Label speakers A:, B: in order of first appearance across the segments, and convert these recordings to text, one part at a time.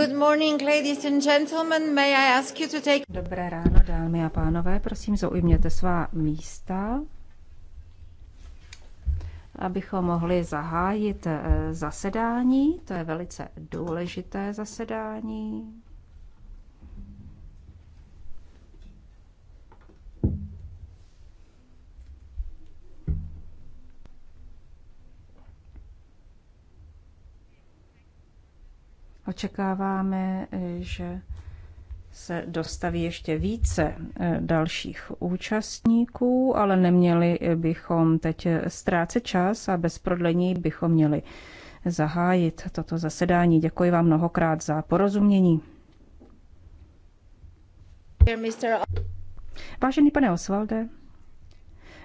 A: Good morning, ladies and gentlemen. May I ask you to take... Dobré ráno, dámy a pánové. Prosím, zaujměte svá místa, abychom mohli zahájit eh, zasedání. To je velice důležité zasedání. Očekáváme, eh, že se dostaví ještě více eh, dalších účastníků, ale neměli eh, bychom teď ztrácet čas a bez prodlení bychom měli zahájit toto zasedání. Děkuji vám mnohokrát za porozumění. Vážený pane Osvalde,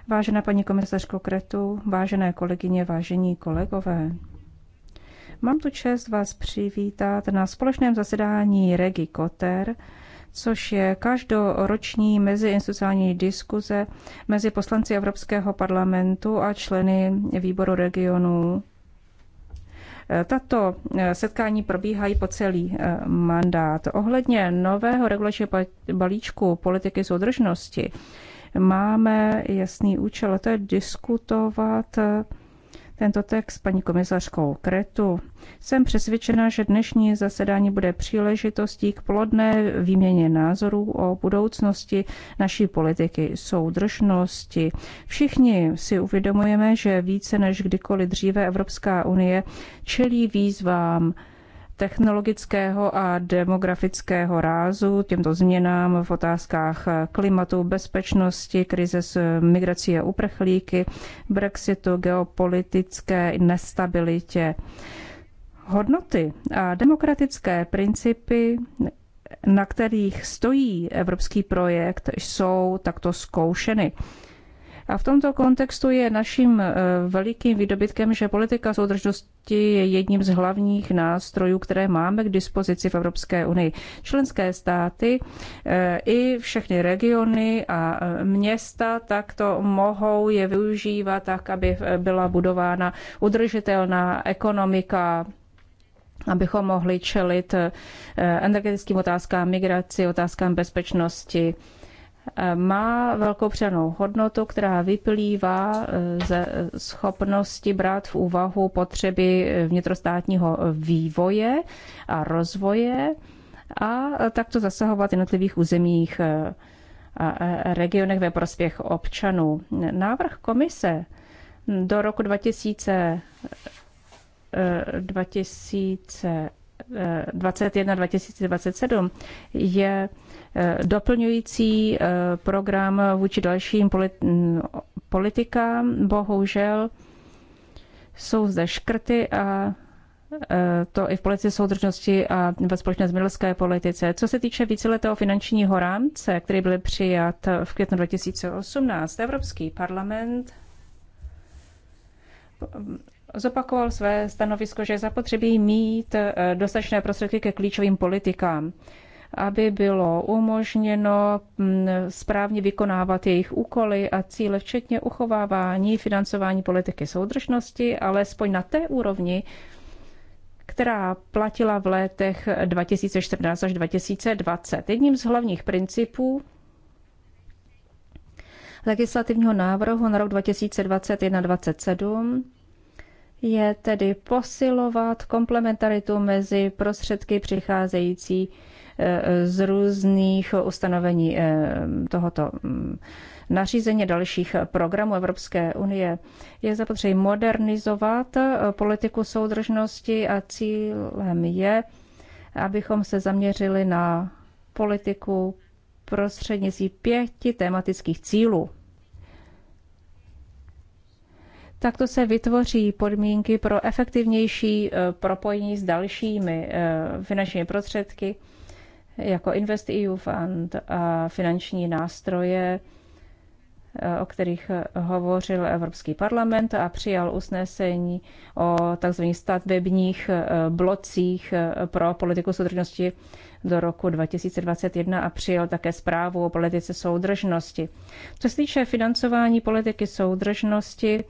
A: vážená paní komisařko Kretu, vážené kolegyně, vážení kolegové, Mám tu čest vás přivítat na společném zasedání Regi Koter, což je každoroční meziinstitucionální diskuze mezi poslanci Evropského parlamentu a členy výboru regionů. Tato setkání probíhají po celý eh, mandát. Ohledně nového regulačního balíčku politiky soudržnosti máme jasný účel, a to je diskutovat eh, tento text paní komisařkou Kretu. Jsem přesvědčena, že dnešní zasedání bude příležitostí k plodné výměně názorů o budoucnosti naší politiky soudržnosti. Všichni si uvědomujeme, že více než kdykoliv dříve Evropská unie čelí výzvám, technologického a demografického rázu, těmto změnám v otázkách klimatu, bezpečnosti, krize s migrací a uprchlíky, Brexitu, geopolitické nestabilitě. Hodnoty a demokratické principy, na kterých stojí evropský projekt, jsou takto zkoušeny. A v tomto kontextu je naším eh, velikým výdobytkem, že politika soudržnosti je jedním z hlavních nástrojů, které máme k dispozici v Evropské unii. Členské státy eh, i všechny regiony a eh, města takto mohou je využívat tak, aby byla budována udržitelná ekonomika, abychom mohli čelit energetickým otázkám, migraci, otázkám bezpečnosti má velkou přenou hodnotu, která vyplývá e, ze schopnosti brát v úvahu potřeby vnitrostátního vývoje a rozvoje a takto zasahovat jednotlivých územích e, a regionech ve prospěch občanů. Návrh komise do roku 2000, 2021-2027 e, je Eh, doplňující eh, program vůči dalším politikám. Bohužel jsou zde škrty a eh, to i v politice soudržnosti a ve společné zemědělské politice. Co se týče víceletého finančního rámce, který byl přijat v květnu 2018, Evropský parlament zopakoval své stanovisko, že je zapotřebí mít dostatečné prostředky ke klíčovým politikám aby bylo umožněno mm, správně vykonávat jejich úkoly a cíle, včetně uchovávání financování politiky soudržnosti, alespoň na té úrovni, která platila v letech 2014 až 2020. Jedním z hlavních principů legislativního návrhu na rok 2021-2027 je tedy posilovat komplementaritu mezi prostředky přicházející z různých ustanovení eh, tohoto mm, nařízení dalších programů Evropské unie. Je zapotřebí modernizovat eh, politiku soudržnosti a cílem je, abychom se zaměřili na politiku prostřednictví pěti tematických cílů. Takto se vytvoří podmínky pro efektivnější eh, propojení s dalšími finančními prostředky jako InvestEU Fund a finanční nástroje, eh, o kterých hovořil Evropský parlament a přijal usnesení o tzv. stavebních eh, blocích eh, pro politiku soudržnosti do roku 2021 a přijal také zprávu o politice soudržnosti. Co se týče financování politiky soudržnosti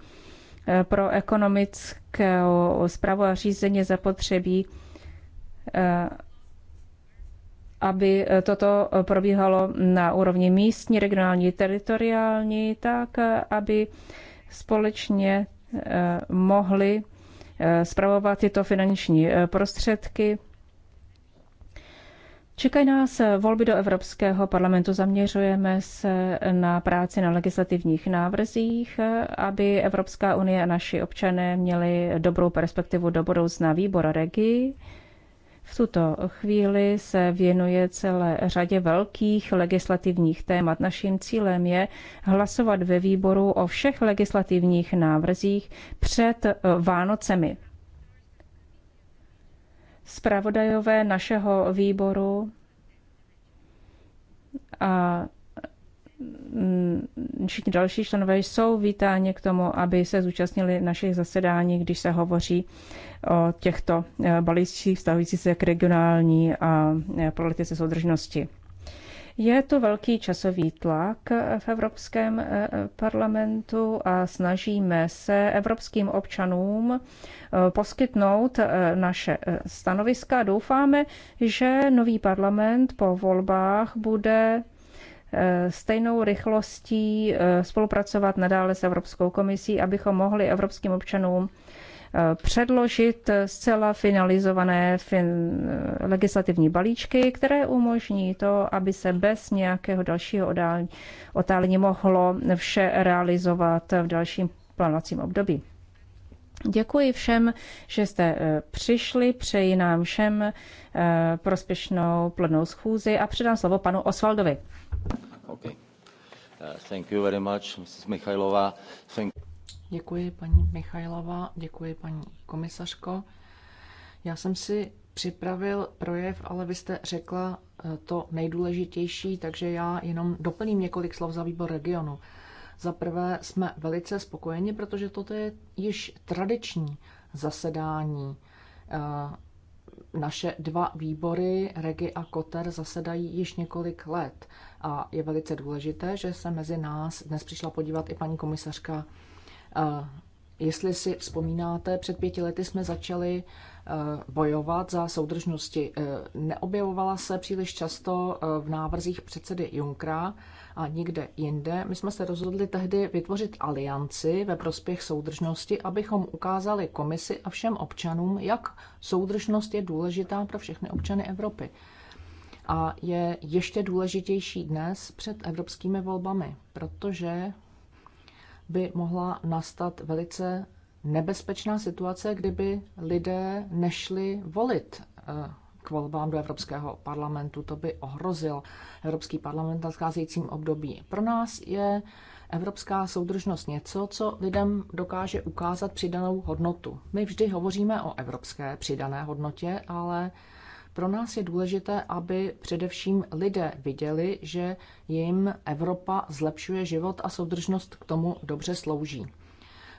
A: pro ekonomické zprávu a řízení zapotřebí aby eh, toto eh, probíhalo na úrovni místní, regionální, teritoriální, tak eh, aby společně mohli spravovat tyto finanční prostředky. Čekají nás volby do Evropského parlamentu. Zaměřujeme se na práci na legislativních návrzích, aby Evropská unie a naši občané měli dobrou perspektivu do budoucna výbora regii. V tuto chvíli se věnuje celé řadě velkých legislativních témat. Naším cílem je hlasovat ve výboru o všech legislativních návrzích před eh, Vánocemi. Spravodajové našeho výboru a Mm, všichni další členové jsou vítáni k tomu, aby se zúčastnili našich zasedání, když se hovoří o těchto eh, balíčcích vztahující se k regionální a eh, politice soudržnosti. Je to velký časový tlak eh, v Evropském parlamentu a snažíme se evropským občanům poskytnout naše stanoviska. Doufáme, že nový parlament po volbách bude Eh, stejnou rychlostí eh, spolupracovat nadále s Evropskou komisí, abychom mohli evropským občanům eh, předložit zcela finalizované fin- legislativní balíčky, které umožní to, aby se bez nějakého dalšího otálení mohlo vše realizovat v dalším plánovacím období. Děkuji všem, že jste přišli, přeji nám všem prospěšnou plodnou schůzi a předám slovo panu Osvaldovi.
B: Eh,
C: děkuji, paní Michailová, děkuji, paní komisařko. Já jsem si připravil projev, ale vy jste řekla eh, to nejdůležitější, takže já jenom doplním několik slov za výbor regionu. Za prvé jsme velice spokojeni, protože toto je již tradiční zasedání. Eh, naše dva výbory, Regi a Koter, zasedají již několik let a je velice důležité, že se mezi nás dnes přišla podívat i paní komisařka. Eh, jestli si vzpomínáte, před pěti lety jsme začali eh, bojovat za soudržnosti. Eh, neobjevovala se příliš často v návrzích předsedy Junkra a nikde jinde. My jsme se rozhodli tehdy vytvořit alianci ve prospěch soudržnosti, abychom ukázali komisi a všem občanům, jak soudržnost je důležitá pro všechny občany Evropy a je ještě důležitější dnes před evropskými volbami, protože by mohla nastat velice nebezpečná situace, kdyby lidé nešli volit eh, k volbám do Evropského parlamentu. To by ohrozil Evropský parlament na scházejícím období. Pro nás je evropská soudržnost něco, co lidem dokáže ukázat přidanou hodnotu. My vždy hovoříme o evropské přidané hodnotě, ale pro nás je důležité, aby především lidé viděli, že jim Evropa zlepšuje život a soudržnost k tomu dobře slouží.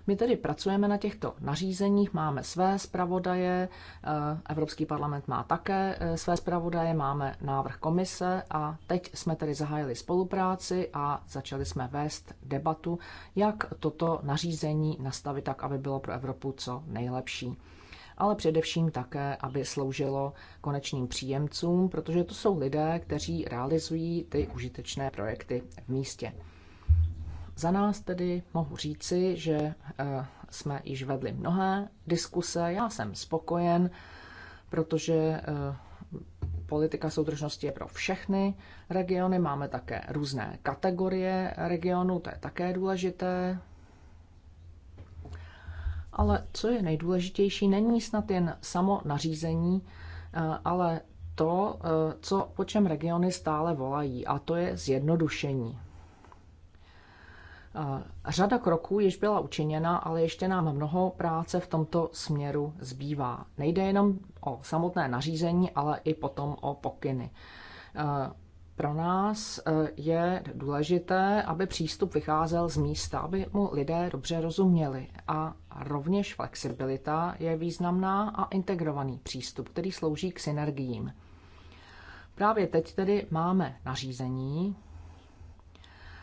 C: My tedy pracujeme na těchto nařízeních, máme své zpravodaje, eh, Evropský parlament má také eh, své zpravodaje, máme návrh komise a teď jsme tedy zahájili spolupráci a začali jsme vést debatu, jak toto nařízení nastavit tak, aby bylo pro Evropu co nejlepší ale především také, aby sloužilo konečným příjemcům, protože to jsou lidé, kteří realizují ty užitečné projekty v místě. Za nás tedy mohu říci, že eh, jsme již vedli mnohé diskuse. Já jsem spokojen, protože eh, politika soudržnosti je pro všechny regiony. Máme také různé kategorie regionů, to je také důležité. Ale co je nejdůležitější, není snad jen samo nařízení, eh, ale to, eh, co, po čem regiony stále volají, a to je zjednodušení. Eh, řada kroků již byla učiněna, ale ještě nám mnoho práce v tomto směru zbývá. Nejde jenom o samotné nařízení, ale i potom o pokyny pro nás eh, je důležité, aby přístup vycházel z místa, aby mu lidé dobře rozuměli. A rovněž flexibilita je významná a integrovaný přístup, který slouží k synergiím. Právě teď tedy máme nařízení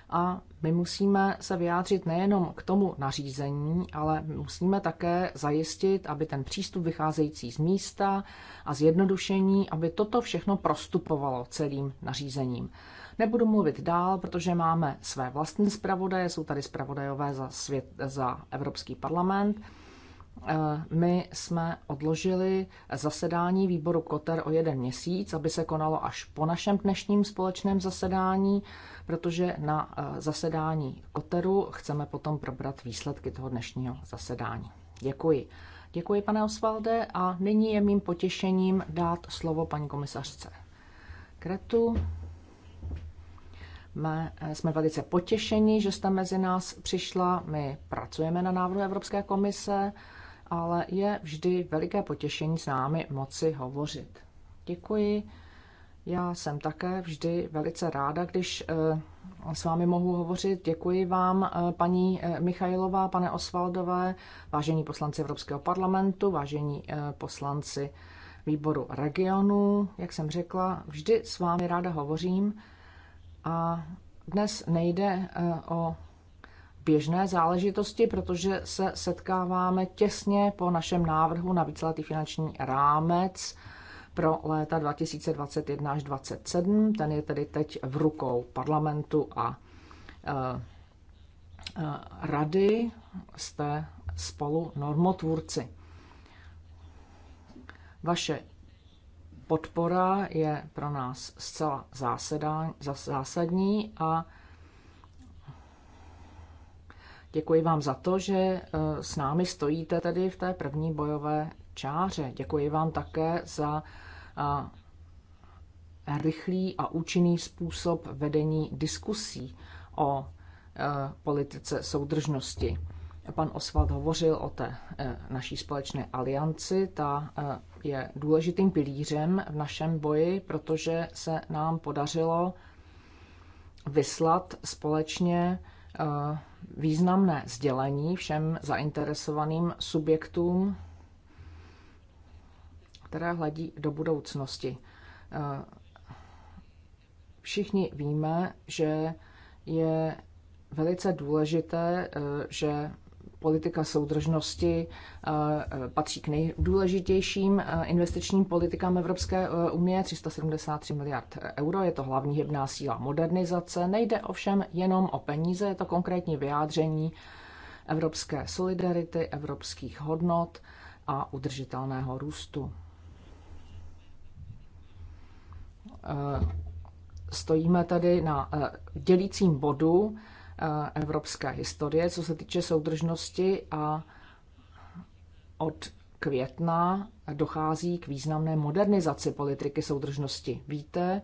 C: a my musíme se vyjádřit nejenom k tomu nařízení, ale musíme také zajistit, aby ten přístup vycházející z místa a zjednodušení, aby toto všechno prostupovalo celým nařízením. Nebudu mluvit dál, protože máme své vlastní zpravodaje, jsou tady zpravodajové za, svět, za Evropský parlament. Eh, my jsme odložili zasedání výboru Koter o jeden měsíc, aby se konalo až po našem dnešním společném zasedání protože na eh, zasedání Koteru chceme potom probrat výsledky toho dnešního zasedání. Děkuji. Děkuji, pane Osvalde, a nyní je mým potěšením dát slovo paní komisařce Kretu. My eh, jsme velice potěšeni, že jste mezi nás přišla. My pracujeme na návrhu Evropské komise, ale je vždy veliké potěšení s námi moci hovořit. Děkuji. Já jsem také vždy velice ráda, když eh, s vámi mohu hovořit. Děkuji vám, eh, paní eh, Michajlová, pane Osvaldové, vážení poslanci Evropského parlamentu, vážení poslanci výboru regionu. Jak jsem řekla, vždy s vámi ráda hovořím a dnes nejde o běžné záležitosti, protože se setkáváme těsně po našem návrhu na víceletý finanční rámec pro léta 2021 až 2027. Ten je tedy teď v rukou parlamentu a eh, eh, rady. Jste spolu normotvůrci. Vaše podpora je pro nás zcela zásadní a děkuji vám za to, že eh, s námi stojíte tedy v té první bojové Čáře. Děkuji vám také za rychlý a účinný způsob vedení diskusí o e, politice soudržnosti. Pan Oswald hovořil o té e, naší společné alianci. Ta e, je důležitým pilířem v našem boji, protože se nám podařilo vyslat společně významné sdělení všem zainteresovaným subjektům která hledí do budoucnosti. Eh, všichni víme, že je velice důležité, eh, že politika soudržnosti eh, patří k nejdůležitějším investičním politikám Evropské unie, 373 miliard euro, je to hlavní hybná síla modernizace. Nejde ovšem jenom o peníze, je to konkrétní vyjádření evropské solidarity, evropských hodnot a udržitelného růstu. Eh, stojíme tady na eh, dělícím bodu eh, evropské historie, co se týče soudržnosti a od května dochází k významné modernizaci politiky soudržnosti. Víte,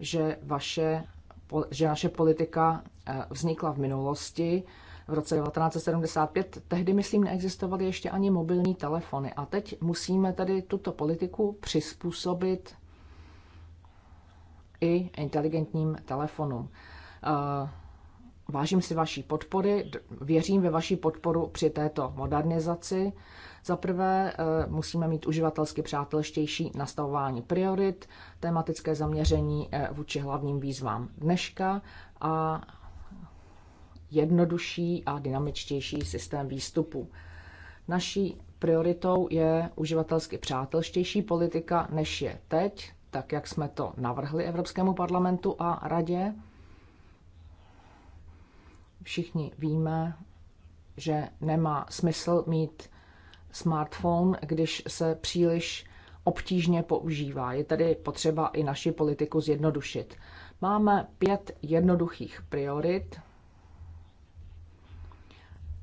C: že, vaše, že naše politika vznikla v minulosti, v roce 1975. Tehdy, myslím, neexistovaly ještě ani mobilní telefony a teď musíme tady tuto politiku přizpůsobit i inteligentním telefonům. Eh, vážím si vaší podpory, věřím ve vaší podporu při této modernizaci. Za prvé eh, musíme mít uživatelsky přátelštější nastavování priorit, tematické zaměření eh, vůči hlavním výzvám dneška a jednodušší a dynamičtější systém výstupu. Naší prioritou je uživatelsky přátelštější politika, než je teď tak jak jsme to navrhli Evropskému parlamentu a radě. Všichni víme, že nemá smysl mít smartphone, když se příliš obtížně používá. Je tedy potřeba i naši politiku zjednodušit. Máme pět jednoduchých priorit,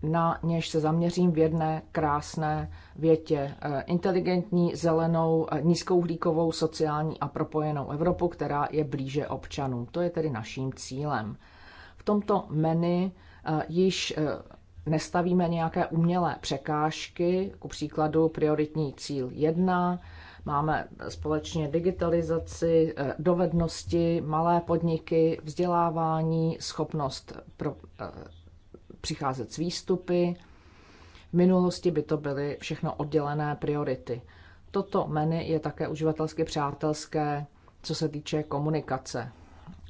C: na něž se zaměřím v jedné krásné větě. Eh, inteligentní, zelenou, eh, nízkouhlíkovou, sociální a propojenou Evropu, která je blíže občanům. To je tedy naším cílem. V tomto menu eh, již nestavíme nějaké umělé překážky, ku příkladu prioritní cíl 1, máme společně digitalizaci, dovednosti, malé podniky, vzdělávání, schopnost pro, přicházet s výstupy. V minulosti by to byly všechno oddělené priority. Toto menu je také uživatelsky přátelské, co se týče komunikace.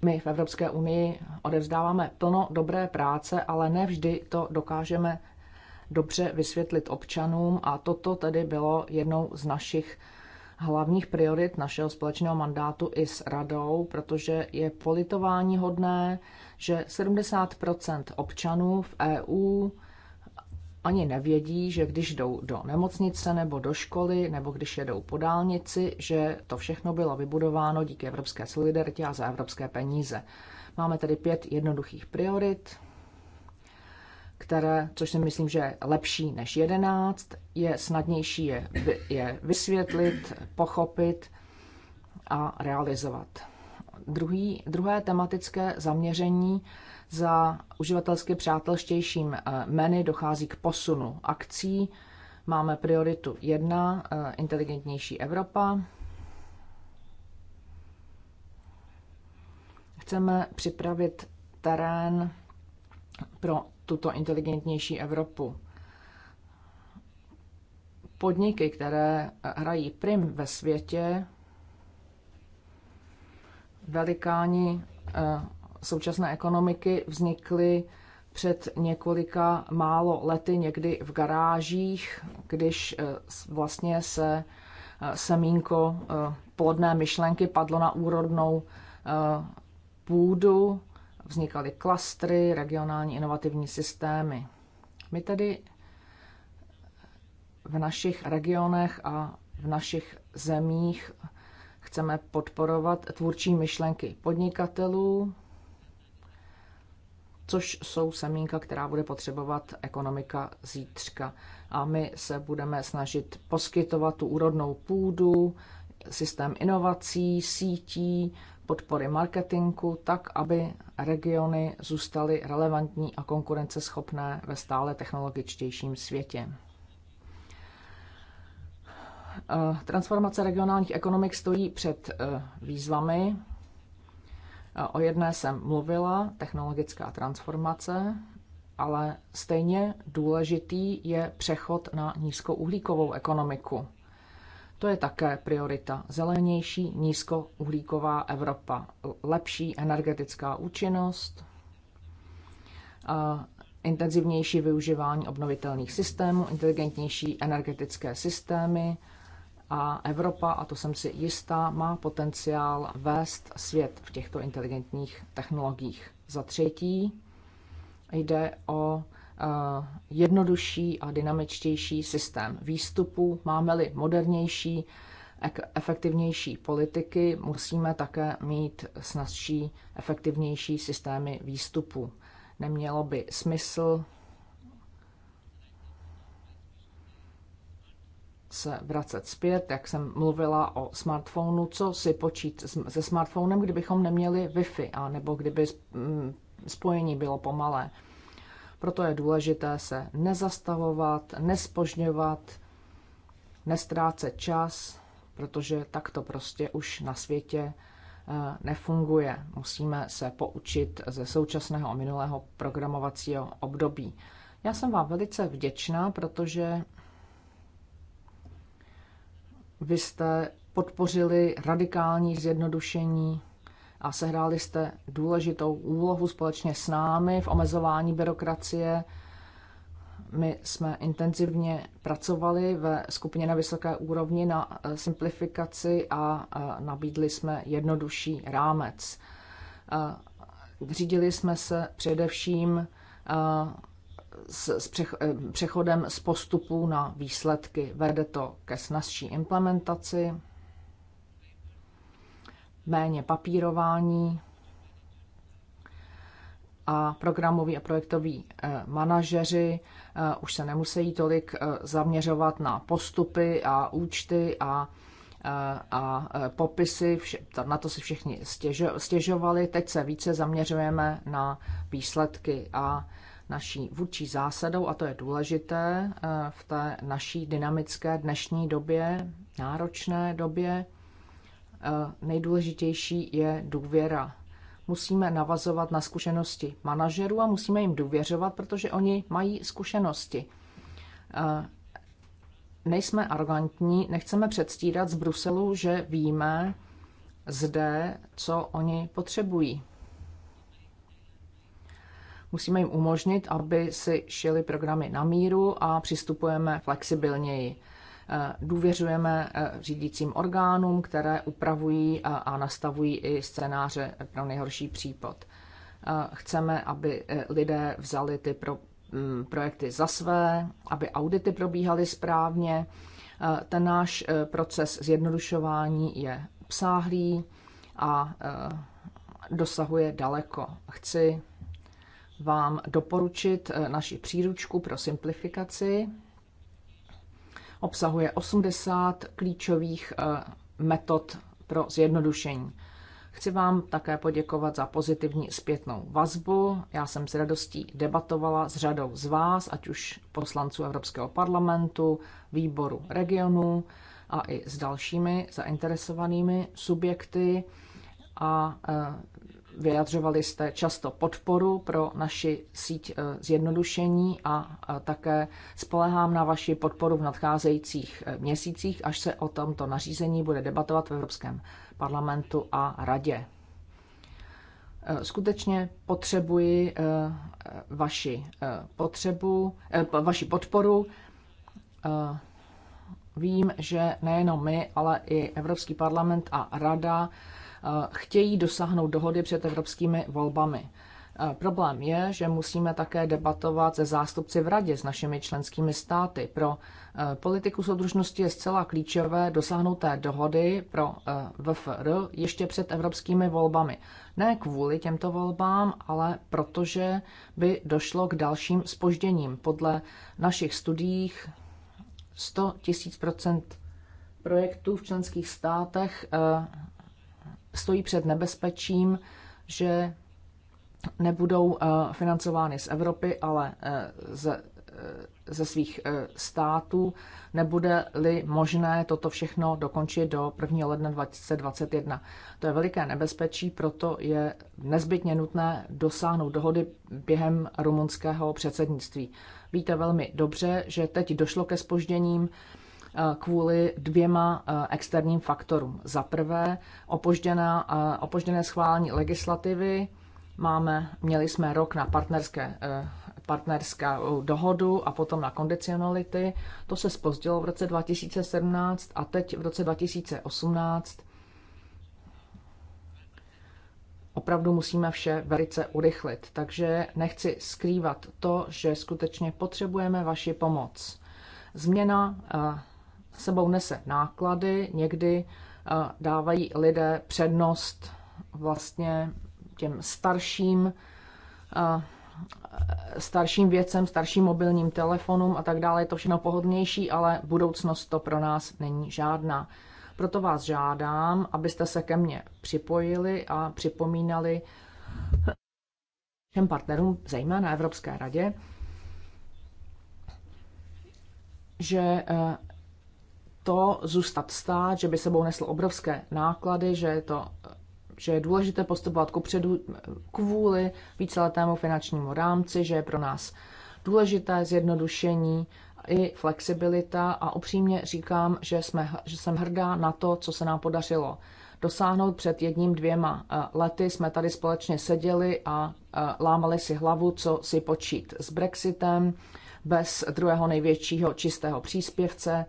C: My v Evropské unii odevzdáváme plno dobré práce, ale ne vždy to dokážeme dobře vysvětlit občanům a toto tedy bylo jednou z našich hlavních priorit našeho společného mandátu i s radou, protože je politování hodné, že 70 občanů v EU ani nevědí, že když jdou do nemocnice nebo do školy, nebo když jedou po dálnici, že to všechno bylo vybudováno díky Evropské solidaritě a za evropské peníze. Máme tedy pět jednoduchých priorit, které, což si myslím, že je lepší než jedenáct, je snadnější je, je vysvětlit, pochopit a realizovat. Druhý, druhé tematické zaměření za uživatelsky přátelštějším eh, menu dochází k posunu akcí. Máme prioritu 1, eh, inteligentnější Evropa. Chceme připravit terén pro tuto inteligentnější Evropu. Podniky, které hrají prim ve světě, velikáni eh, současné ekonomiky vznikly před několika málo lety někdy v garážích, když eh, vlastně se eh, semínko plodné myšlenky padlo na úrodnou půdu vznikaly klastry, regionální inovativní systémy. My tedy v našich regionech a v našich zemích chceme podporovat tvůrčí myšlenky podnikatelů, což jsou semínka, která bude potřebovat ekonomika zítřka. A my se budeme snažit poskytovat tu úrodnou půdu, systém inovací, sítí, podpory marketingu, tak aby regiony zůstaly relevantní a konkurenceschopné ve stále technologičtějším světě. Eh, transformace regionálních ekonomik stojí před eh, výzvami. Eh, o jedné jsem mluvila, technologická transformace, ale stejně důležitý je přechod na nízkouhlíkovou ekonomiku. To je také priorita. Zelenější, nízkouhlíková Evropa, lepší energetická účinnost, intenzivnější využívání obnovitelných systémů, inteligentnější energetické systémy a Evropa, a to jsem si jistá, má potenciál vést svět v těchto inteligentních technologiích. Za třetí jde o Eh, jednodušší a dynamičtější systém výstupu. Máme-li modernější, efektivnější politiky, musíme také mít snazší, efektivnější systémy výstupu. Nemělo by smysl se vracet zpět, jak jsem mluvila o smartphonu, co si počít se smartphonem, kdybychom neměli Wi-Fi, a nebo kdyby mm, spojení bylo pomalé. Proto je důležité se nezastavovat, nespožňovat, nestrácet čas, protože tak to prostě už na světě eh, nefunguje. Musíme se poučit ze současného a minulého programovacího období. Já jsem vám velice vděčná, protože vy jste podpořili radikální zjednodušení a sehráli jste důležitou úlohu společně s námi v omezování byrokracie. My jsme intenzivně pracovali ve skupině na vysoké úrovni na eh, simplifikaci a eh, nabídli jsme jednodušší rámec. Eh, řídili jsme se především s, přechodem z postupů na výsledky. Vede to ke snazší implementaci, méně papírování a programoví a projektoví eh, manažeři eh, už se nemusí tolik eh, zaměřovat na postupy a účty a a popisy, na to si všichni stěžovali. Teď se více zaměřujeme na výsledky a naší vůdčí zásadou, a to je důležité v té naší dynamické dnešní době, náročné době, Eh, nejdůležitější je důvěra. Musíme navazovat na zkušenosti manažerů a musíme jim důvěřovat, protože oni mají zkušenosti. Eh, nejsme arrogantní, nechceme předstírat z Bruselu, že víme zde, co oni potřebují. Musíme jim umožnit, aby si šili programy na míru a přistupujeme flexibilněji. Eh, důvěřujeme eh, řídícím orgánům, které upravují eh, a nastavují i scénáře pro nejhorší případ. Chceme, aby lidé vzali ty pro, mm, projekty za své, aby audity probíhaly správně. Ten náš proces zjednodušování je obsáhlý a dosahuje daleko. Chci vám doporučit naši příručku pro simplifikaci, obsahuje 80 klíčových eh, metod pro zjednodušení. Chci vám také poděkovat za pozitivní zpětnou vazbu. Já jsem s radostí debatovala s řadou z vás, ať už poslanců Evropského parlamentu, výboru regionu a i s dalšími zainteresovanými subjekty. A eh, Vyjadřovali jste často podporu pro naši síť eh, zjednodušení a také spolehám na vaši podporu v nadcházejících eh, měsících, až se o tomto nařízení bude debatovat v Evropském parlamentu a radě. Eh, skutečně potřebuji vaši, potřebu, vaši podporu. Vím, že nejenom my, ale i Evropský parlament a Rada Eh, chtějí dosáhnout dohody před evropskými volbami. Eh, problém je, že musíme také debatovat se zástupci v radě s našimi členskými státy. Pro eh, politiku soudržnosti je zcela klíčové dosáhnout té dohody pro VFR ještě před evropskými volbami. Ne kvůli těmto volbám, ale protože by došlo k dalším spožděním. Podle našich studiích 100 000 projektů v členských státech stojí před nebezpečím, že nebudou eh, financovány z Evropy, ale eh, ze, eh, ze svých států. Nebude-li možné toto všechno dokončit do 1. ledna 2021. To je veliké nebezpečí, proto je nezbytně nutné dosáhnout dohody během rumunského předsednictví. Víte velmi dobře, že teď došlo ke spožděním Eh, kvůli dvěma eh, externím faktorům. Za prvé, opožděná, eh, opožděné schválení legislativy. Máme, měli jsme rok na partnerské partnerskou dohodu a potom na kondicionality. To se spozdilo v roce 2017 a teď v roce 2018 opravdu musíme vše velice urychlit. Takže nechci skrývat to, že skutečně potřebujeme vaši pomoc. Změna sebou nese náklady, někdy eh, dávají lidé přednost vlastně těm starším eh, starším věcem, starším mobilním telefonům a tak dále. Je to všechno pohodnější, ale budoucnost to pro nás není žádná. Proto vás žádám, abyste se ke mně připojili a připomínali všem partnerům, zejména na Evropské radě, že eh, to zůstat stát, že by sebou nesl obrovské náklady, že je to že je důležité postupovat kupředu kvůli víceletému finančnímu rámci, že je pro nás důležité zjednodušení i flexibilita a upřímně říkám, že, jsme, že jsem hrdá na to, co se nám podařilo dosáhnout před jedním, dvěma eh, lety. Jsme tady společně seděli a eh, lámali si hlavu, co si počít s Brexitem, bez druhého největšího čistého příspěvce,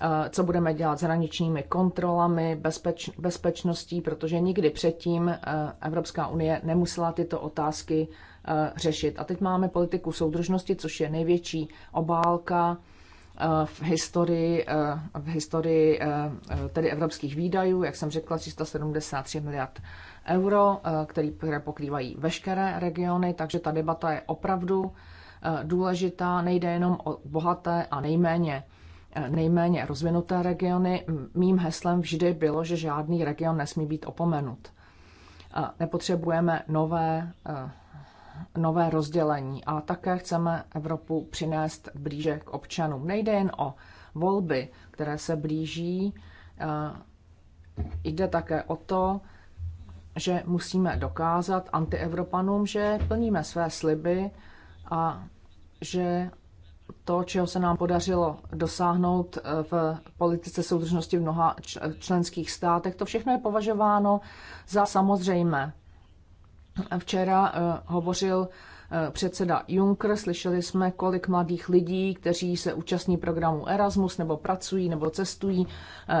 C: Eh, co budeme dělat s hraničními kontrolami, bezpeč, bezpečností, protože nikdy předtím eh, Evropská unie nemusela tyto otázky eh, řešit. A teď máme politiku soudržnosti, což je největší obálka v historii, v historii tedy evropských výdajů, jak jsem řekla, 373 miliard euro, který, které pokrývají veškeré regiony, takže ta debata je opravdu důležitá. Nejde jenom o bohaté a nejméně Eh, nejméně rozvinuté regiony. Mým heslem vždy bylo, že žádný region nesmí být opomenut. Nepotřebujeme nové, eh, nové rozdělení a také chceme Evropu přinést blíže k občanům. Nejde jen o volby, které se blíží, eh, jde také o to, že musíme dokázat antievropanům, že plníme své sliby a že to, čeho se nám podařilo dosáhnout eh, v politice soudržnosti v mnoha členských státech, to všechno je považováno za samozřejmé. Včera eh, hovořil eh, předseda Juncker, slyšeli jsme, kolik mladých lidí, kteří se účastní programu Erasmus nebo pracují nebo cestují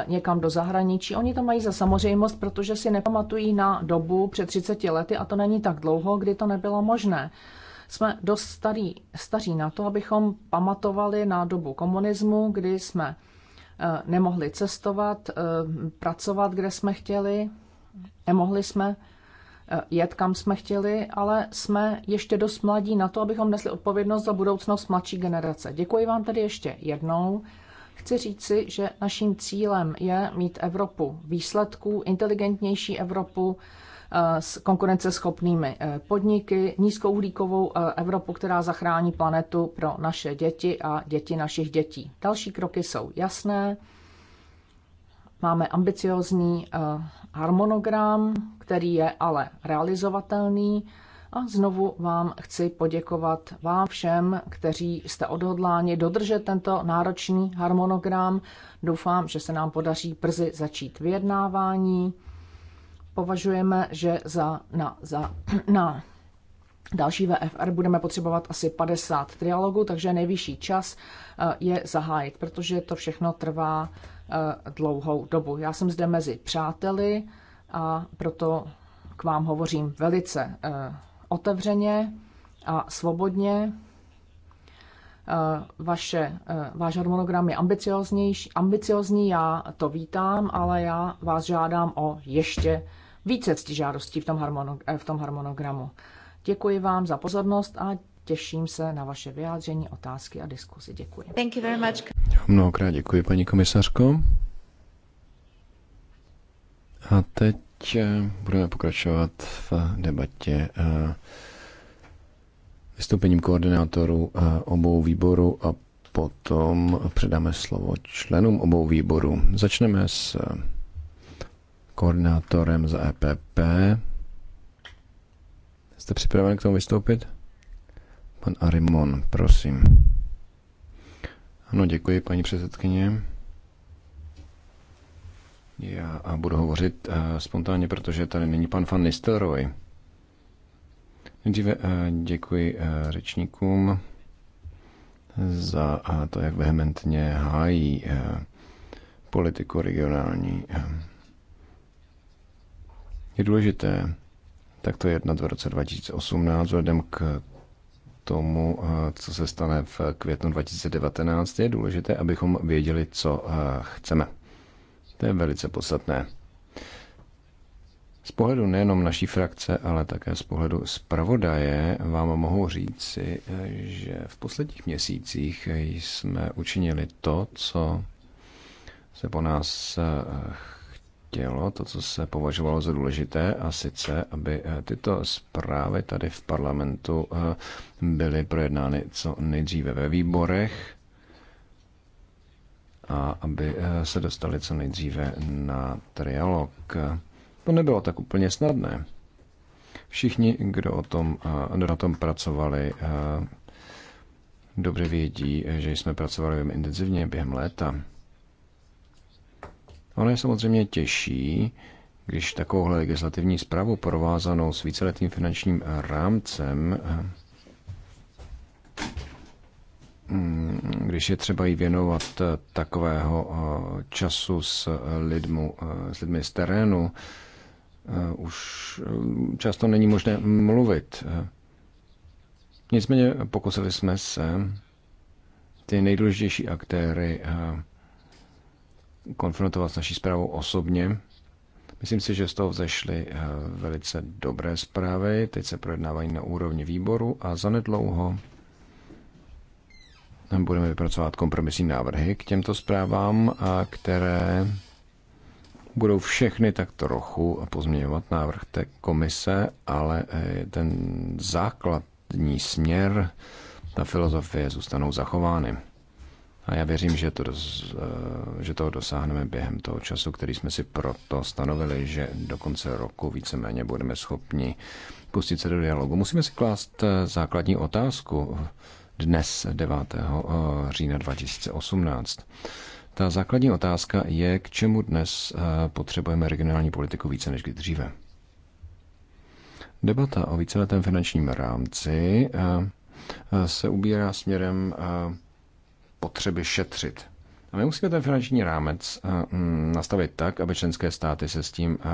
C: někam do zahraničí, oni to mají za samozřejmost, protože si nepamatují na dobu před 30 lety a to není tak dlouho, kdy to nebylo možné. Jsme dost starý, staří na to, abychom pamatovali na dobu komunismu, kdy jsme eh, nemohli cestovat, eh, pracovat, kde jsme chtěli, nemohli jsme eh, jet, kam jsme chtěli, ale jsme ještě dost mladí na to, abychom nesli odpovědnost za budoucnost mladší generace. Děkuji vám tedy ještě jednou. Chci říci, že naším cílem je mít Evropu výsledků, inteligentnější Evropu, Eh, s konkurenceschopnými eh, podniky, nízkouhlíkovou eh, Evropu, která zachrání planetu pro naše děti a děti našich dětí. Další kroky jsou jasné. Máme ambiciozní harmonogram, který je ale realizovatelný. A znovu vám chci poděkovat vám všem, kteří jste odhodláni dodržet tento náročný harmonogram. Doufám, že se nám podaří brzy začít vyjednávání považujeme, že za, na, za, na další VFR budeme potřebovat asi 50 trialogů, takže nejvyšší čas eh, je zahájit, protože to všechno trvá eh, dlouhou dobu. Já jsem zde mezi přáteli a proto k vám hovořím velice eh, otevřeně a svobodně. Vaše, váš harmonogram je ambiciozní, já to vítám, ale já vás žádám o ještě více žádostí v tom, harmono, eh, v tom harmonogramu. Děkuji vám za pozornost a těším se na vaše vyjádření, otázky a diskuzi. Děkuji.
B: Thank you very much. Mnohokrát děkuji, paní komisařko. A teď eh, budeme pokračovat v debatě eh, vystoupením koordinátorů obou výborů a potom předáme slovo členům obou výborů. Začneme s koordinátorem za EPP. Jste připraven k tomu vystoupit? Pan Arimon, prosím. Ano, děkuji, paní předsedkyně. Já a budu hovořit uh, spontánně, protože tady není pan Van Nistelrooy. Nejdříve uh, děkuji uh, řečníkům za uh, to, jak vehementně hájí uh, politiku regionální. Uh, je důležité takto jednat v roce 2018 vzhledem k tomu, eh, co se stane v květnu 2019, je důležité, abychom věděli, co eh, chceme. To je velice podstatné. Z pohledu nejenom naší frakce, ale také z pohledu zpravodaje vám mohu říci, eh, že v posledních měsících jsme učinili to, co se po nás Tělo, to, co se považovalo za důležité, a sice, aby eh, tyto zprávy tady v parlamentu eh, byly projednány co nejdříve ve výborech a aby eh, se dostali co nejdříve na trialog. To nebylo tak úplně snadné. Všichni, kdo, o tom, kdo na tom pracovali, dobře vědí, že jsme pracovali intenzivně během léta. Ono je samozřejmě těžší, když takovou legislativní zprávu provázanou s víceletým finančním rámcem, hm, když je třeba jí věnovat takového eh, času s, lidmu, eh, s lidmi z terénu, eh, už hm, často není možné mluvit. Nicméně pokusili jsme se ty nejdůležitější aktéry konfrontovat s naší zprávou osobně. Myslím si, že z toho vzešly eh, velice dobré zprávy. Teď se projednávají na úrovni výboru a zanedlouho budeme vypracovat kompromisní návrhy k těmto zprávám, a které budou všechny tak trochu pozměňovat návrh té komise, ale eh, ten základní směr, ta filozofie zůstanou zachovány. A já věřím, že, to eh, že toho dosáhneme během toho času, který jsme si proto stanovili, že do konce roku víceméně budeme schopni pustit se do dialogu. Musíme si klást eh, základní otázku dnes 9. Eh, října 2018. Ta základní otázka je, k čemu dnes potřebujeme regionální politiku více než kdy dříve. Debata o víceletém finančním rámci se ubírá směrem potřeby šetřit. A my musíme ten finanční rámec eh, mm, nastavit tak, aby členské státy se s tím eh,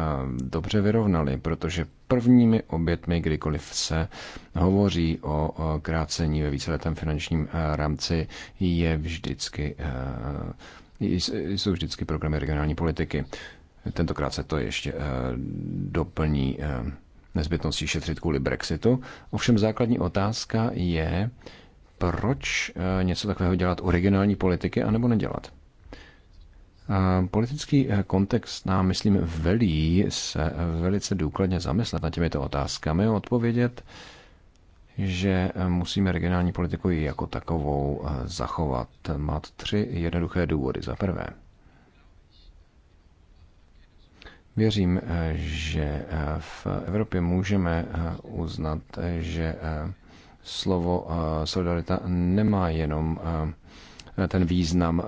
B: dobře vyrovnaly, protože prvními obětmi, kdykoliv se hovoří o krácení ve víceletém finančním eh, rámci, je vždycky, jsou vždycky programy regionální politiky. Tentokrát se to ještě doplní nezbytností šetřit kvůli Brexitu. Ovšem základní otázka je, proč eh, něco takového dělat u regionální politiky, anebo nedělat? Eh, politický eh, kontext nám, myslím, velí se velice důkladně zamyslet nad těmito otázkami, a odpovědět, že musíme regionální politiku jako takovou zachovat. Má tři jednoduché důvody. Za prvé, věřím, že v Evropě můžeme uznat, že slovo solidarita nemá jenom ten význam,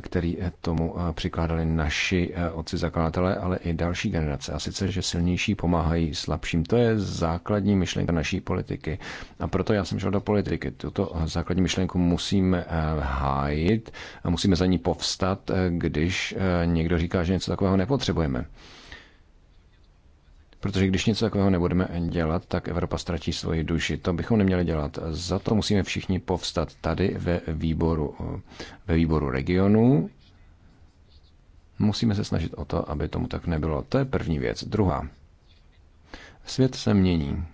B: který tomu přikládali naši otci zakladatelé, ale i další generace. A sice, že silnější pomáhají slabším. To je základní myšlenka naší politiky. A proto já jsem šel do politiky. Tuto základní myšlenku musíme e, hájit a musíme za ní povstat, e, když e, někdo říká, že něco takového nepotřebujeme. Protože když něco takového nebudeme dělat, tak Evropa ztratí svoji duši. To bychom neměli dělat. Za to musíme všichni povstat tady ve výboru, ve výboru regionů. Musíme se snažit o to, aby tomu tak nebylo. To je první věc. Druhá. Svět se mění.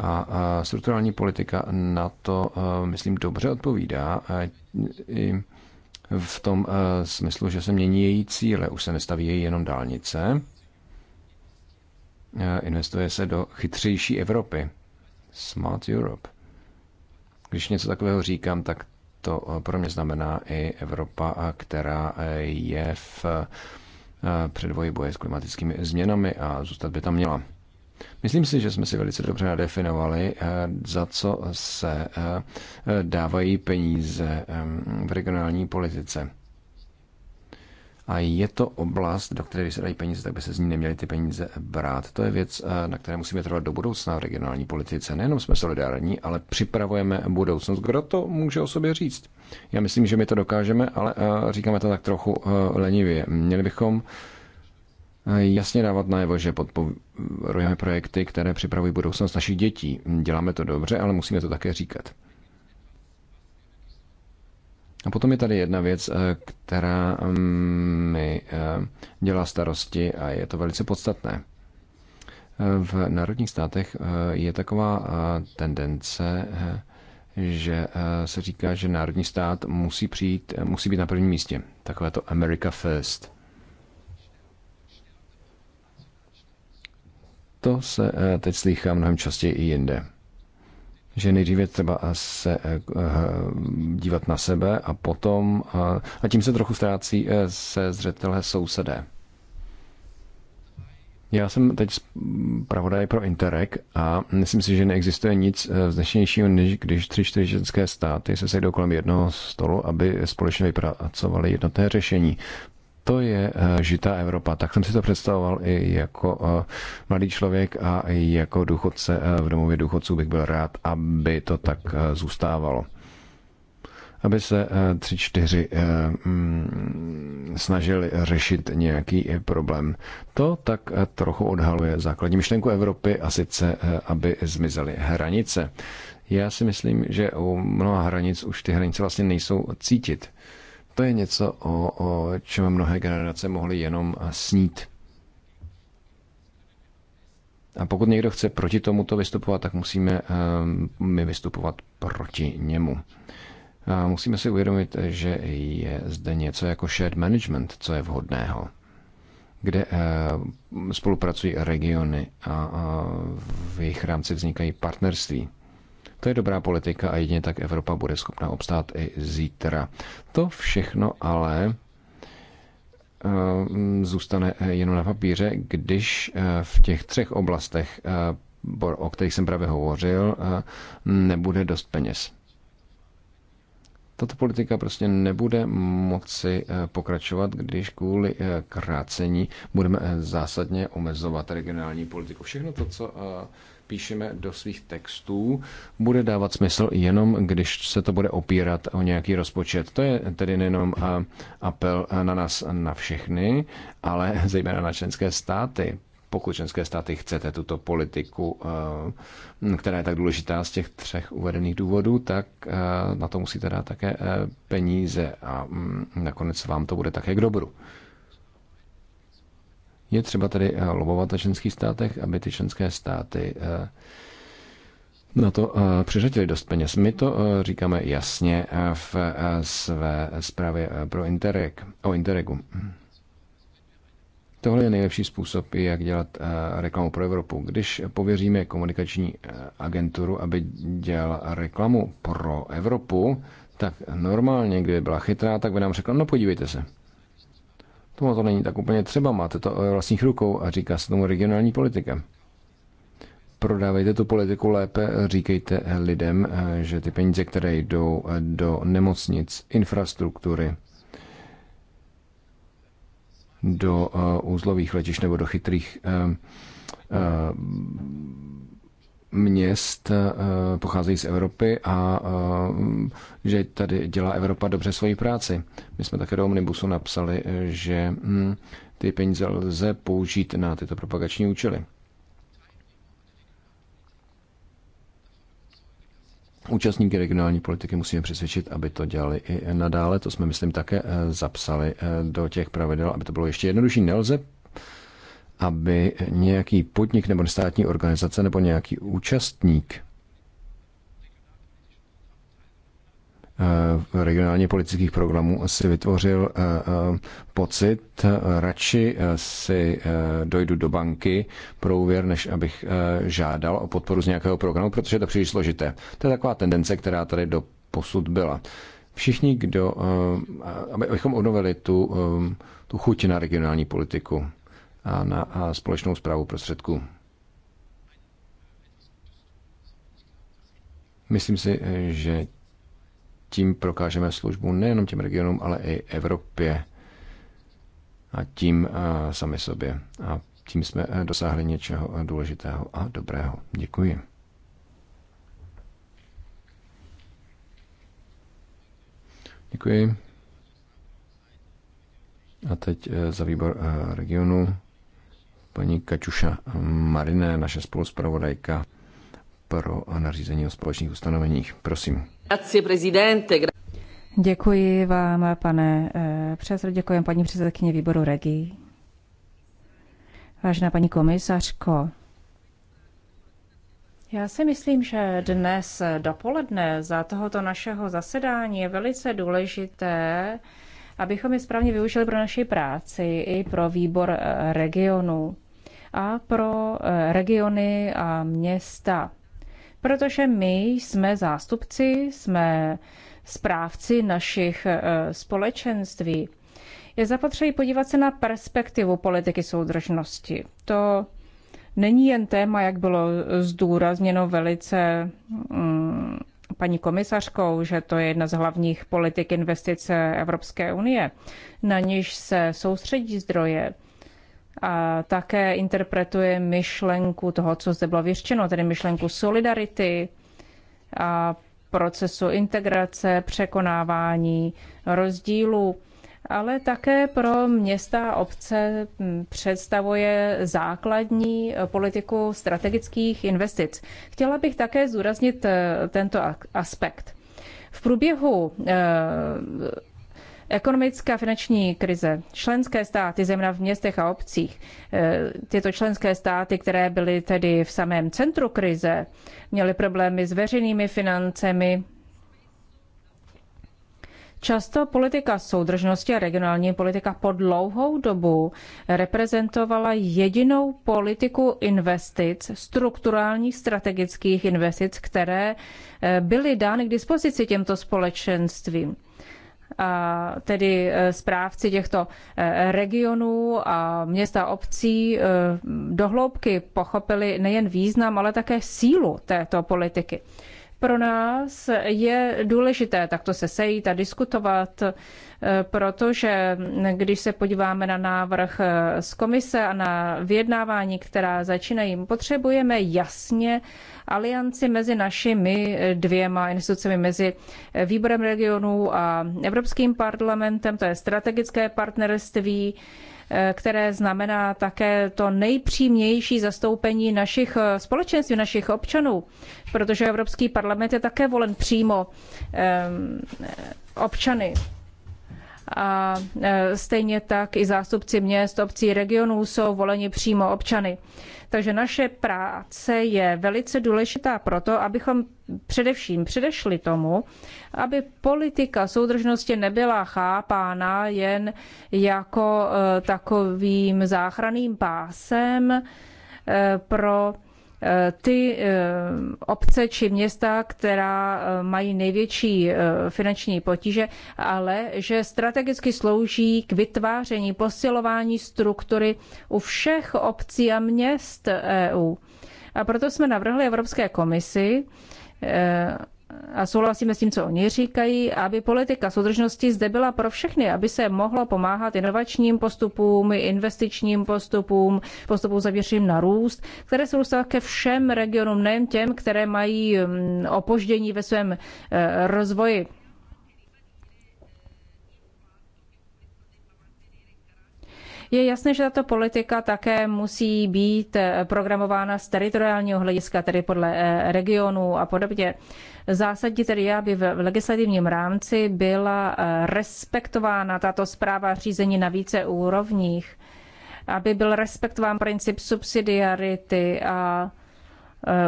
B: A, strukturální politika na to, eh, myslím, dobře odpovídá v tom eh, smyslu, že se mění její cíle. Už se nestaví jenom dálnice, eh, investuje se do chytřejší Evropy. Smart Europe. Když něco takového říkám, tak to eh, pro mě znamená i Evropa, která je v předvoji boje s klimatickými změnami a zůstat by tam měla. Myslím si, že jsme si velice dobře nadefinovali, eh, za co se eh, dávají peníze eh, v regionální politice. A je to oblast, do které se dají peníze, tak by se z ní neměly ty peníze brát. To je věc, na které musíme trvat do budoucna v regionální politice. Nejenom jsme solidární, ale připravujeme budoucnost. Kdo to může o sobě říct? Já myslím, že my to dokážeme, ale říkáme to tak trochu lenivě. Měli bychom jasně dávat najevo, že podporujeme projekty, které připravují budoucnost našich dětí. Děláme to dobře, ale musíme to také říkat. A potom je tady jedna věc, eh, která mm, mi eh, dělá starosti a je to velice podstatné. Eh, v národních státech je taková tendence, že se říká, že národní stát musí přijít, musí být na prvním místě. Takové to America First. To se eh, teď slýchá mnohem častěji i jinde. Že nejdříve třeba se eh, eh, dívat na sebe a potom, a tím se trochu ztrácí se zřetelé sousedé. Já jsem teď zpravodaj pro Interreg a myslím si, že neexistuje nic vznešenějšího, než když tři, čtyři ženské státy se sejdou kolem jednoho stolu, aby společně vypracovali jednotné řešení to je eh, žitá Evropa. Tak jsem si to představoval i jako eh, mladý člověk a i jako důchodce eh, v domově důchodců bych byl rád, aby to tak zůstávalo aby se tři, čtyři mm, snažili řešit nějaký problém. To tak trochu odhaluje základní myšlenku Evropy a sice, aby zmizely hranice. Já si myslím, že u mnoha hranic už ty hranice vlastně nejsou cítit. To je něco, o, o čem mnohé generace mohly jenom eh, snít. A pokud někdo chce proti tomuto vystupovat, tak musíme eh, my vystupovat proti němu. A musíme si uvědomit, že je zde něco jako shared management, co je vhodného, kde eh, spolupracují regiony a v jejich rámci vznikají partnerství. To je dobrá politika a jedině tak Evropa bude schopna obstát i zítra. To všechno ale eh, zůstane eh, jenom na papíře, když eh, v těch třech oblastech, o kterých jsem právě hovořil, nebude dost peněz. Tato politika prostě nebude moci pokračovat, když kvůli krácení budeme zásadně omezovat regionální politiku. Všechno to, co píšeme do svých textů, bude dávat smysl jenom, když se to bude opírat o nějaký rozpočet. To je tedy nejenom apel na nás, na všechny, ale zejména na členské státy. Pokud členské státy chcete tuto politiku, která je tak důležitá z těch třech uvedených důvodů, tak na to musíte dát také peníze a mm, nakonec vám to bude také k dobru. Je třeba tedy eh, lobovat na členských státech, aby ty členské státy eh, na to eh, přiřadili dost peněz. My to říkáme jasně v své zprávě pro Interreg, o Interregu. Tohle je nejlepší způsob, jak dělat reklamu pro Evropu. Když pověříme komunikační agenturu, aby dělala reklamu pro Evropu, tak normálně, kdyby byla chytrá, tak by nám řekla, no podívejte se, Tomu to není tak úplně třeba, máte to vlastních rukou a říká se tomu regionální politika. Prodávejte tu politiku lépe, říkejte lidem, eh, že ty peníze, které jdou eh, do nemocnic, infrastruktury, do eh, úzlových letišť nebo do chytrých měst eh, pocházejí z Evropy a eh, že tady dělá Evropa dobře svoji práci. My jsme také do Omnibusu napsali, eh, že hm, ty peníze lze použít na tyto propagační účely. Účastníky regionální politiky musíme přesvědčit, aby to dělali i nadále. To jsme, myslím, také zapsali do těch pravidel, aby to bylo ještě jednodušší. Nelze aby nějaký podnik nebo státní organizace nebo nějaký účastník eh, regionálně politických programů si vytvořil eh, eh, pocit, radši si dojdu do banky pro úvěr, než abych žádal o podporu z nějakého programu, protože je to příliš složité. To je taková tendence, která tady do posud byla. Všichni, kdo, abychom obnovili tu, tu chuť na regionální politiku, na společnou zprávu prostředků. Myslím si, že tím prokážeme službu nejenom těm regionům, ale i Evropě a tím sami sobě. A tím jsme e, dosáhli něčeho e, důležitého a dobrého. Děkuji. Děkuji. A teď e, za výbor regionu paní Kačuša Mariné, naše spoluspravodajka pro nařízení o společných ustanoveních. Prosím.
A: Děkuji vám, pane eh, předsedo, děkuji paní předsedkyně výboru Regi. Vážená paní komisařko, já si myslím, že dnes dopoledne za tohoto našeho zasedání je velice důležité, abychom je správně využili pro naši práci i pro výbor eh, regionu a pro eh, regiony a města. Protože my jsme zástupci, jsme správci našich eh, společenství. Je zapotřebí podívat se na perspektivu politiky soudržnosti. To není jen téma, jak bylo zdůrazněno velice mm, paní komisařkou, že to je jedna z hlavních politik investice Evropské unie, na níž se soustředí zdroje a také interpretuje myšlenku toho, co zde bylo vyřčeno, tedy myšlenku solidarity a procesu integrace, překonávání rozdílů, ale také pro města a obce hm, představuje základní politiku strategických investic. Chtěla bych také zúraznit eh, tento aspekt. V průběhu eh, Ekonomická finanční krize. Členské státy, zejména v městech a obcích, eh, tyto členské státy, které byly tedy v samém centru krize, měly problémy s veřejnými financemi. Často politika soudržnosti a regionální politika po dlouhou dobu reprezentovala jedinou politiku investic, strukturálních strategických investic, které eh, byly dány k dispozici těmto společenstvím tedy e, správci těchto e, regionů a města obcí e, dohloubky pochopili nejen význam, ale také sílu této politiky pro nás je důležité takto se sejít a diskutovat, eh, protože když se podíváme na návrh eh, z komise a na vyjednávání, která začínají, potřebujeme jasně alianci mezi našimi eh, dvěma institucemi, mezi výborem regionů a Evropským parlamentem, to je strategické partnerství, Eh, které znamená také to nejpřímější zastoupení našich eh, společenství, našich občanů, protože Evropský parlament je také volen přímo eh, občany a e, stejně tak i zástupci měst, obcí, regionů jsou voleni přímo občany. Takže naše práce je velice důležitá proto, abychom především předešli tomu, aby politika soudržnosti nebyla chápána jen jako e, takovým záchranným pásem e, pro Eh, ty eh, obce či města, která eh, mají největší finanční potíže, ale že strategicky slouží k vytváření, posilování struktury u všech obcí a měst EU. A proto jsme navrhli Evropské komisi a souhlasíme s tím, co oni říkají, aby politika soudržnosti zde byla pro všechny, aby se mohlo pomáhat inovačním postupům, investičním postupům, postupům zaměřeným na růst, které jsou dostávat ke všem regionům, nejen těm, které mají mm, opoždění ve svém eh, rozvoji. Je jasné, že tato politika také musí být eh, programována z teritoriálního hlediska, tedy podle eh, regionu a podobně. Zásadní tedy je, aby v legislativním rámci byla eh, respektována tato zpráva řízení na více úrovních, aby byl respektován princip subsidiarity a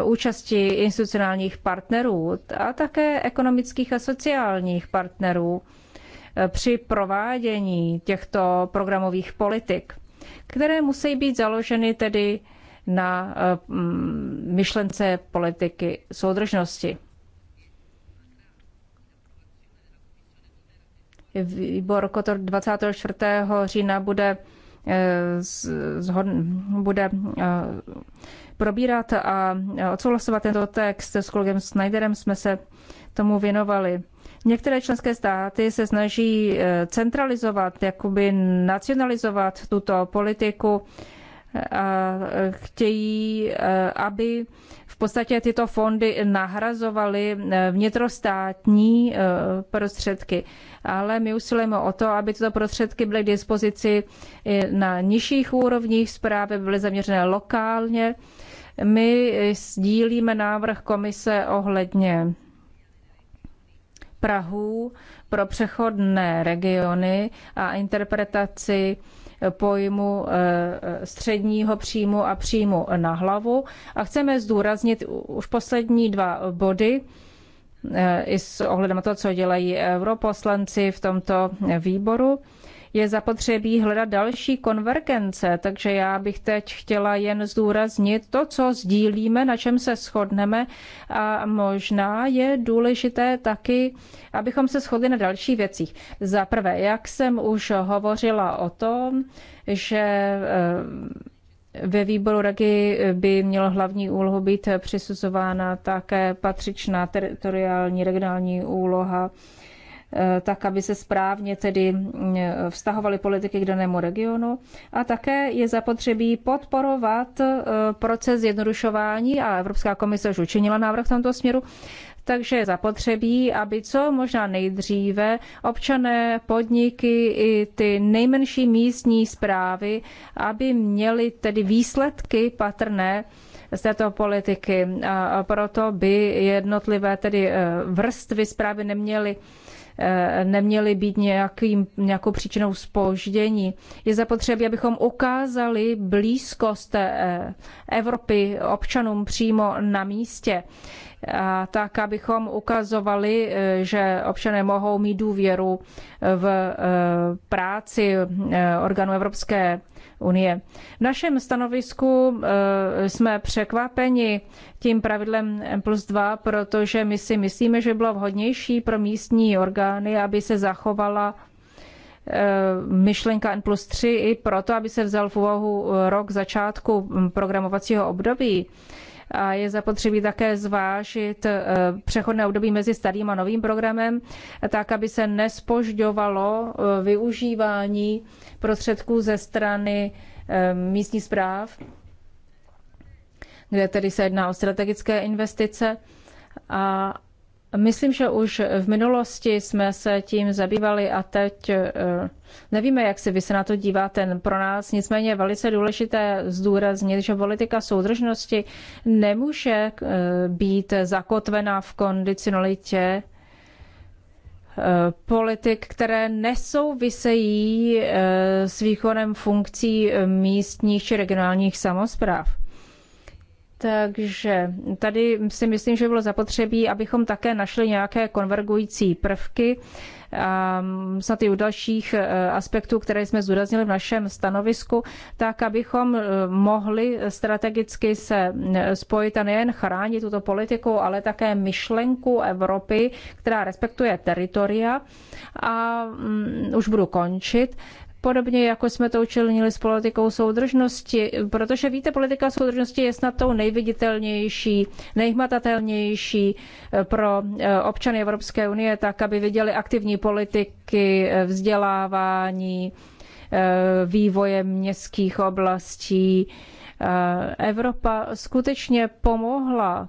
A: účasti institucionálních partnerů a také ekonomických a sociálních partnerů Eh, při provádění těchto programových politik, které musí být založeny tedy na eh, myšlence politiky soudržnosti. Výbor Kotor 24. října bude, eh, bude probírat a odsouhlasovat tento text s kolegem Snyderem. Jsme se tomu věnovali. Některé členské státy se snaží eh, centralizovat, jakoby nacionalizovat tuto politiku eh, a eh, chtějí, aby v podstatě tyto fondy nahrazovaly vnitrostátní prostředky. Ale my usilujeme o to, aby tyto prostředky byly k dispozici na nižších úrovních zprávy, byly zaměřené lokálně. My sdílíme návrh komise ohledně Prahu pro přechodné regiony a interpretaci pojmu eh, středního příjmu a příjmu na hlavu. A chceme zdůraznit už poslední dva body, eh, i s ohledem na to, co dělají europoslanci v tomto výboru je zapotřebí hledat další konvergence, takže já bych teď chtěla jen zdůraznit to, co sdílíme, na čem se shodneme a možná je důležité taky, abychom se shodli na dalších věcích. Za prvé, jak jsem už hovořila o tom, že eh, ve výboru Regi by měl hlavní úlohu být přisuzována také patřičná teritoriální regionální úloha Eh, tak aby se správně tedy mm, vztahovaly politiky k danému regionu. A také je zapotřebí podporovat eh, proces zjednodušování a Evropská komise už učinila návrh v tomto směru. Takže je zapotřebí, aby co možná nejdříve občané, podniky i ty nejmenší místní zprávy, aby měli tedy výsledky patrné z této politiky. A proto by jednotlivé tedy eh, vrstvy zprávy neměly neměly být nějakým, nějakou příčinou spoždění. Je zapotřebí, abychom ukázali blízkost eh, Evropy občanům přímo na místě. A tak, abychom ukazovali, eh, že občané mohou mít důvěru v eh, práci orgánů Evropské unie. V našem stanovisku eh, jsme překvapeni tím pravidlem M plus 2, protože my si myslíme, že bylo vhodnější pro místní orgány, aby se zachovala eh, myšlenka N plus 3 i proto, aby se vzal v úvahu rok začátku programovacího období a je zapotřebí také zvážit eh, přechodné období mezi starým a novým programem, tak aby se nespožďovalo eh, využívání prostředků ze strany eh, místních zpráv, kde tedy se jedná o strategické investice a Myslím, že už v minulosti jsme se tím zabývali a teď eh, nevíme, jak se vy se na to díváte. Pro nás nicméně je velice důležité zdůraznit, že politika soudržnosti nemůže eh, být zakotvená v kondicionalitě eh, politik, které nesouvisejí s výkonem funkcí místních či regionálních samozpráv. Takže tady si myslím, že bylo zapotřebí, abychom také našli nějaké konvergující prvky, um, snad i u dalších eh, aspektů, které jsme zúraznili v našem stanovisku, tak abychom eh, mohli strategicky se eh, spojit a nejen chránit tuto politiku, ale také myšlenku Evropy, která respektuje teritoria. A mm, už budu končit. Podobně jako jsme to učinili s politikou soudržnosti, protože víte, politika soudržnosti je snad tou nejviditelnější, nejhmatatelnější eh, pro eh, občany Evropské unie, tak aby viděli aktivní politiky, eh, vzdělávání, vývoje městských oblastí. Evropa skutečně pomohla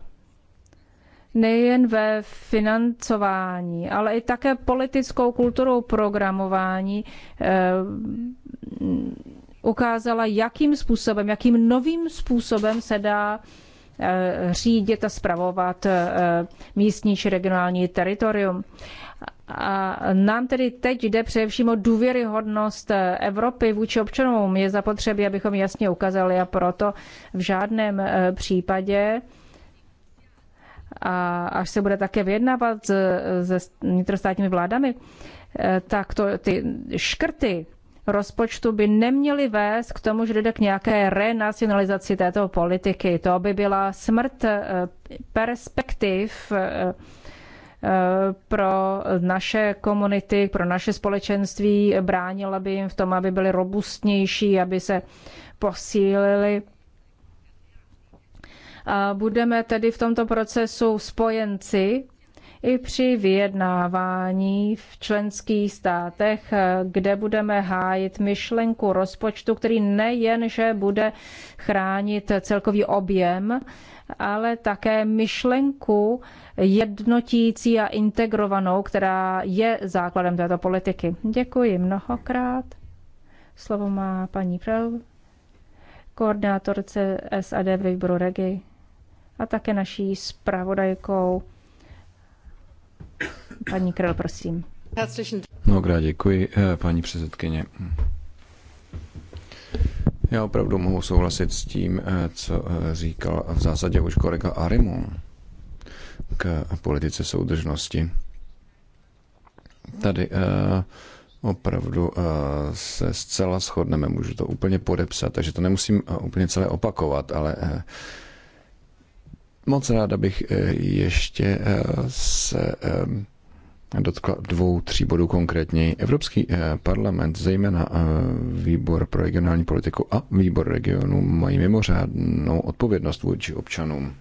A: nejen ve financování, ale i také politickou kulturou programování eh, ukázala, jakým způsobem, jakým novým způsobem se dá eh, řídit a spravovat eh, místní či regionální teritorium. A nám tedy teď jde především o důvěryhodnost Evropy vůči občanům. Je zapotřebí, abychom jasně ukázali a proto v žádném případě a až se bude také vyjednávat se vnitrostátními vládami, eh, tak to, ty škrty rozpočtu by neměly vést k tomu, že jde k nějaké renacionalizaci této politiky. To by byla smrt eh, perspektiv eh, pro naše komunity, pro naše společenství, bránila by jim v tom, aby byly robustnější, aby se posílili a budeme tedy v tomto procesu spojenci i při vyjednávání v členských státech, kde budeme hájit myšlenku rozpočtu, který nejenže bude chránit celkový objem, ale také myšlenku jednotící a integrovanou, která je základem této politiky. Děkuji mnohokrát. Slovo má paní Prel, koordinátorce SAD v výboru Regi a také naší zpravodajkou. Paní Krel, prosím.
B: Mnohokrát děkuji, eh, paní předsedkyně. Já opravdu mohu souhlasit s tím, eh, co eh, říkal v zásadě už kolega Arimu k politice soudržnosti. Tady opravdu se zcela shodneme, můžu to úplně podepsat, takže to nemusím úplně celé opakovat, ale Moc ráda bych eh, ještě eh, se eh, dotkla dvou, tří bodů konkrétně. Evropský parlament, zejména výbor pro regionální politiku a výbor regionu, mají mimořádnou odpovědnost vůči občanům.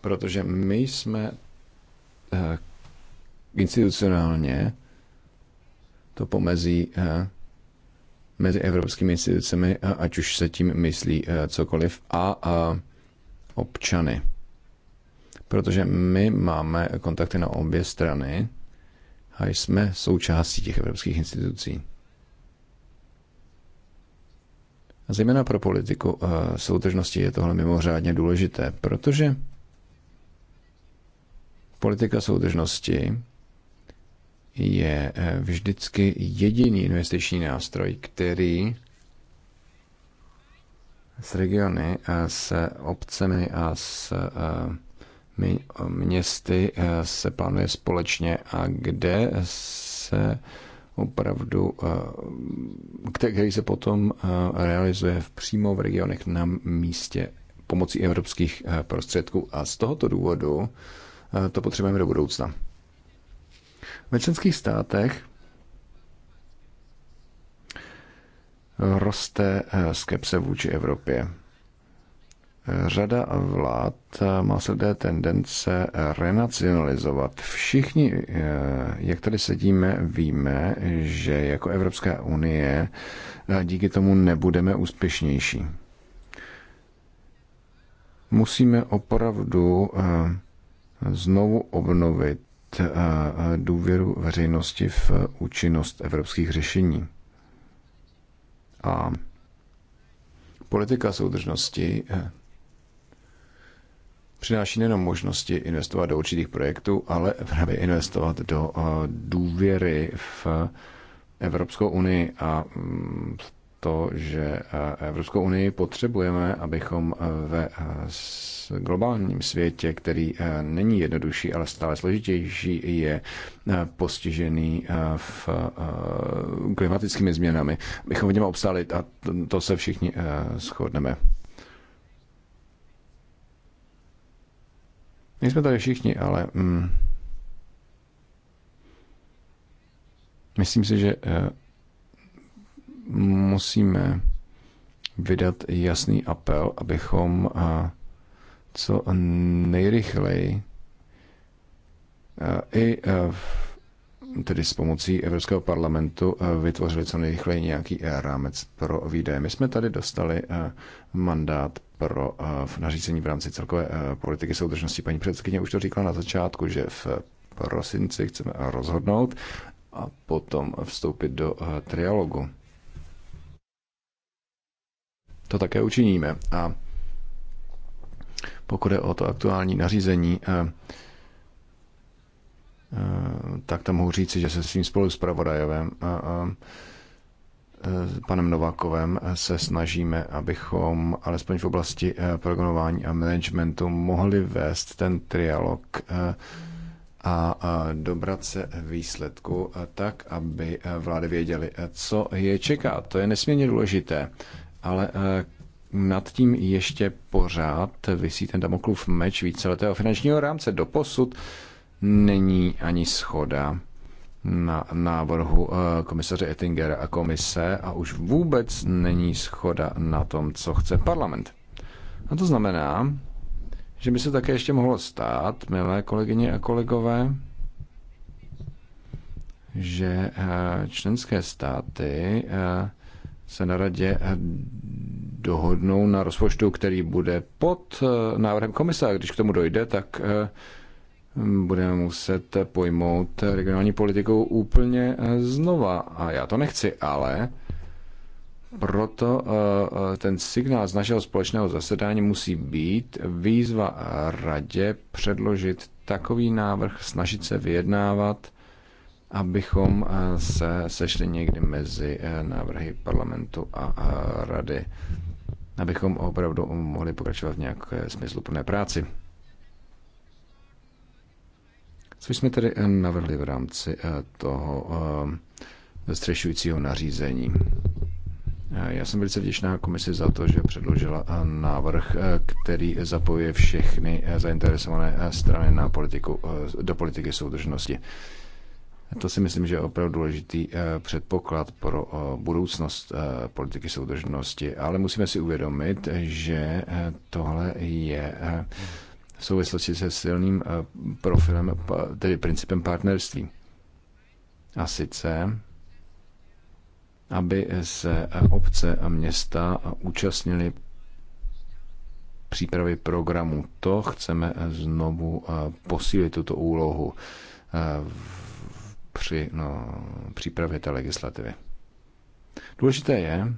B: Protože my jsme institucionálně to pomezí mezi evropskými institucemi, ať už se tím myslí cokoliv, a, a občany. Protože my máme kontakty na obě strany a jsme součástí těch evropských institucí. A zejména pro politiku eh, soudržnosti je tohle mimořádně důležité, protože politika soudržnosti je eh, vždycky jediný investiční nástroj, který s regiony, s obcemi a s e, městy e, se plánuje společně a kde se opravdu, e, který se potom realizuje v přímo v regionech na místě pomocí evropských prostředků. A z tohoto důvodu to potřebujeme do budoucna. Ve členských státech roste eh, skepse vůči Evropě. Řada vlád eh, má sledé tendence eh, renacionalizovat. Všichni, jak tady sedíme, víme, že jako Evropská unie díky tomu nebudeme úspěšnější. Musíme opravdu znovu obnovit důvěru veřejnosti v účinnost evropských řešení. A politika soudržnosti eh, přináší nejenom možnosti investovat do určitých projektů, ale právě investovat do eh, důvěry v Evropskou unii a mm, to, že eh, Evropskou unii potřebujeme, abychom eh, ve eh, globálním světě, který není jednodušší, ale stále složitější, je postižený v klimatickými změnami, abychom v něm obstali a to se všichni shodneme. Nejsme tady všichni, ale mm, myslím si, že musíme vydat jasný apel, abychom co nejrychleji i tedy s pomocí Evropského parlamentu vytvořili co nejrychleji nějaký e, rámec pro výdaje. My jsme tady dostali e, mandát pro nařízení v rámci celkové e, politiky soudržnosti. Paní předsedkyně už to říkala na začátku, že v prosinci chceme rozhodnout a potom vstoupit do trialogu to také učiníme. A pokud je o to aktuální nařízení, eh, eh, tak tam mohu říci, že se svým spolu s pravodajovem eh, panem Novákovem se snažíme, abychom alespoň v oblasti programování a managementu mohli vést ten trialog a dobrat se výsledku tak, aby vlády věděly, co je čeká. To je nesmírně důležité ale eh, nad tím ještě pořád vysí ten Damoklův meč víceletého finančního rámce. Doposud není ani schoda na návrhu eh, komisaře Ettingera a komise a už vůbec není schoda na tom, co chce parlament. A to znamená, že by se také ještě mohlo stát, milé kolegyně a kolegové, že eh, členské státy se na radě dohodnou na rozpočtu, který bude pod eh, návrhem komise. A když k tomu dojde, tak eh, budeme muset pojmout regionální politiku úplně eh, znova. A já to nechci, ale proto ten signál z našeho společného zasedání musí být výzva radě předložit takový návrh, snažit se vyjednávat abychom eh, se sešli někdy mezi eh, návrhy parlamentu a eh, rady, abychom opravdu mohli pokračovat v nějaké smysluplné práci. Co jsme tedy navrhli v rámci toho zastřešujícího nařízení. Já jsem velice vděčná komisi za to, že předložila návrh, který zapojuje všechny zainteresované strany na politiku, do politiky soudržnosti. To si myslím, že je opravdu důležitý eh, předpoklad pro eh, budoucnost eh, politiky soudržnosti, ale musíme si uvědomit, že tohle je v souvislosti se silným profilem, tedy principem partnerství. A sice, aby se obce a města účastnili přípravy programu. To chceme znovu posílit tuto úlohu v při no, přípravě té legislativy. Důležité je,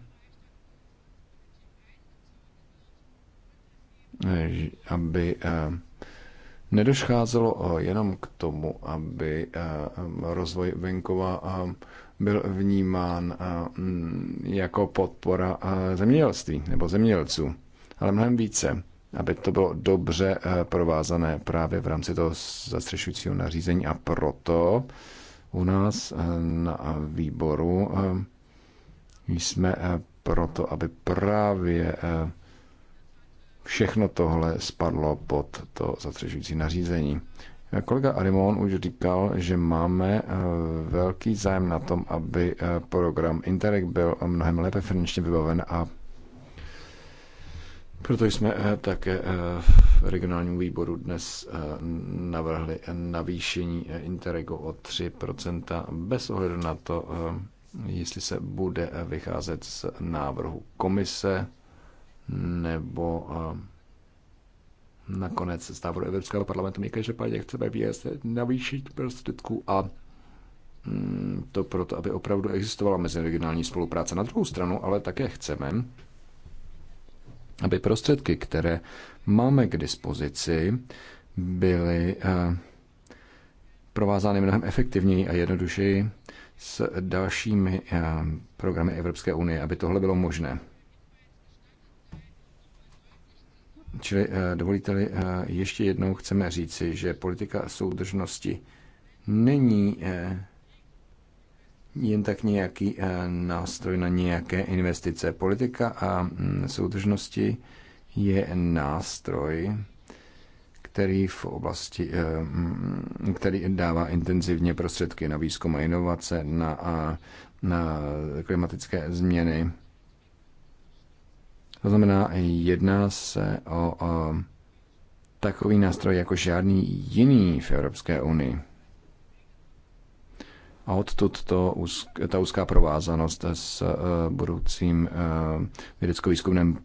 B: aby eh, nedošcházelo eh, jenom k tomu, aby eh, rozvoj venkova byl vnímán jako podpora zemědělství nebo zemědělců, ale mnohem více, aby to bylo dobře provázané právě v rámci toho zastřešujícího nařízení a proto u nás eh, na eh, výboru eh, jsme proto, aby právě všechno tohle spadlo pod to zatřežující nařízení. Kolega Arimon už říkal, že máme velký zájem na tom, aby program Interreg byl mnohem lépe finančně vybaven a proto jsme eh, také eh, v regionálním výboru dnes eh, navrhli navýšení Interregu o 3% bez ohledu na to, jestli se bude vycházet z návrhu komise nebo nakonec z návrhu Evropského parlamentu. My každopádně chceme výjezd navýšit prostředků a mm, to proto, aby opravdu existovala meziregionální spolupráce. Na druhou stranu ale také chceme, aby prostředky, které máme k dispozici, byly eh, provázány mnohem efektivněji a jednodušeji s dalšími eh, programy Evropské unie, aby tohle bylo možné. Čili eh, dovolíte-li ještě jednou chceme říci, že politika soudržnosti není jen tak nějaký eh, nástroj na nějaké investice. Politika a mm, soudržnosti je nástroj, který v oblasti, eh, mm, který dává intenzivně prostředky na výzkum a inovace, na, na klimatické změny. To znamená, jedná se o, o takový nástroj jako žádný jiný v Evropské unii a odtud to, ta úzká provázanost s eh, budoucím eh, vědecko-výzkumným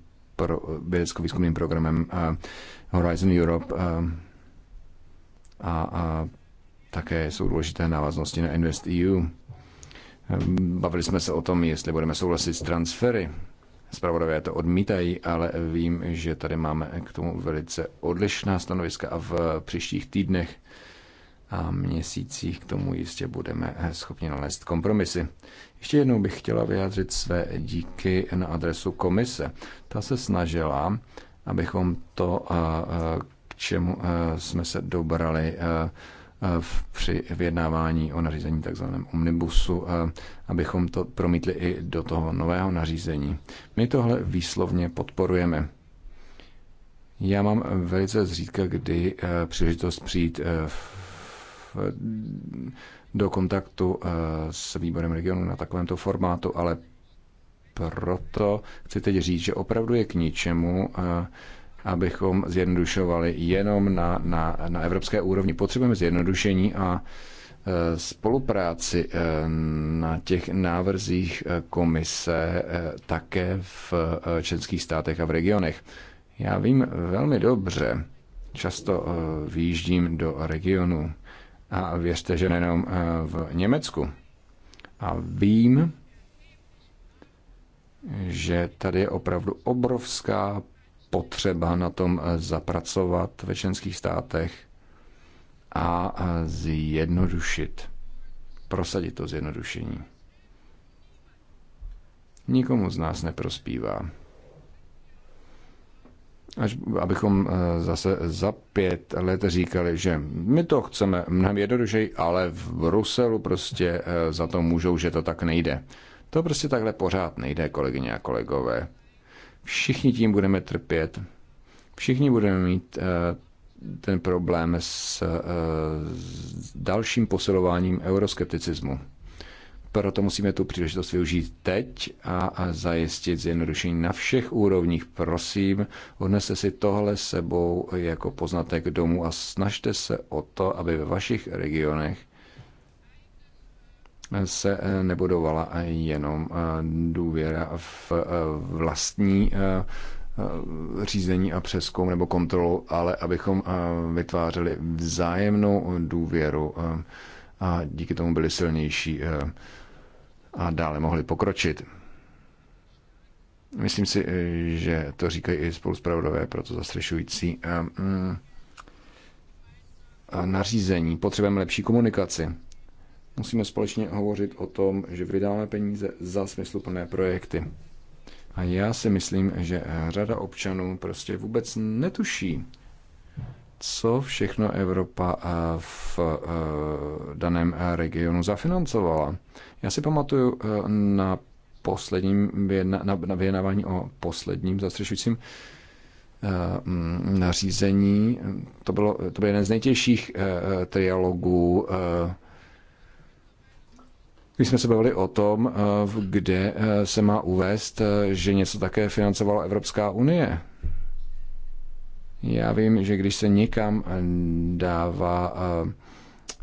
B: vědecko-výzkumným programem eh, Horizon Europe a, a také jsou důležité návaznosti na InvestEU. Bavili jsme se o tom, jestli budeme souhlasit s transfery. Spravodové to odmítají, ale vím, že tady máme k tomu velice odlišná stanoviska a v příštích týdnech a měsících k tomu jistě budeme eh, schopni nalézt kompromisy. Ještě jednou bych chtěla vyjádřit své díky na adresu komise. Ta se snažila, abychom to, eh, eh, k čemu jsme se dobrali při vyjednávání o nařízení tzv. omnibusu, abychom to promítli i do toho nového nařízení. My tohle výslovně podporujeme. Já mám velice zřídka kdy příležitost přijít v do kontaktu eh, s výborem regionu na takovémto formátu, ale proto chci teď říct, že opravdu je k ničemu, eh, abychom zjednodušovali jenom na, na, na evropské úrovni. Potřebujeme zjednodušení a eh, spolupráci na těch návrzích komise také v českých státech a v regionech. Já vím velmi dobře, často výjíždím do regionu a věřte, že nejenom eh, v Německu. A vím, že tady je opravdu obrovská potřeba na tom eh, zapracovat ve členských státech a eh, zjednodušit. Prosadit to zjednodušení. Nikomu z nás neprospívá až abychom eh, zase za pět let říkali, že my to chceme mnohem jednodušeji, ale v Bruselu prostě eh, za to můžou, že to tak nejde. To prostě takhle pořád nejde, kolegyně a kolegové. Všichni tím budeme trpět. Všichni budeme mít eh, ten problém s, s dalším posilováním euroskepticismu. Proto musíme tu příležitost využít teď a, a zajistit zjednodušení na všech úrovních. Prosím, odnese si tohle sebou jako poznatek domů a snažte se o to, aby ve vašich regionech se eh, nebudovala jenom eh, důvěra v eh, vlastní řízení a přeskum nebo kontrolu, ale abychom vytvářeli vzájemnou důvěru a díky tomu byli silnější a dále mohli pokročit. Myslím si, eh, že to říkají i spoluspravodové, proto zastřešující. Eh, mm, eh, nařízení. Potřebujeme lepší komunikaci. Musíme společně hovořit o tom, že vydáme peníze za smysluplné projekty. A já si myslím, že řada občanů prostě vůbec netuší, co všechno Evropa v daném regionu zafinancovala. Já si pamatuju eh, na posledním na, na vyjednávání o posledním zastřešujícím eh, mm, nařízení. To, bylo, to byl jeden z nejtěžších eh, trialogů, když jsme se bavili o tom, kde se má uvést, že něco také financovala Evropská unie. Já vím, že když se někam dává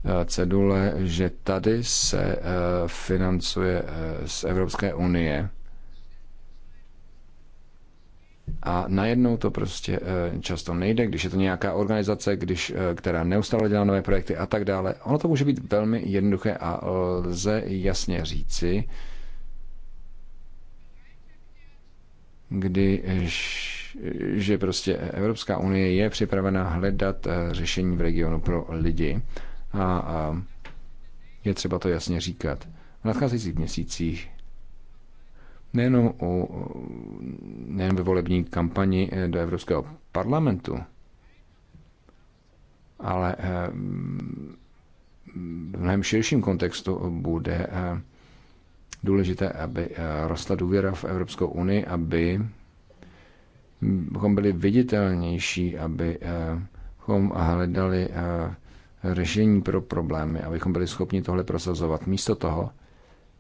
B: Eh, cedule, že tady se eh, financuje eh, z Evropské unie. A najednou to prostě často nejde, když je to nějaká organizace, když, která neustále dělá nové projekty a tak dále. Ono to může být velmi jednoduché a lze jasně říci, když že prostě Evropská unie je připravena hledat řešení v regionu pro lidi a, a je třeba to jasně říkat. V nadcházejících měsících nejenom, o, nejenom ve volební kampani eh, do Evropského parlamentu, ale eh, v mnohem širším kontextu bude eh, důležité, aby rostla důvěra v Evropskou unii, aby bychom byli viditelnější, aby bychom hledali řešení pro problémy, abychom byli schopni tohle prosazovat. Místo toho,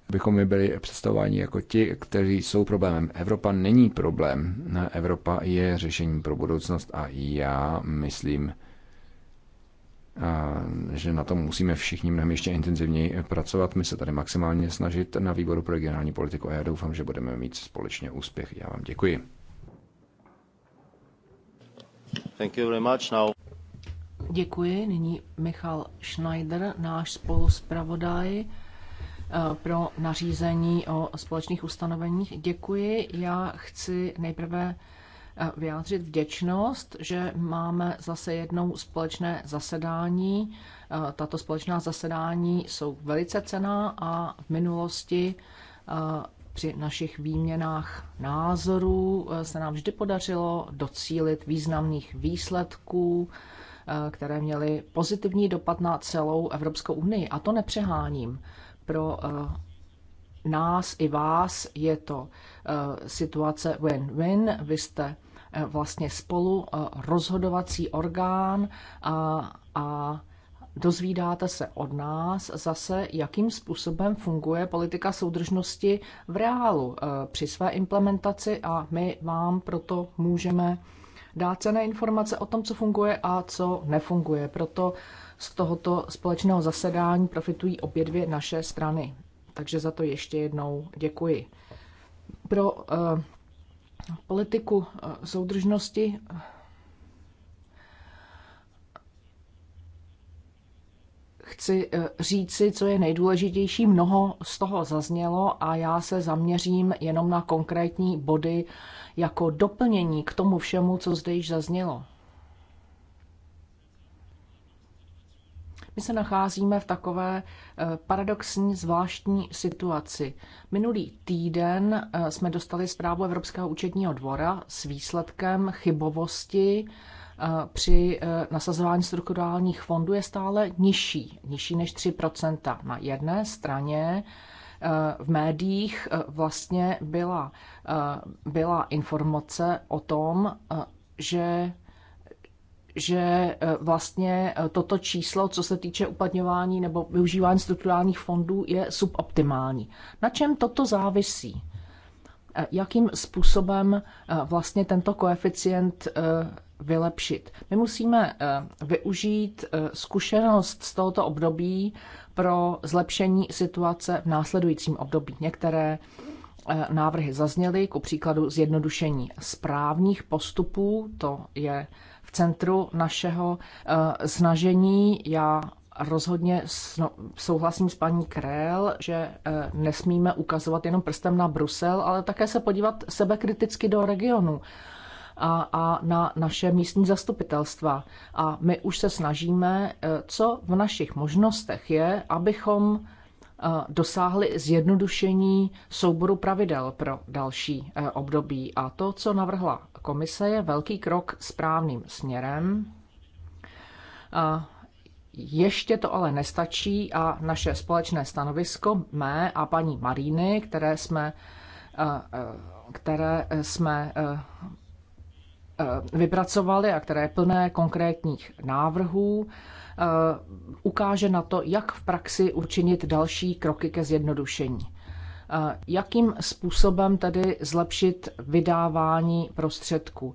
B: abychom my byli představováni jako ti, kteří jsou problémem. Evropa není problém. Evropa je řešení pro budoucnost a já myslím, že na tom musíme všichni mnohem ještě intenzivněji pracovat. My se tady maximálně snažit na výboru pro regionální politiku a já doufám, že budeme mít společně úspěch. Já vám děkuji. Thank you very much now.
C: Děkuji. Nyní Michal Schneider, náš spoluspravodaj eh, pro nařízení o společných ustanoveních. Děkuji. Já chci nejprve eh, vyjádřit vděčnost, že máme zase jednou společné zasedání. Eh, tato společná zasedání jsou velice cená a v minulosti při našich výměnách názorů se nám vždy podařilo docílit významných výsledků Eh, které měly pozitivní dopad na celou Evropskou unii. A to nepřeháním. Pro eh, nás i vás je to eh, situace win-win. Vy jste vlastně spolu rozhodovací orgán a, a dozvídáte se od nás zase, jakým způsobem funguje politika soudržnosti v reálu při své implementaci a my vám proto můžeme dá cené informace o tom, co funguje a co nefunguje. Proto z tohoto společného zasedání profitují obě dvě naše strany. Takže za to ještě jednou děkuji. Pro uh, politiku uh, soudržnosti eh, chci říci, co je nejdůležitější. Mnoho z toho zaznělo a já se zaměřím jenom na konkrétní body jako doplnění k tomu všemu, co zde již zaznělo. My se nacházíme v takové eh, paradoxní, zvláštní situaci. Minulý týden eh, jsme dostali zprávu Evropského účetního dvora s výsledkem chybovosti eh, při nasazování strukturálních fondů je stále nižší, nižší než 3 Na jedné straně Eh, v médiích eh, vlastně byla, eh, byla informace o tom, že že vlastně toto číslo, co se týče uplatňování nebo využívání strukturálních fondů, je suboptimální. Na čem toto závisí? Jakým způsobem vlastně tento koeficient vylepšit. My musíme eh, využít eh, zkušenost z tohoto období pro zlepšení situace v následujícím období. Některé eh, návrhy zazněly, ku příkladu zjednodušení správních postupů, to je v centru našeho snažení. Já rozhodně souhlasím s paní Krél, že nesmíme ukazovat jenom prstem na Brusel, ale také se podívat sebekriticky do regionu a, a na naše místní zastupitelstva. A my už se snažíme, eh, co v našich možnostech je, abychom eh, dosáhli zjednodušení souboru pravidel pro další eh, období. A to, co navrhla komise, je velký krok správným směrem. A ještě to ale nestačí a naše společné stanovisko mé a paní Maríny, které jsme, které jsme Eh, vypracovaly a které je plné konkrétních návrhů, eh, ukáže na to, jak v praxi učinit další kroky ke zjednodušení. Eh, jakým způsobem tedy zlepšit vydávání prostředků?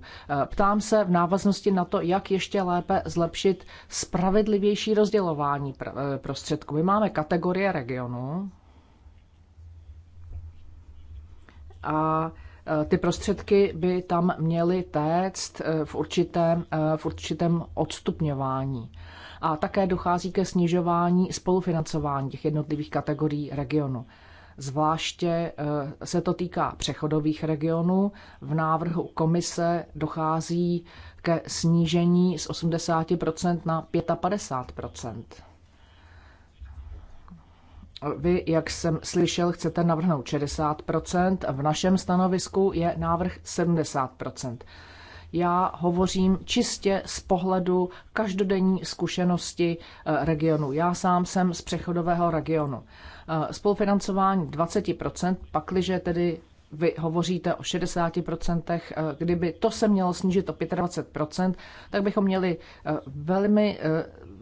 C: Ptám se v návaznosti na to, jak ještě lépe zlepšit spravedlivější rozdělování prostředků. My máme kategorie regionu a Eh, ty prostředky by tam měly téct eh, v určitém, eh, v určitém odstupňování. A také dochází ke snižování spolufinancování těch jednotlivých kategorií regionu. Zvláště se to týká přechodových regionů. V návrhu komise dochází ke snížení z 80% na 55%. Vy, jak jsem slyšel, chcete navrhnout 60 v našem stanovisku je návrh 70 já hovořím čistě z pohledu každodenní zkušenosti eh, regionu. Já sám jsem z přechodového regionu. Eh, spolufinancování 20%, pakliže tedy vy hovoříte o 60%, eh, kdyby to se mělo snížit o 25%, tak bychom měli velmi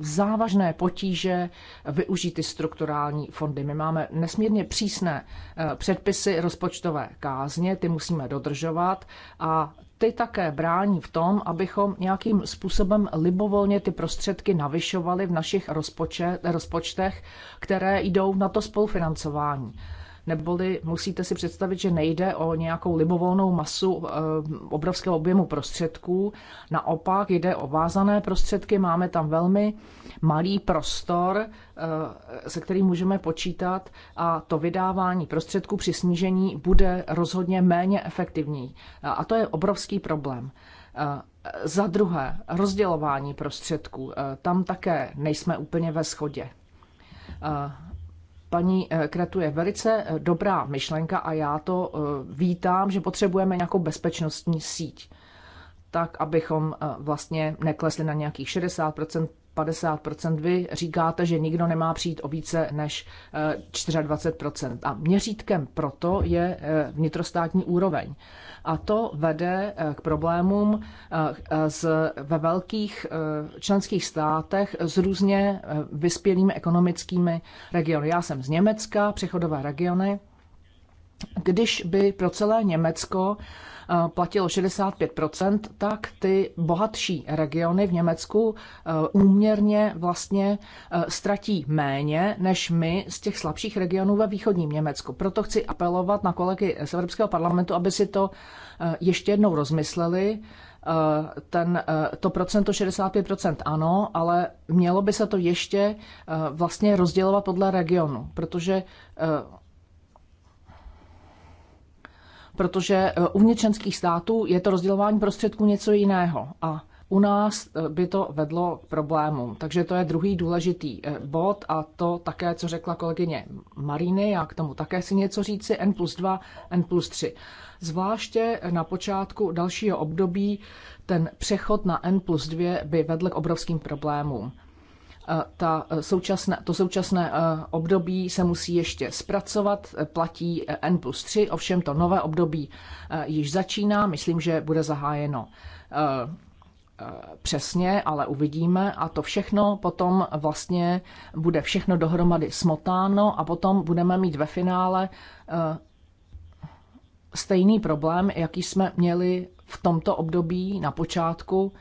C: závažné potíže využít ty strukturální fondy. My máme nesmírně přísné eh, předpisy rozpočtové kázně, ty musíme dodržovat a ty také brání v tom, abychom nějakým způsobem libovolně ty prostředky navyšovali v našich rozpočtech, které jdou na to spolufinancování neboli musíte si představit, že nejde o nějakou libovolnou masu eh, obrovského objemu prostředků, naopak jde o vázané prostředky, máme tam velmi malý prostor, eh, se kterým můžeme počítat a to vydávání prostředků při snížení bude rozhodně méně efektivní. Eh, a to je obrovský problém. Za druhé, rozdělování prostředků. Tam také nejsme úplně ve shodě. Paní eh, Kretu je velice eh, dobrá myšlenka a já to eh, vítám, že potřebujeme nějakou bezpečnostní síť tak abychom vlastně neklesli na nějakých 60%, 50%. Vy říkáte, že nikdo nemá přijít o více než 24%. Eh, A měřítkem proto je eh, vnitrostátní úroveň. A to vede eh, k problémům z, ve velkých členských státech s různě vyspělými ekonomickými regiony. Já jsem z Německa, přechodové regiony, když by pro celé Německo eh, platilo 65 tak ty bohatší regiony v Německu eh, úměrně vlastně eh, ztratí méně než my z těch slabších regionů ve východním Německu. Proto chci apelovat na kolegy z Evropského parlamentu, aby si to ještě jednou rozmysleli. Ten, to procento 65% ano, ale mělo by se to ještě vlastně rozdělovat podle regionu, protože protože eh, u vnitřenských států je to rozdělování prostředků něco jiného. A u nás eh, by to vedlo k problémům. Takže to je druhý důležitý eh, bod a to také, co řekla kolegyně Mariny, já k tomu také si něco říci, N plus 2, N plus 3. Zvláště na počátku dalšího období ten přechod na N plus 2 by vedl k obrovským problémům ta e, současné, to současné e, období se musí ještě zpracovat, e, platí N plus 3, ovšem to nové období již začíná, myslím, že bude zahájeno přesně, ale uvidíme a to všechno potom vlastně bude všechno dohromady smotáno a potom budeme mít ve finále stejný problém, jaký jsme měli v tomto období na počátku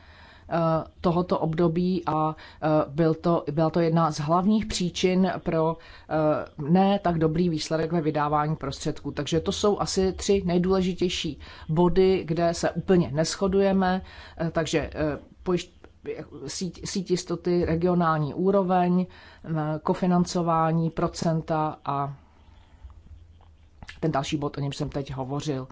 C: Eh, tohoto období a eh, byl to, byla to jedna z hlavních příčin pro eh, ne tak dobrý výsledek ve vydávání prostředků. Takže to jsou asi tři nejdůležitější body, kde se úplně neschodujeme. Takže pojišť, síť, síť jistoty, regionální úroveň, kofinancování, procenta a ten další bod, o něm jsem teď hovořil.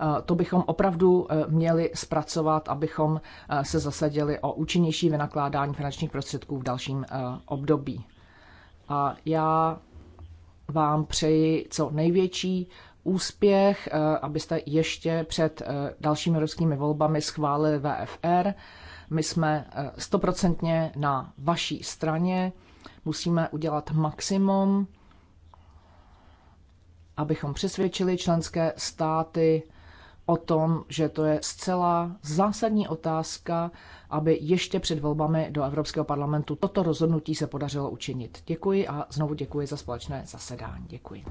C: Eh, to bychom opravdu eh, měli zpracovat, abychom eh, se zasadili o účinnější vynakládání finančních prostředků v dalším období. A já vám přeji co největší úspěch, abyste ještě před dalšími evropskými volbami schválili VFR. My jsme stoprocentně na vaší straně, musíme udělat maximum, abychom přesvědčili členské státy o tom, že to je zcela zásadní otázka, aby ještě před volbami do Evropského parlamentu toto rozhodnutí se podařilo učinit. Děkuji a znovu děkuji za společné zasedání. Děkuji.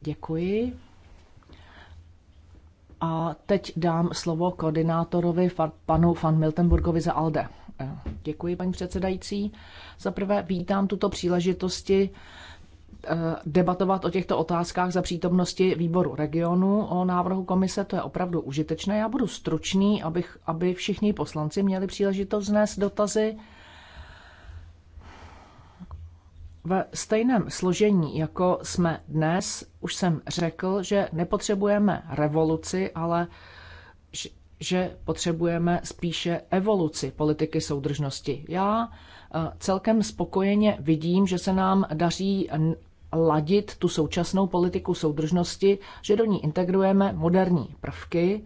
C: Děkuji. A teď dám slovo koordinátorovi panu van Miltenburgovi za ALDE. Eh, děkuji, paní předsedající. Za prvé vítám tuto příležitosti Eh, debatovat o těchto otázkách za přítomnosti výboru regionu o návrhu komise, to je opravdu užitečné. Já budu stručný, abych, aby všichni poslanci měli příležitost vznést dotazy. Ve stejném složení, jako jsme dnes, už jsem řekl, že nepotřebujeme revoluci, ale že potřebujeme spíše evoluci politiky soudržnosti. Já eh, celkem spokojeně vidím, že se nám daří ladit tu současnou politiku soudržnosti, že do ní integrujeme moderní prvky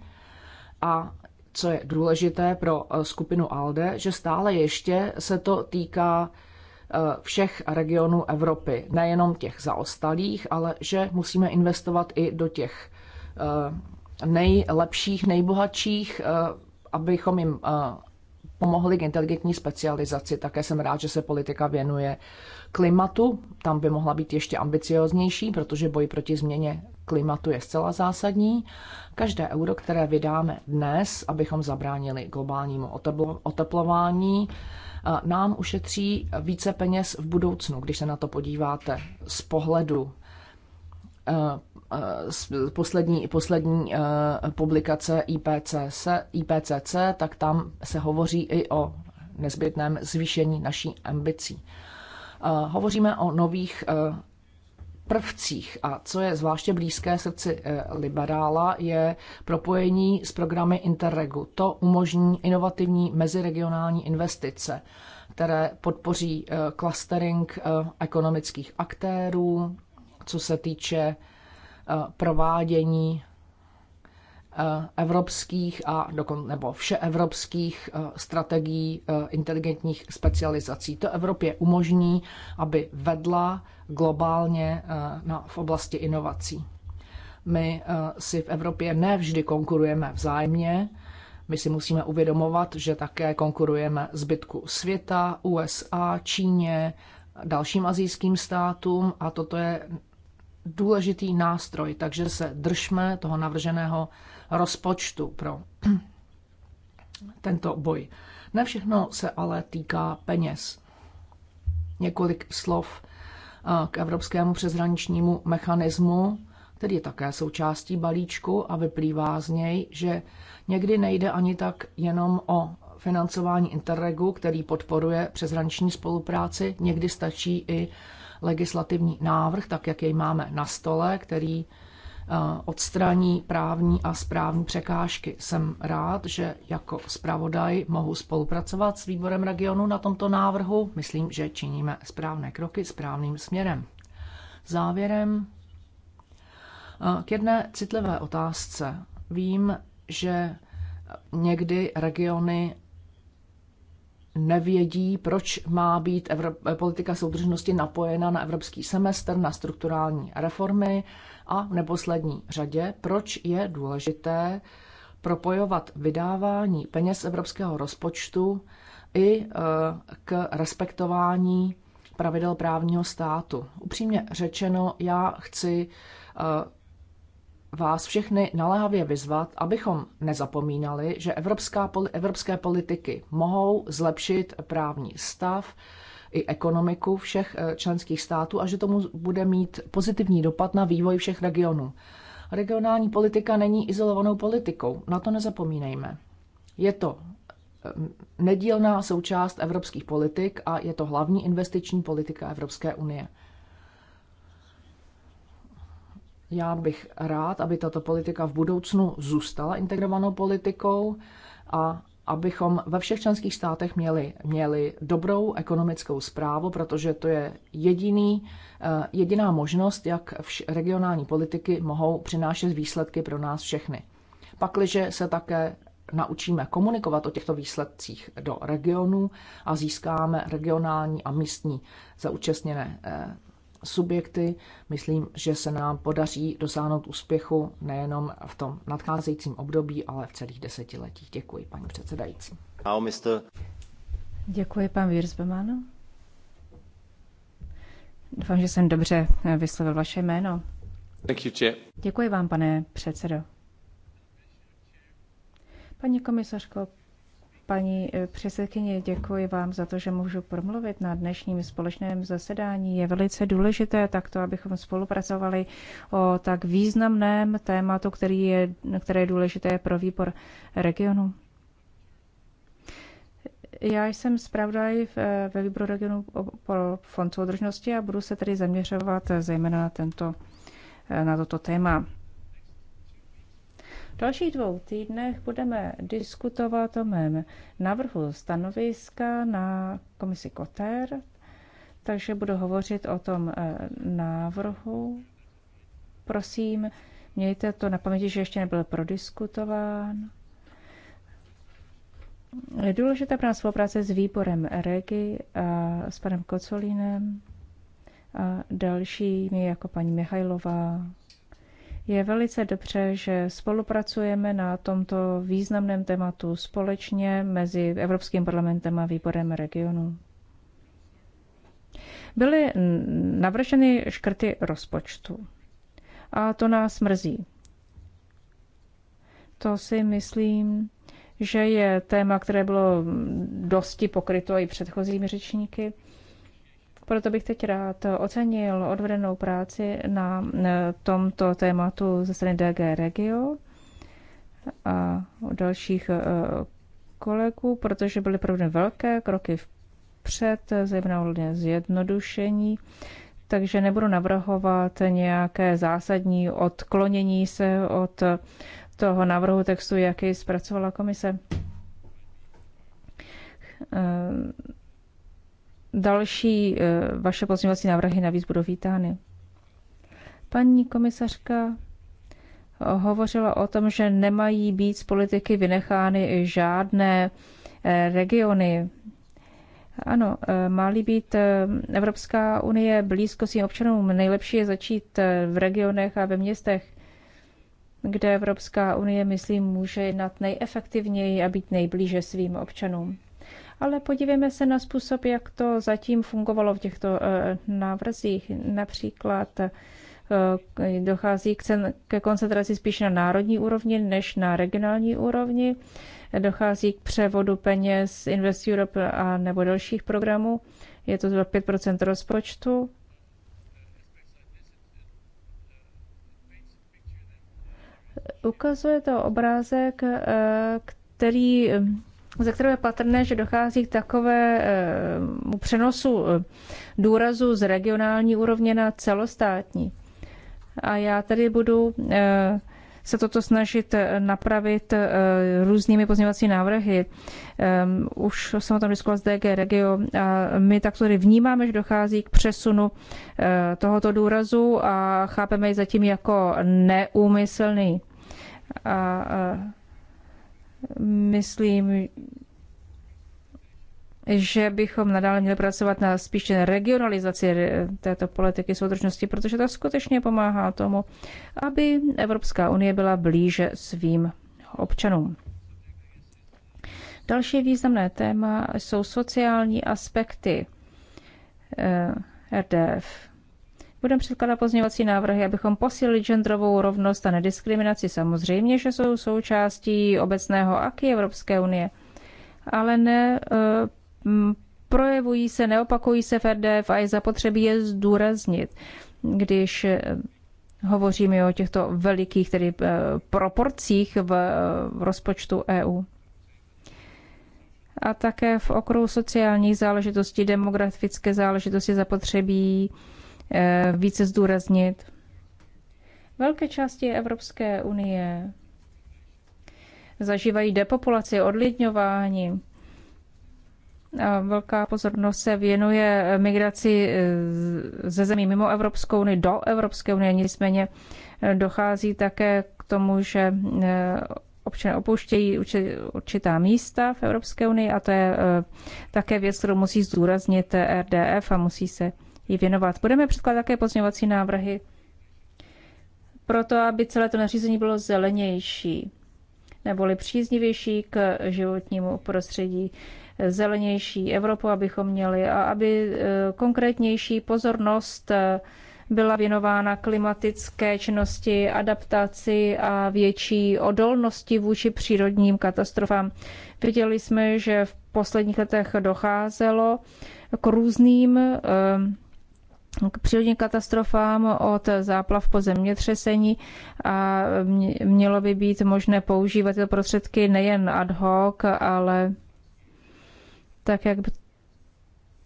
C: a co je důležité pro eh, skupinu ALDE, že stále ještě se to týká eh, všech regionů Evropy, nejenom těch zaostalých, ale že musíme investovat i do těch eh, nejlepších, nejbohatších, abychom jim pomohly k inteligentní specializaci. Také jsem rád, že se politika věnuje klimatu. Tam by mohla být ještě ambicioznější, protože boj proti změně klimatu je zcela zásadní. Každé euro, které vydáme dnes, abychom zabránili globálnímu oteplování, nám ušetří více peněz v budoucnu, když se na to podíváte z pohledu e, poslední, poslední eh, publikace IPCC, IPCC, tak tam se hovoří i o nezbytném zvýšení naší ambicí. Eh, hovoříme o nových eh, prvcích a co je zvláště blízké srdci liberála je propojení s programy Interregu. To umožní inovativní meziregionální investice, které podpoří klastering ekonomických aktérů, co se týče Eh, provádění eh, evropských a dokon, nebo všeevropských eh, strategií inteligentních specializací. To Evropě umožní, aby vedla globálně na, v oblasti inovací. My si v Evropě nevždy konkurujeme vzájemně, my si musíme uvědomovat, že také konkurujeme zbytku světa, USA, Číně, dalším azijským státům a toto je důležitý nástroj, takže se držme toho navrženého rozpočtu pro tento boj. Ne všechno se ale týká peněz. Několik slov eh, k Evropskému přeshraničnímu mechanismu, který je také součástí balíčku a vyplývá z něj, že někdy nejde ani tak jenom o financování Interregu, který podporuje přeshraniční spolupráci, někdy stačí i legislativní návrh, tak jak jej máme na stole, který eh, odstraní právní a správní překážky. Jsem rád, že jako zpravodaj mohu spolupracovat s výborem regionu na tomto návrhu. Myslím, že činíme správné kroky správným směrem. Závěrem eh, k jedné citlivé otázce. Vím, že někdy regiony nevědí, proč má být Evrop- politika soudržnosti napojena na evropský semestr, na strukturální reformy a v neposlední řadě, proč je důležité propojovat vydávání peněz evropského rozpočtu i e, k respektování pravidel právního státu. Upřímně řečeno, já chci e, vás všechny naléhavě vyzvat, abychom nezapomínali, že evropská, evropské politiky mohou zlepšit právní stav i ekonomiku všech eh, členských států a že tomu bude mít pozitivní dopad na vývoj všech regionů. Regionální politika není izolovanou politikou, na to nezapomínejme. Je to eh, nedílná součást evropských politik a je to hlavní investiční politika Evropské unie. Já bych rád, aby tato politika v budoucnu zůstala integrovanou politikou a abychom ve všech členských státech měli, měli dobrou ekonomickou zprávu, protože to je jediný, eh, jediná možnost, jak vš- regionální politiky mohou přinášet výsledky pro nás všechny. Pakliže se také naučíme komunikovat o těchto výsledcích do regionů a získáme regionální a místní zaúčastněné eh, subjekty. Myslím, že se nám podaří dosáhnout úspěchu nejenom v tom nadcházejícím období, ale v celých desetiletích. Děkuji, paní předsedající. Děkuji, pan Wiersbemann.
A: Doufám, že jsem dobře eh, vyslovil vaše jméno. Thank you, chair. Děkuji vám, pane předsedo. Paní komisařko, Paní eh, předsedkyně, děkuji vám za to, že můžu promluvit na dnešním společném zasedání. Je velice důležité takto, abychom spolupracovali o tak významném tématu, který je, které je důležité pro výbor regionu. Já jsem zpravodaj eh, ve výboru regionu pro fond soudržnosti a budu se tedy zaměřovat eh, zejména na, tento, na toto téma dalších dvou týdnech budeme diskutovat o mém návrhu stanoviska na komisi Koter, takže budu hovořit o tom eh, návrhu. Prosím, mějte to na paměti, že ještě nebyl prodiskutován. Je Důležité pro nás spolupráce s výborem Regi a s panem Kocolínem a dalšími, jako paní Michajlová je velice dobře, že spolupracujeme na tomto významném tématu společně mezi Evropským parlamentem a výborem regionu. Byly navrženy škrty rozpočtu. A to nás mrzí. To si myslím, že je téma, které bylo dosti pokryto i předchozími řečníky. Proto bych teď rád ocenil odvedenou práci na e, tomto tématu ze strany DG Regio a dalších e, kolegů, protože byly provedeny velké kroky vpřed, zejména ohledně zjednodušení, takže nebudu navrhovat nějaké zásadní odklonění se od toho návrhu textu, jaký zpracovala komise ehm, další eh, vaše pozměňovací návrhy navíc budou vítány. Paní komisařka eh, hovořila o tom, že nemají být z politiky vynechány žádné eh, regiony. Ano, má-li být Evropská unie blízko svým občanům, nejlepší je začít v regionech a ve městech, kde Evropská unie, myslím, může jednat nejefektivněji a být nejblíže svým občanům ale podívejme se na způsob, jak to zatím fungovalo v těchto eh, návrzích. Například eh, dochází k ke koncentraci spíš na národní úrovni než na regionální úrovni. Dochází k převodu peněz Invest Europe a nebo dalších programů. Je to zhruba 5 rozpočtu. Ukazuje to obrázek, eh, který ze kterého je patrné, že dochází k takovému eh, přenosu eh, důrazu z regionální úrovně na celostátní. A já tady budu eh, se toto snažit napravit různými pozměňovací návrhy. Už jsem o tom diskutoval z DG Regio a my tak tady vnímáme, že dochází k přesunu tohoto důrazu a chápeme ji zatím jako neúmyslný. A Myslím, že bychom nadále měli pracovat na spíše regionalizaci této politiky soudržnosti, protože to skutečně pomáhá tomu, aby Evropská unie byla blíže svým občanům. Další významné téma jsou sociální aspekty eh, RDF. Budeme předkládat pozměňovací návrhy, abychom posílili genderovou rovnost a nediskriminaci. Samozřejmě, že jsou součástí obecného aky Evropské unie, ale ne eh, projevují se, neopakují se v RDF a je zapotřebí je zdůraznit, když eh, hovoříme o těchto velikých tedy eh, proporcích v rozpočtu EU. A také v okruhu sociálních záležitostí, demografické záležitosti zapotřebí Eh, více zdůraznit. Velké části Evropské unie zažívají depopulaci, odlidňování. A velká pozornost se věnuje migraci eh, ze zemí mimo Evropskou unii do Evropské unie. Nicméně eh, dochází také k tomu, že občané opouštějí určitá místa v Evropské unii a to je také věc, kterou musí zdůraznit RDF a musí se jí věnovat. Budeme předkládat také pozměňovací návrhy pro to, aby celé to nařízení bylo zelenější neboli příznivější k životnímu prostředí, zelenější Evropu, abychom měli a aby e, konkrétnější pozornost e, byla věnována klimatické činnosti, adaptaci a větší odolnosti vůči přírodním katastrofám. Viděli jsme, že v posledních letech docházelo k různým e, k přírodním katastrofám od záplav po zemětřesení a mělo by být možné používat tyto prostředky nejen ad hoc, ale tak, jak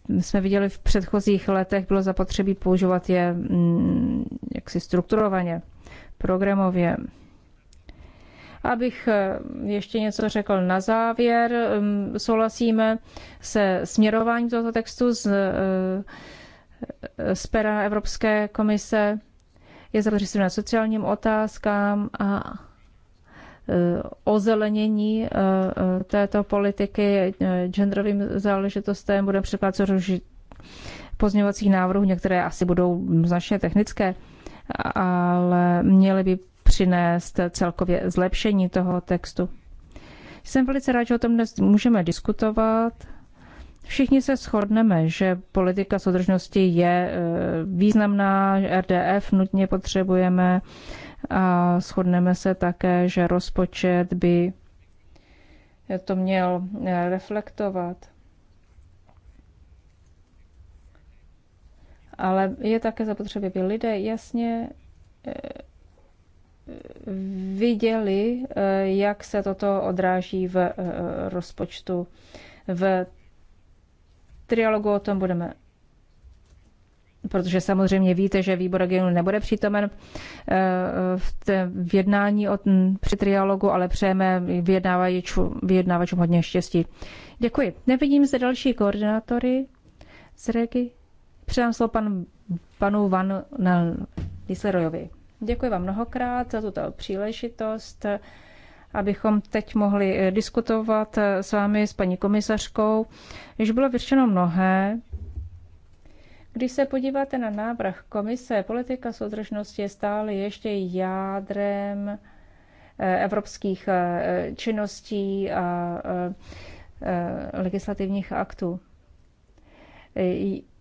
A: jsme viděli v předchozích letech, bylo zapotřebí používat je mm, jaksi strukturovaně, programově. Abych eh, ještě něco řekl na závěr, mm, souhlasíme se směrováním tohoto textu s eh, Eh, z pera Evropské komise je zaměřeno na sociálním otázkám a eh, ozelenění eh, této politiky genderovým záležitostem. Budeme předkládat pozměňovacích návrhů, některé asi budou značně technické, ale měly by přinést celkově zlepšení toho textu. Jsem velice rád, že o tom dnes můžeme diskutovat. Všichni se shodneme, že politika soudržnosti je e, významná, že RDF nutně potřebujeme a shodneme se také, že rozpočet by to měl e, reflektovat. Ale je také zapotřebí, aby lidé jasně e, viděli, jak se toto odráží v rozpočtu, v trialogu o tom budeme protože samozřejmě víte, že výbor regionu nebude přítomen eh, v, té, v jednání o, hm, při trialogu, ale přejeme vyjednávačům hodně štěstí. Děkuji. Nevidím zde další koordinátory z Regi. Předám slovo pan, panu Van Nislerojovi. Děkuji vám mnohokrát za tuto příležitost abychom teď mohli eh, diskutovat eh, s vámi, s paní komisařkou. Již bylo vyřešeno mnohé. Když se podíváte na návrh komise, politika soudržnosti je stále ještě jádrem eh, evropských činností a legislativních aktů.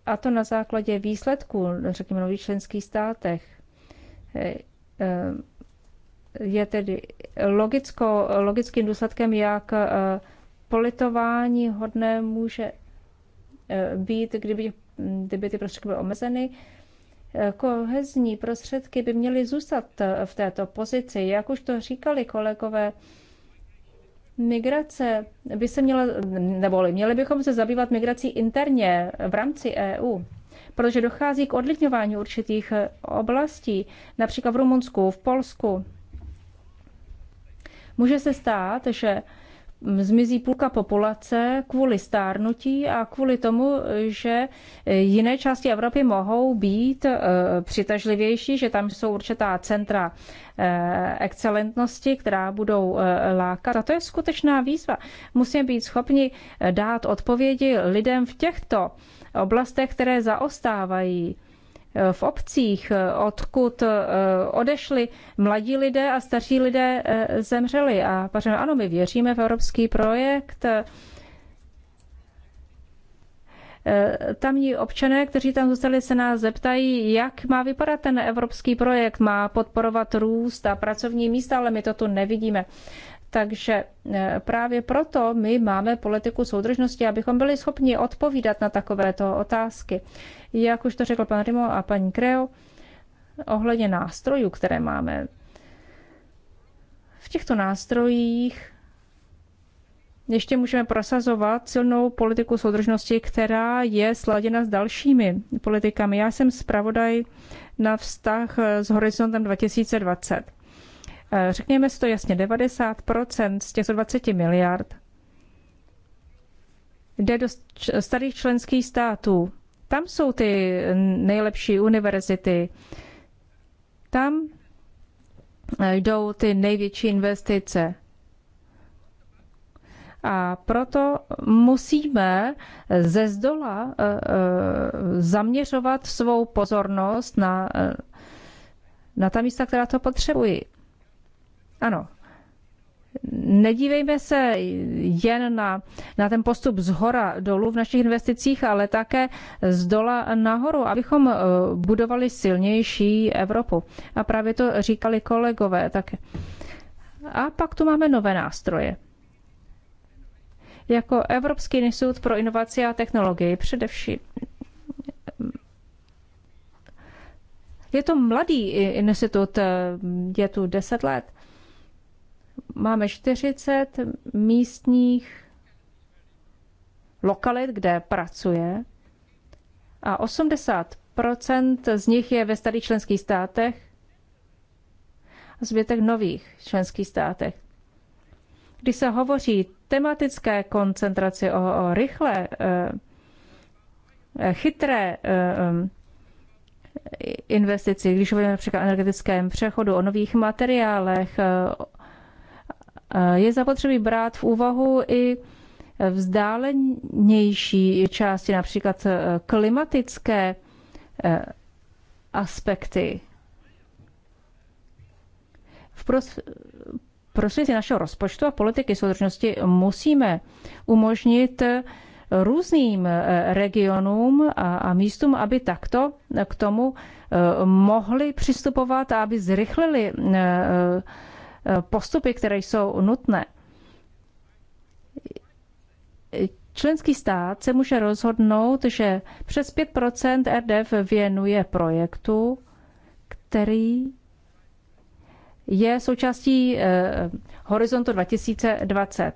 A: A to na základě výsledků, řekněme, v členských státech je tedy logicko, logickým důsledkem, jak eh, politování hodné může eh, být, kdyby, kdyby ty prostředky byly omezeny. Eh, kohezní prostředky by měly zůstat v této pozici. Jak už to říkali kolegové, migrace by se měla, nebo měli bychom se zabývat migrací interně v rámci EU protože dochází k odlitňování určitých oblastí, například v Rumunsku, v Polsku. Může se stát, že mm, zmizí půlka populace kvůli stárnutí a kvůli tomu, že e, jiné části Evropy mohou být e, přitažlivější, že tam jsou určitá centra e, excelentnosti, která budou lákat. A to je skutečná výzva. Musíme být schopni dát odpovědi lidem v těchto oblastech, které zaostávají Eh, v obcích, eh, odkud eh, odešli mladí lidé a starší lidé zemřeli. A pařeme, ano, my věříme v evropský projekt. Tamní občané, kteří tam zůstali, se nás zeptají, jak má vypadat ten evropský projekt. Má podporovat růst a pracovní místa, ale my to tu nevidíme. Takže e, právě proto my máme politiku soudržnosti, abychom byli schopni odpovídat na takovéto otázky. Jak už to řekl pan Rimo a paní Kreo, ohledně nástrojů, které máme. V těchto nástrojích ještě můžeme prosazovat silnou politiku soudržnosti, která je sladěna s dalšími politikami. Já jsem zpravodaj na vztah s horizontem 2020. Eh, řekněme si to jasně, 90% z těch 20 miliard jde do starých členských států. Tam jsou ty nejlepší univerzity. Tam eh, jdou ty největší investice. A proto musíme ze zdola eh, zaměřovat svou pozornost na, na ta místa, která to potřebují. Ano, nedívejme se jen na, na ten postup z hora dolů v našich investicích, ale také z dola nahoru, abychom eh, budovali silnější Evropu. A právě to říkali kolegové také. A pak tu máme nové nástroje. Jako Evropský institut pro inovaci a technologii především. Je to mladý institut, eh, je tu 10 let Máme 40 místních lokalit, kde pracuje a 80 z nich je ve starých členských státech a zbytek nových členských státech. Když se hovoří tematické koncentraci o, o rychlé, e, chytré e, investici, když hovoříme například o energetickém přechodu, o nových materiálech, e, je zapotřebí brát v úvahu i vzdálenější části, například eh, klimatické eh, aspekty. V prostředí našeho rozpočtu a politiky soudržnosti musíme umožnit eh, různým regionům a místům, aby takto k tomu mohli přistupovat a aby zrychlili postupy, které jsou nutné. Členský stát se může rozhodnout, že přes 5 RDF věnuje projektu, který je součástí eh, Horizontu 2020.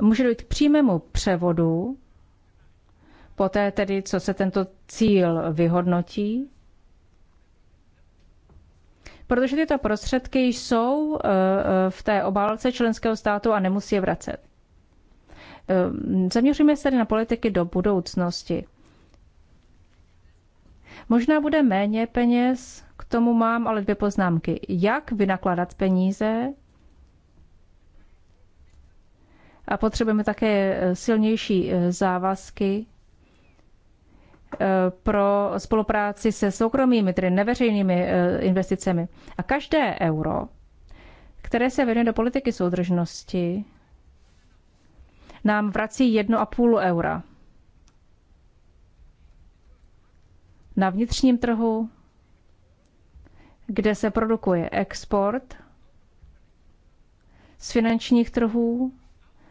A: Může dojít k přímému převodu, poté tedy, co se tento cíl vyhodnotí, protože tyto prostředky jsou eh, eh, v té obálce členského státu a nemusí je vracet. Eh, zaměříme se tedy na politiky do budoucnosti. Možná bude méně peněz, k tomu mám ale dvě poznámky. Jak vynakladat peníze? A potřebujeme také silnější závazky pro spolupráci se soukromými, tedy neveřejnými eh, investicemi. A každé euro, které se vede do politiky soudržnosti, nám vrací 1,5 eura. Na vnitřním trhu, kde se produkuje export z finančních trhů,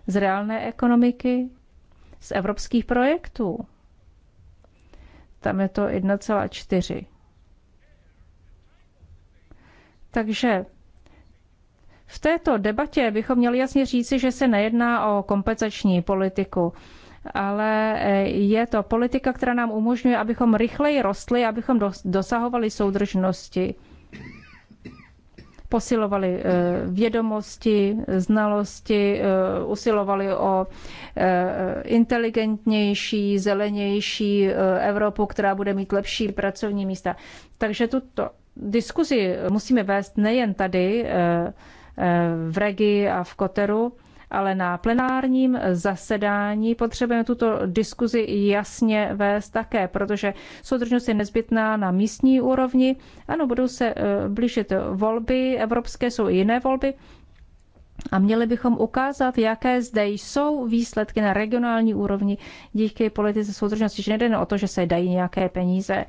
A: z reálné ekonomiky, z evropských projektů tam je to 1,4. Takže v této debatě bychom měli jasně říci, že se nejedná o kompenzační politiku, ale eh, je to politika, která nám umožňuje, abychom rychleji rostli, abychom dosahovali soudržnosti posilovali eh, vědomosti, znalosti, eh, usilovali o eh, inteligentnější, zelenější Evropu, která bude mít lepší pracovní místa. Takže tuto diskuzi musíme vést nejen tady v Regi a v Koteru, ale na plenárním zasedání potřebujeme tuto diskuzi jasně vést také, protože soudržnost je nezbytná na místní úrovni. Ano, budou se eh, blížit volby, evropské jsou i jiné volby, a měli bychom ukázat, jaké zde jsou výsledky na regionální úrovni díky politice soudržnosti, že nejde o to, že se dají nějaké peníze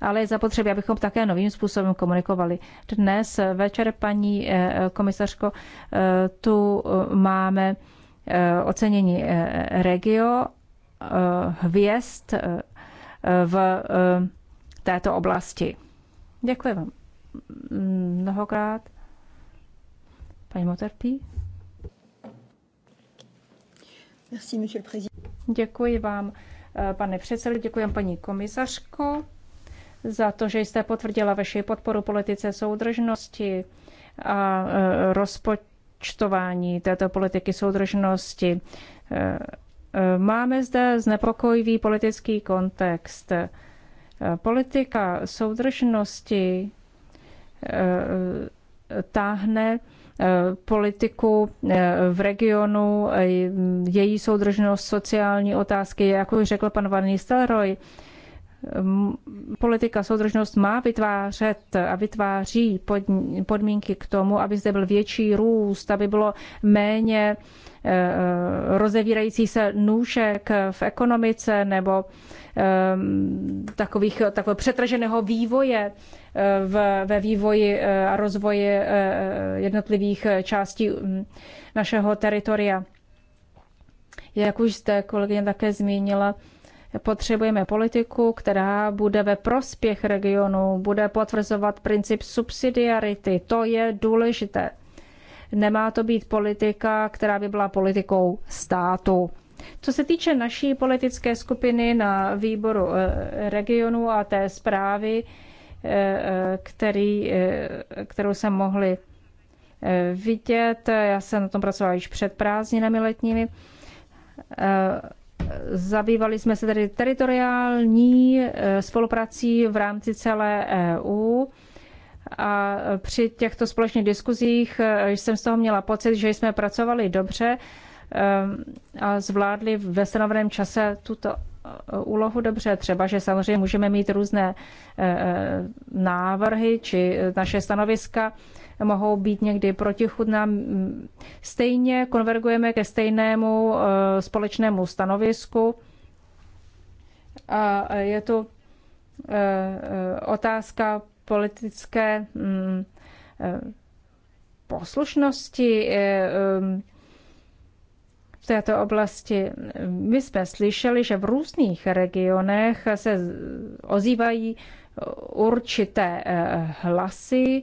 A: ale je zapotřebí, abychom také novým způsobem komunikovali. Dnes večer, paní eh, komisařko, eh, tu eh, máme ocenění Regio hvězd v této oblasti. Děkuji vám mnohokrát. Paní Motorpí. Děkuji vám, pane předsedo, děkuji vám, paní komisařko za to, že jste potvrdila vaši podporu politice soudržnosti a e, rozpočtování této politiky soudržnosti. E, e, máme zde znepokojivý politický kontext. Politika soudržnosti táhne politiku v regionu, její soudržnost, sociální otázky, jak už řekl pan Van Nistelrooy, politika soudržnost má vytvářet a vytváří podmínky k tomu, aby zde byl větší růst, aby bylo méně e, e, rozevírající se nůžek v ekonomice nebo e, takových, takového přetrženého vývoje v, ve vývoji a rozvoji jednotlivých částí našeho teritoria. Jak už jste kolegyně také zmínila, Potřebujeme politiku, která bude ve prospěch regionu, bude potvrzovat princip subsidiarity. To je důležité. Nemá to být politika, která by byla politikou státu. Co se týče naší politické skupiny na výboru eh, regionu a té zprávy, eh, eh, který, kterou jsem mohli vidět, já jsem na tom pracovala již před prázdninami letními, Zabývali jsme se tedy teritoriální eh, spoluprací v rámci celé EU. A při těchto společných diskuzích eh, jsem z toho měla pocit, že jsme pracovali dobře eh, a zvládli ve stanoveném čase tuto úlohu dobře. Třeba, že samozřejmě můžeme mít různé návrhy či naše stanoviska mohou být někdy protichudná. Stejně konvergujeme ke stejnému eh, společnému stanovisku. A je to eh, otázka politické mm, eh, poslušnosti v této oblasti. My jsme slyšeli, že v různých regionech se ozývají určité hlasy,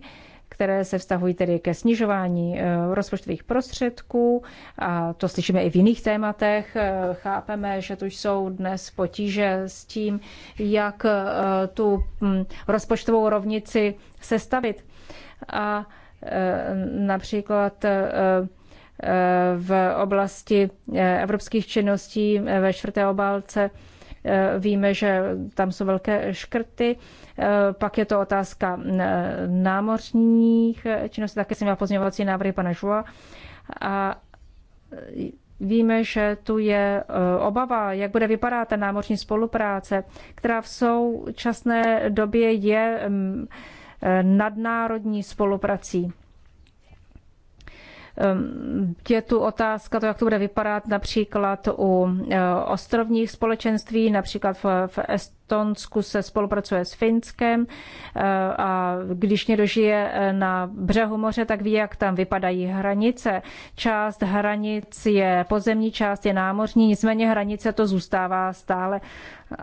A: které se vztahují tedy ke snižování eh, rozpočtových prostředků. A to slyšíme i v jiných tématech. Eh, chápeme, že tu jsou dnes potíže s tím, jak eh, tu hm, rozpočtovou rovnici sestavit. A například v oblasti evropských činností ve čtvrté obálce Víme, že tam jsou velké škrty Eh, pak je to otázka eh, námořních eh, činností, také jsem měla pozměňovací návrhy pana Žua. A Víme, že tu je obava, jak bude vypadat ta námořní spolupráce, která v současné době je mm, nadnárodní spoluprací. Je tu otázka, to, jak to bude vypadat například u ostrovních společenství, například v, v, Estonsku se spolupracuje s Finskem eh, a když někdo žije eh, na břehu moře, tak ví, jak tam vypadají hranice. Část hranic je pozemní, část je námořní, nicméně hranice to zůstává stále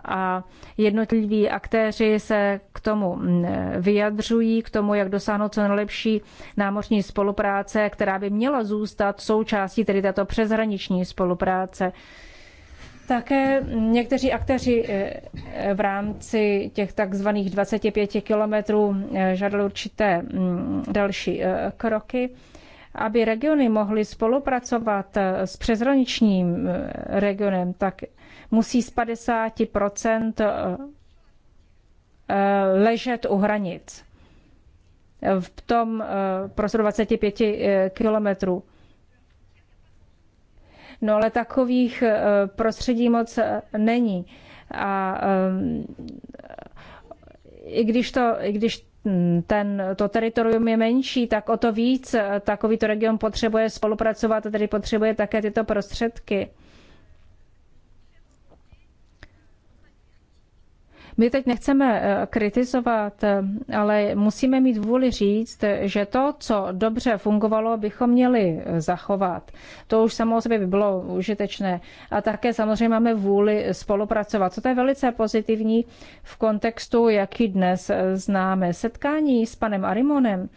A: a jednotliví aktéři se k tomu mm, vyjadřují, k tomu, jak dosáhnout co nejlepší námořní spolupráce, která by měla zůstat součástí tedy této přeshraniční spolupráce. Také někteří aktéři eh, v rámci těch takzvaných 25 kilometrů eh, žádali určité mm, další eh, kroky, aby regiony mohly spolupracovat s přezraničním regionem, tak musí z 50 ležet u hranic v tom prostoru 25 kilometrů. No ale takových eh, prostředí moc eh, není. A eh, i když to, i když hm, ten, to teritorium je menší, tak o to víc takovýto region potřebuje spolupracovat a tedy potřebuje také tyto prostředky. My teď nechceme eh, kritizovat, eh, ale musíme mít vůli říct, že to, co dobře fungovalo, bychom měli eh, zachovat. To už samo o sobě by bylo užitečné. A také samozřejmě máme vůli spolupracovat. To je velice pozitivní v kontextu, jaký dnes známe. Setkání s panem Arimonem,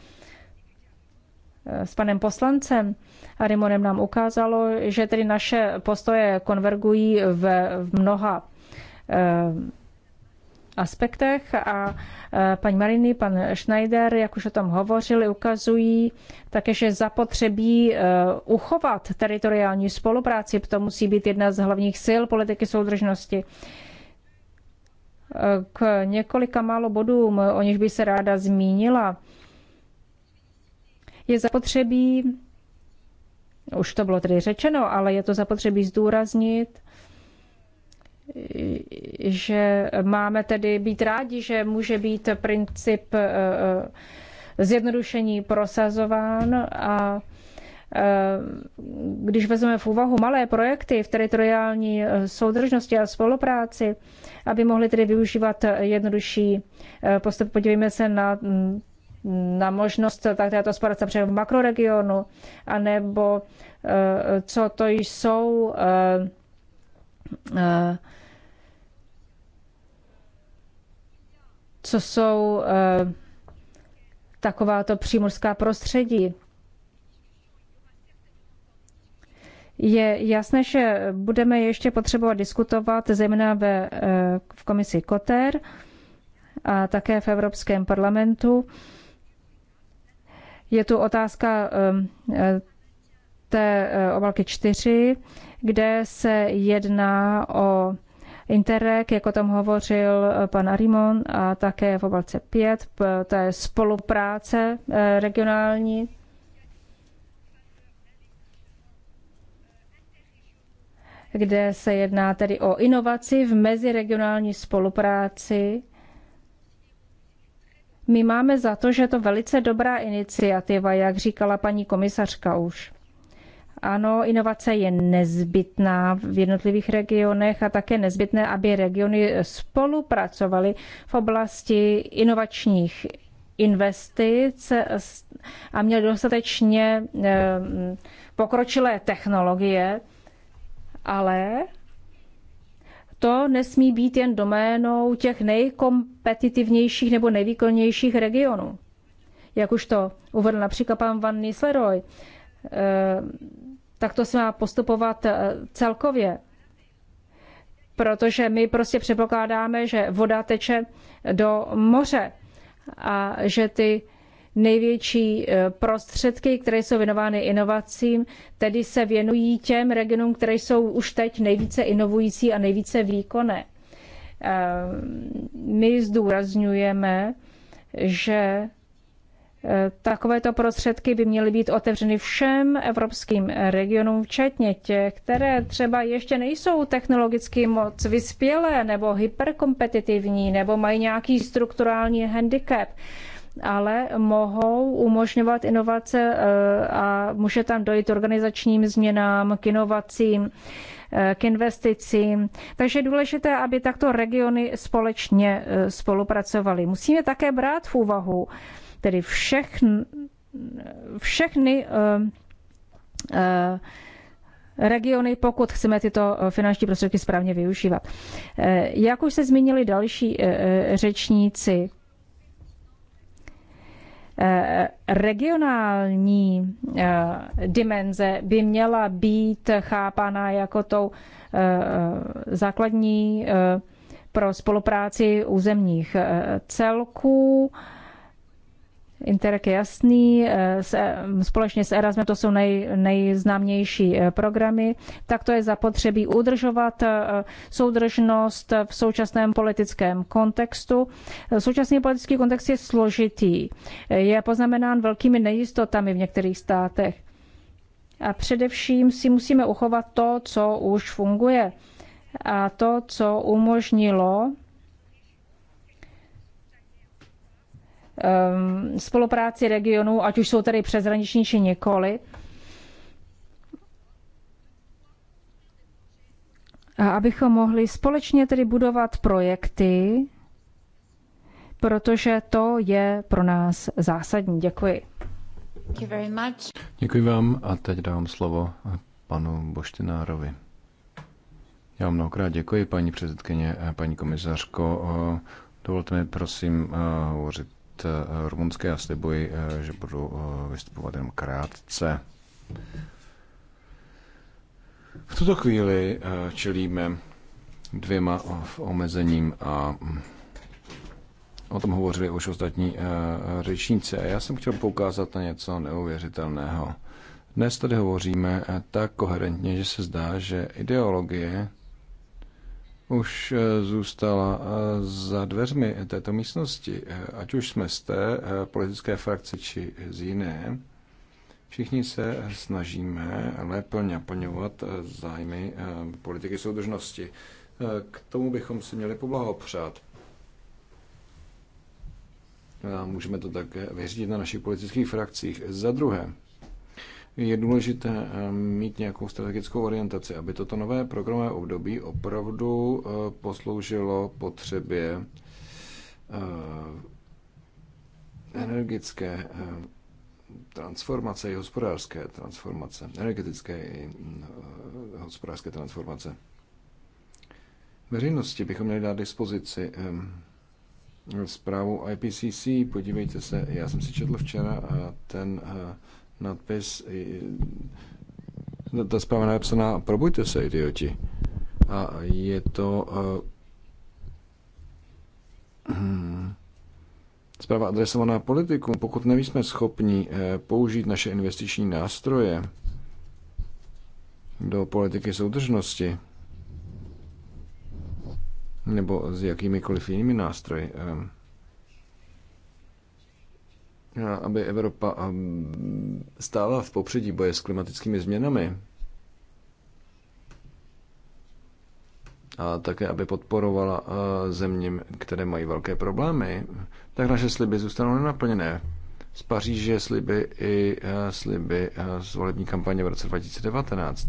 A: s panem poslancem Arimonem nám ukázalo, že tedy naše postoje konvergují v mnoha aspektech a e, paní Mariny, pan Schneider, jak už o tom hovořili, ukazují také, že zapotřebí e, uchovat teritoriální spolupráci. To musí být jedna z hlavních sil politiky soudržnosti. E, k několika málo bodům, o nich by se ráda zmínila, je zapotřebí, už to bylo tedy řečeno, ale je to zapotřebí zdůraznit, že máme tedy být rádi, že může být princip eh, eh, zjednodušení prosazován a eh, když vezmeme v úvahu malé projekty v teritoriální soudržnosti a spolupráci, aby mohli tedy využívat jednodušší postup. Podívejme se na, mm, na možnost tak této spolupráce třeba v makroregionu, anebo co to jsou Eh, co jsou eh, takováto přímorská prostředí. Je jasné, že budeme ještě potřebovat diskutovat, zejména ve, eh, v komisi Koter a také v Evropském parlamentu. Je tu otázka té obalky 4 kde se jedná o Interreg, jako tam hovořil eh, pan Arimon, a také v obalce 5, to je spolupráce eh, regionální. kde se jedná tedy o inovaci v meziregionální spolupráci. My máme za to, že to velice dobrá iniciativa, jak říkala paní komisařka už. Ano, inovace je nezbytná v jednotlivých regionech a také nezbytné, aby regiony spolupracovaly v oblasti inovačních investic a měly dostatečně eh, pokročilé technologie, ale to nesmí být jen doménou těch nejkompetitivnějších nebo nejvýkonnějších regionů. Jak už to uvedl například pan Van Nisleroy, eh, tak to se má postupovat eh, celkově. Protože my prostě předpokládáme, že voda teče do moře a že ty největší eh, prostředky, které jsou věnovány inovacím, tedy se věnují těm regionům, které jsou už teď nejvíce inovující a nejvíce výkonné. Eh, my zdůrazňujeme, že Takovéto prostředky by měly být otevřeny všem evropským regionům, včetně těch, které třeba ještě nejsou technologicky moc vyspělé nebo hyperkompetitivní nebo mají nějaký strukturální handicap ale mohou umožňovat inovace eh, a může tam dojít organizačním změnám, k inovacím, eh, k investicím. Takže je důležité, aby takto regiony společně eh, spolupracovaly. Musíme také brát v úvahu, tedy všechn, všechny eh, eh, regiony, pokud chceme tyto eh, finanční prostředky správně využívat. Jak už se zmínili další řečníci, regionální dimenze by měla být chápána jako tou základní pro spolupráci územních celků Interreg je jasný, eh, eh, společně s Erasmem to jsou nej, nejznámější eh, programy, tak to je zapotřebí udržovat soudržnost v současném politickém kontextu. Současný politický kontext je složitý, je poznamenán velkými nejistotami v některých státech. A především si musíme uchovat to, co už funguje a to, co umožnilo Ehm, spolupráci regionů, ať už jsou tady přezraniční či nikoli. A abychom mohli společně tedy budovat projekty, protože to je pro nás zásadní. Děkuji.
B: Děkuji vám a teď dám slovo panu Boštinárovi. Já vám mnohokrát děkuji, paní předsedkyně, paní komisařko. Dovolte mi prosím hovořit Eh, rumunské a slibuji, eh, že budu eh, vystupovat jen krátce. V tuto chvíli čelíme dvěma omezením a hm, o tom hovořili už ostatní řečníci. já jsem chtěl poukázat na něco neuvěřitelného. Dnes tady hovoříme tak koherentně, že se zdá, že ideologie už eh, zůstala eh, za dveřmi této místnosti, eh, ať už jsme z té politické frakce či z jiné, všichni se snažíme lépe naplňovat zájmy politiky soudržnosti. K tomu bychom si měli poblahopřát. A můžeme to také vyřídit na našich politických frakcích. Za druhé, je důležité ehm, mít nějakou strategickou orientaci, aby toto nové programové období opravdu eh, posloužilo potřebě eh, energetické eh, transformace i hospodářské transformace, energetické i hospodářské transformace. Veřejnosti bychom měli dát dispozici ehm, zprávu IPCC. Podívejte se, já jsem si četl včera ten nadpis, no, ta zpráva napsaná Probuďte se, idioti. A je to uh, zpráva adresovaná politikům. Pokud nejsme schopni eh, použít naše investiční nástroje do politiky soudržnosti, nebo s jakýmikoliv jinými nástroji, uh, aby Evropa stála v popředí boje s klimatickými změnami a také, aby podporovala zemím, které mají velké problémy, tak naše sliby zůstanou nenaplněné. Z Paříže sliby i sliby z volební kampaně v roce 2019.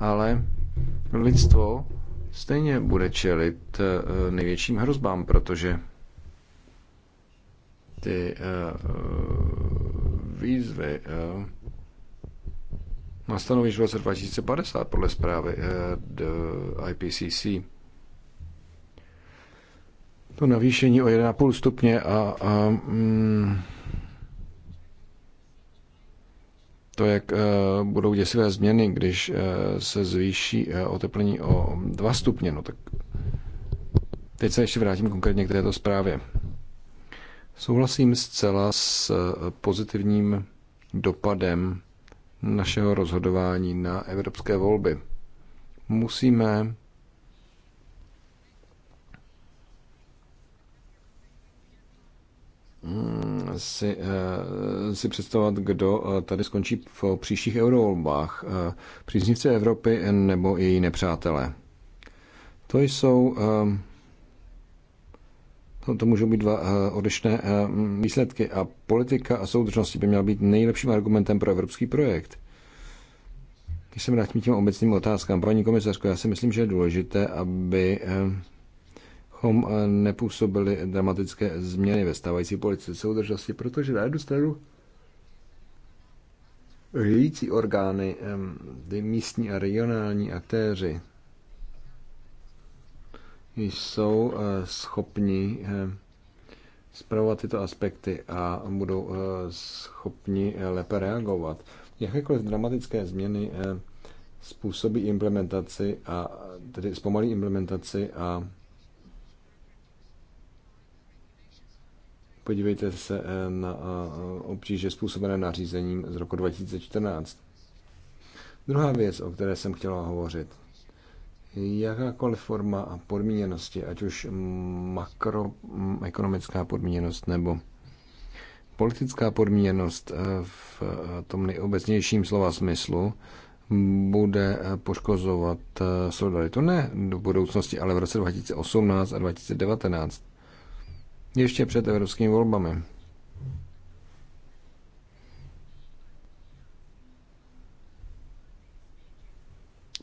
B: Ale lidstvo stejně bude čelit největším hrozbám, protože ty eh, výzvy uh, eh, nastanou již v roce 2050 podle zprávy uh, eh, IPCC. To navýšení o 1,5 stupně a, a mm, to, jak uh, budou děsivé změny, když uh, se zvýší uh, oteplení o 2 stupně. No tak teď se ještě vrátím konkrétně k této zprávě. Souhlasím zcela s eh, pozitivním dopadem našeho rozhodování na evropské volby. Musíme mm, si, eh, si představovat, kdo eh, tady skončí v příštích eurovolbách. Příznivci Evropy nebo její nepřátelé. To jsou to, no, to můžou být dva eh, odlišné eh, výsledky. A politika a soudržnosti by měla být nejlepším argumentem pro evropský projekt. Když se vrátím těm obecným otázkám, paní komisařko, já si myslím, že je důležité, aby abychom eh, nepůsobili dramatické změny ve stávající politice soudržnosti, protože na jednu stranu řídící orgány, ty místní a regionální aktéři, jsou eh, schopni zpravovat eh, tyto aspekty a budou eh, schopni lépe reagovat. Jakékoliv dramatické změny způsobí implementaci a tedy zpomalí implementaci a podívejte se na obtíže způsobené nařízením z roku 2014. Druhá věc, o které jsem chtěla hovořit, jakákoliv forma a podmíněnosti, ať už makroekonomická podmíněnost nebo politická podmíněnost eh, v eh, tom nejobecnějším slova smyslu, bude eh, poškozovat solidaritu. Ne do budoucnosti, ale v roce 2018 a 2019. Ještě před evropskými volbami.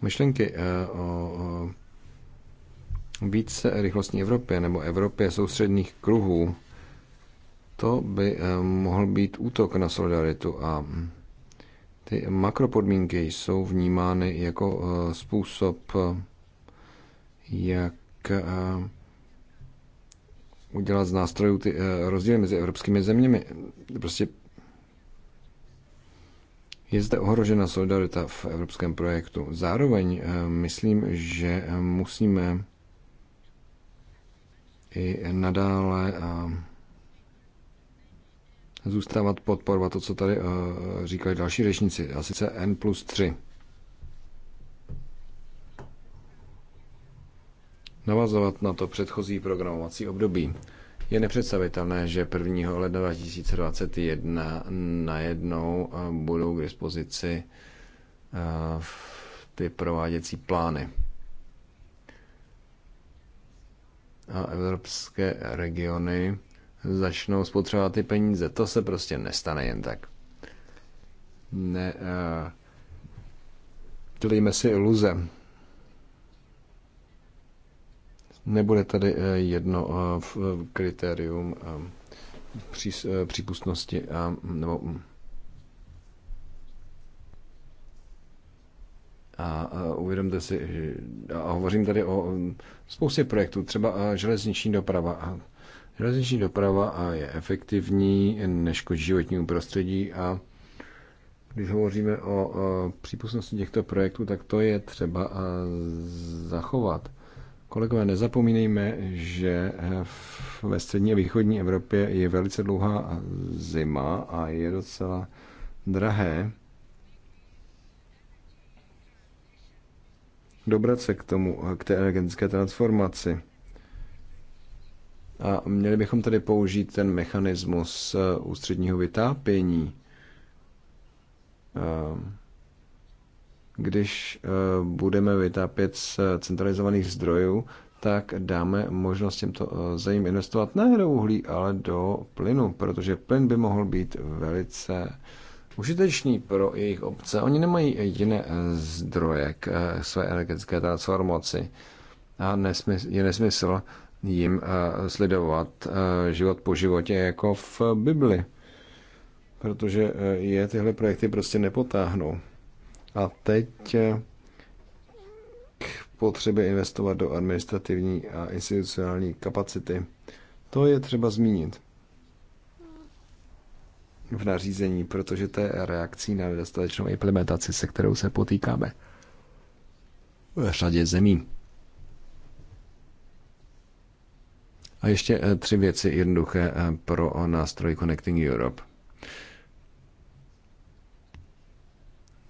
B: Myšlenky eh, o více rychlostní Evropě nebo Evropě soustředních kruhů, to by eh, mohl být útok na solidaritu a ty makropodmínky jsou vnímány jako eh, způsob, jak udělat z nástrojů ty rozdíly mezi evropskými zeměmi. Prostě je zde ohrožena solidarita v evropském projektu. Zároveň eh, myslím, že eh, musíme i nadále eh, zůstávat podporovat to, co tady říkali další řečníci, a sice N plus 3. Navazovat na to předchozí programovací období. Je nepředstavitelné, že 1. ledna 2021 najednou eh, budou k dispozici eh, ty prováděcí plány. A evropské regiony začnou spotřebovat ty peníze. To se prostě nestane jen tak. Ne, uh, si iluze Nebude tady jedno kritérium přípustnosti a, nebo A, uvědomte si, a hovořím tady o hm, spoustě projektů, třeba eh, železniční doprava. Železniční doprava je efektivní, neškodí životnímu prostředí a když hovoříme o, o eh, přípustnosti těchto projektů, tak to je třeba eh, zachovat. Kolegové, nezapomínejme, že ve střední a východní Evropě je velice dlouhá zima a je docela drahé dobrat se k tomu, k té energetické transformaci. A měli bychom tady použít ten mechanismus eh, ústředního vytápění. Um když eh, budeme vytápět z centralizovaných zdrojů, tak dáme možnost těmto eh, zemím investovat ne do uhlí, ale do plynu, protože plyn by mohl být velice užitečný pro jejich obce. Oni nemají jiné eh, zdroje k své energetické transformaci a nesmysl, je nesmysl jim sledovat život po životě jako v Bibli, protože je tyhle projekty prostě nepotáhnou. A teď eh, k potřebě investovat do administrativní a institucionální kapacity. To je třeba zmínit v nařízení, protože to je reakcí na nedostatečnou implementaci, se kterou se potýkáme v řadě zemí. A ještě eh, tři věci jednoduché eh, pro nástroj Connecting Europe.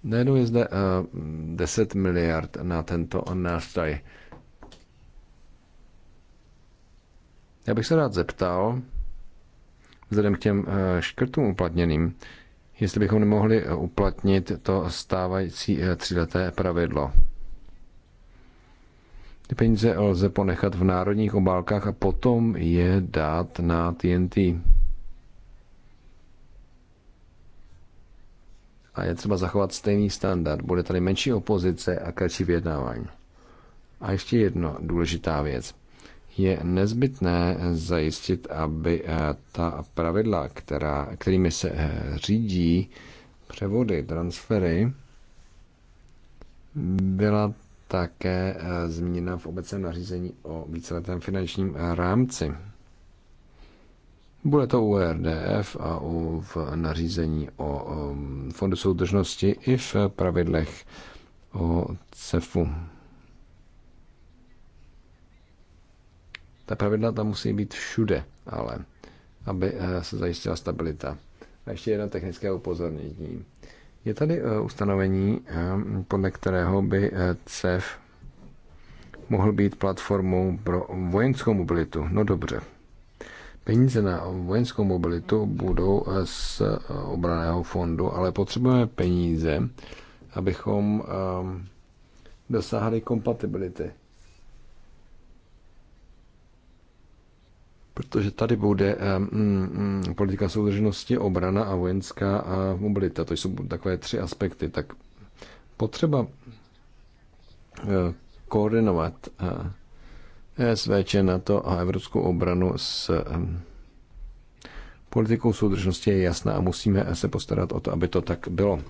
B: Najednou je zde 10 eh, miliard na tento nástroj. Já bych se rád zeptal, vzhledem k těm eh, škrtům uplatněným, jestli bychom nemohli eh, uplatnit to stávající tříleté pravidlo. Ty peníze lze ponechat v národních obálkách a potom je dát na TNT. a je třeba zachovat stejný standard. Bude tady menší opozice a kratší vyjednávání. A ještě jedna důležitá věc. Je nezbytné zajistit, aby eh, ta pravidla, která, kterými se eh, řídí převody, transfery, byla také eh, zmíněna v obecném nařízení o víceletém finančním rámci. Bude to u RDF a u v nařízení o um, Fondu soudržnosti i v pravidlech o CEFu. Ta pravidla tam musí být všude, ale aby eh, se zajistila stabilita. A ještě jedno technické upozornění. Je tady eh, ustanovení, eh, podle kterého by CEF mohl být platformou pro vojenskou mobilitu. No dobře. Peníze na vojenskou mobilitu budou z obraného fondu, ale potřebujeme peníze, abychom ehm, dosáhli kompatibility. Protože tady bude um, um, politika soudržnosti, obrana a vojenská a mobilita. To jsou takové tři aspekty. Tak potřeba uh, koordinovat uh, SVČ, NATO a Evropskou obranu s ehm, politikou soudržnosti je jasná a musíme se postarat o to, aby to tak bylo.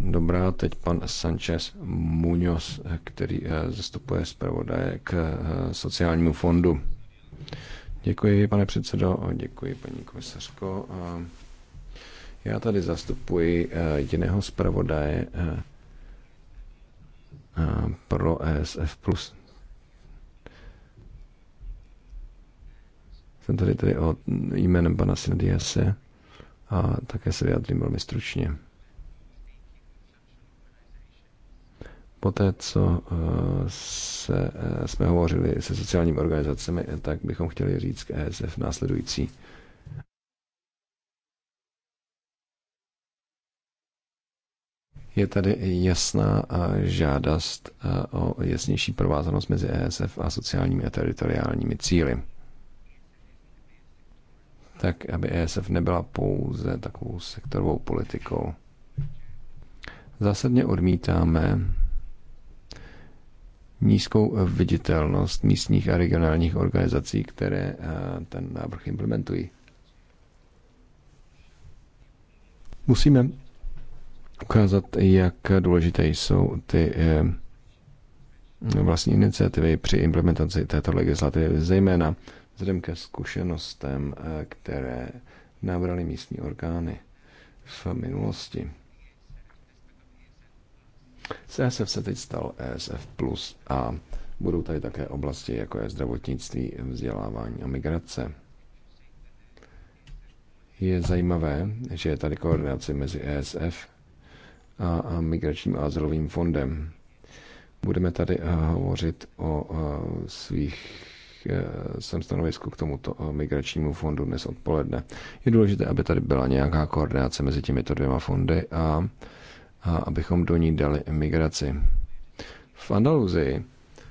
B: Dobrá, teď pan Sanchez Muñoz, který eh, zastupuje zpravodaje k eh, sociálnímu fondu. Děkuji, pane předsedo, děkuji, paní komisařko. Já tady zastupuji eh, jiného zpravodaje pro ESF+. Jsme tady tedy o jménem pana Sinadiase a také se vyjádřím velmi stručně. Poté, co eh, se, eh, jsme hovořili se sociálními organizacemi, eh, tak bychom chtěli říct k ESF následující. Je tady jasná žádost o jasnější provázanost mezi ESF a sociálními a teritoriálními cíly tak aby ESF nebyla pouze takovou sektorovou politikou. Zásadně odmítáme nízkou viditelnost místních a regionálních organizací, které eh, ten návrh implementují. Musíme ukázat, jak důležité jsou ty eh, vlastní iniciativy při implementaci této legislativy, zejména vzhledem ke zkušenostem, eh, které nabrali místní orgány v minulosti. CSF se teď stal ESF+, plus a budou tady také oblasti, jako je zdravotnictví, vzdělávání a migrace. Je zajímavé, že je tady koordinace mezi ESF a, Migračním a azylovým fondem. Budeme tady eh, hovořit o eh, svých Eh, jsem stanovisku k tomuto eh, migračnímu fondu dnes odpoledne. Je důležité, aby tady byla nějaká koordinace mezi těmito dvěma fondy a, a abychom do ní dali migraci. V Andaluzii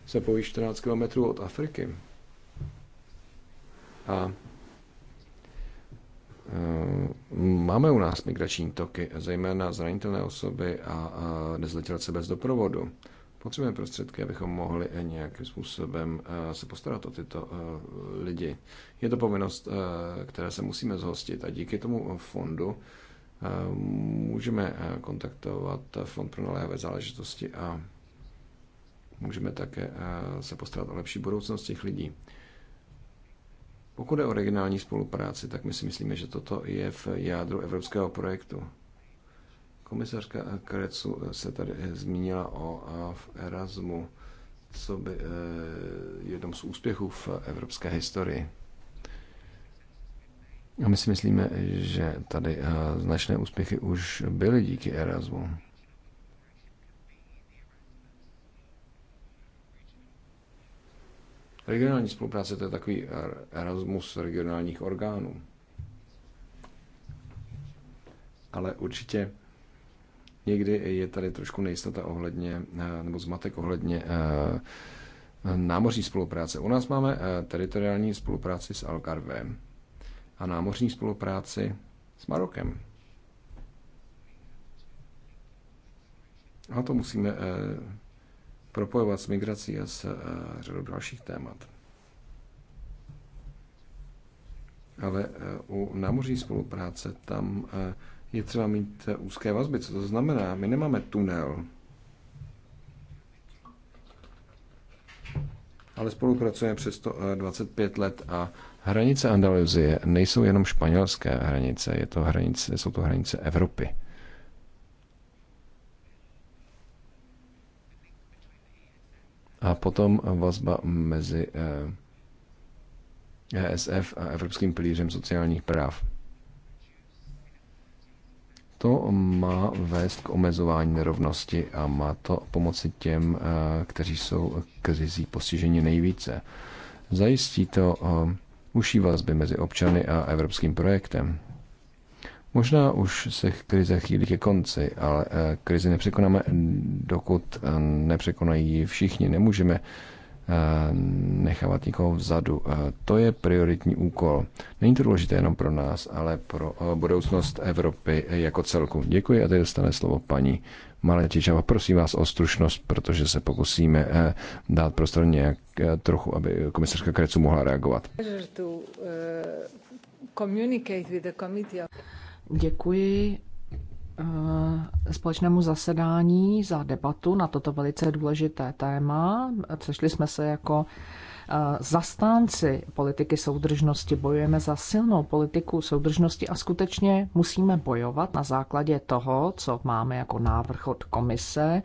B: se pojí 14 km od Afriky a eh, Máme u nás migrační toky, zejména zranitelné osoby a nezletělce bez doprovodu. Potřebujeme prostředky, abychom mohli eh, nějakým způsobem eh, se postarat o tyto eh, lidi. Je to povinnost, které se musíme zhostit a díky tomu fondu můžeme kontaktovat Fond pro naléhavé záležitosti a můžeme také se postarat o lepší budoucnost těch lidí. Pokud je o regionální spolupráci, tak my si myslíme, že toto je v jádru evropského projektu. Komisařka Krecu eh, se tady eh, zmínila o v Erasmu, co by eh, jednom z úspěchů v evropské historii. A my si myslíme, že tady značné úspěchy už byly díky Erasmu. Regionální spolupráce to je takový er, Erasmus regionálních orgánů. Ale určitě Někdy je tady trošku nejistota ohledně, eh, nebo zmatek ohledně eh, námořní spolupráce. U nás máme eh, teritoriální spolupráci s Algarvem a námořní spolupráci s Marokem. A to musíme propojovat s migrací a s řadou dalších témat. Ale u námořní spolupráce tam je třeba mít eh, úzké vazby. Co to znamená? My nemáme tunel. Ale spolupracujeme přes 25 eh, let a hranice Andaluzie nejsou jenom španělské hranice, je to hranice, jsou to hranice Evropy. A potom vazba mezi ESF eh, e a Evropským pilířem sociálních práv. To má vést k omezování nerovnosti a má to pomoci těm, eh, kteří jsou krizí postiženi nejvíce. Zajistí to eh, uší vazby mezi občany a evropským projektem. Možná už se krize chýlí ke konci, ale eh, krizi nepřekonáme, dokud nepřekonají všichni. Nemůžeme Eh, nechávat nikoho vzadu. Eh, to je prioritní úkol. Není to důležité jenom pro nás, ale pro eh, budoucnost Evropy jako celku. Děkuji a teď dostane slovo paní Maletičava. Prosím vás o stručnost, protože se pokusíme dát prostor nějak trochu, aby komisařka Krecu mohla reagovat.
C: Děkuji. Eh, společnému zasedání za debatu na toto velice důležité téma. Sešli jsme se jako eh, zastánci politiky soudržnosti, bojujeme za silnou politiku soudržnosti a skutečně musíme bojovat na základě toho, co máme jako návrh od komise.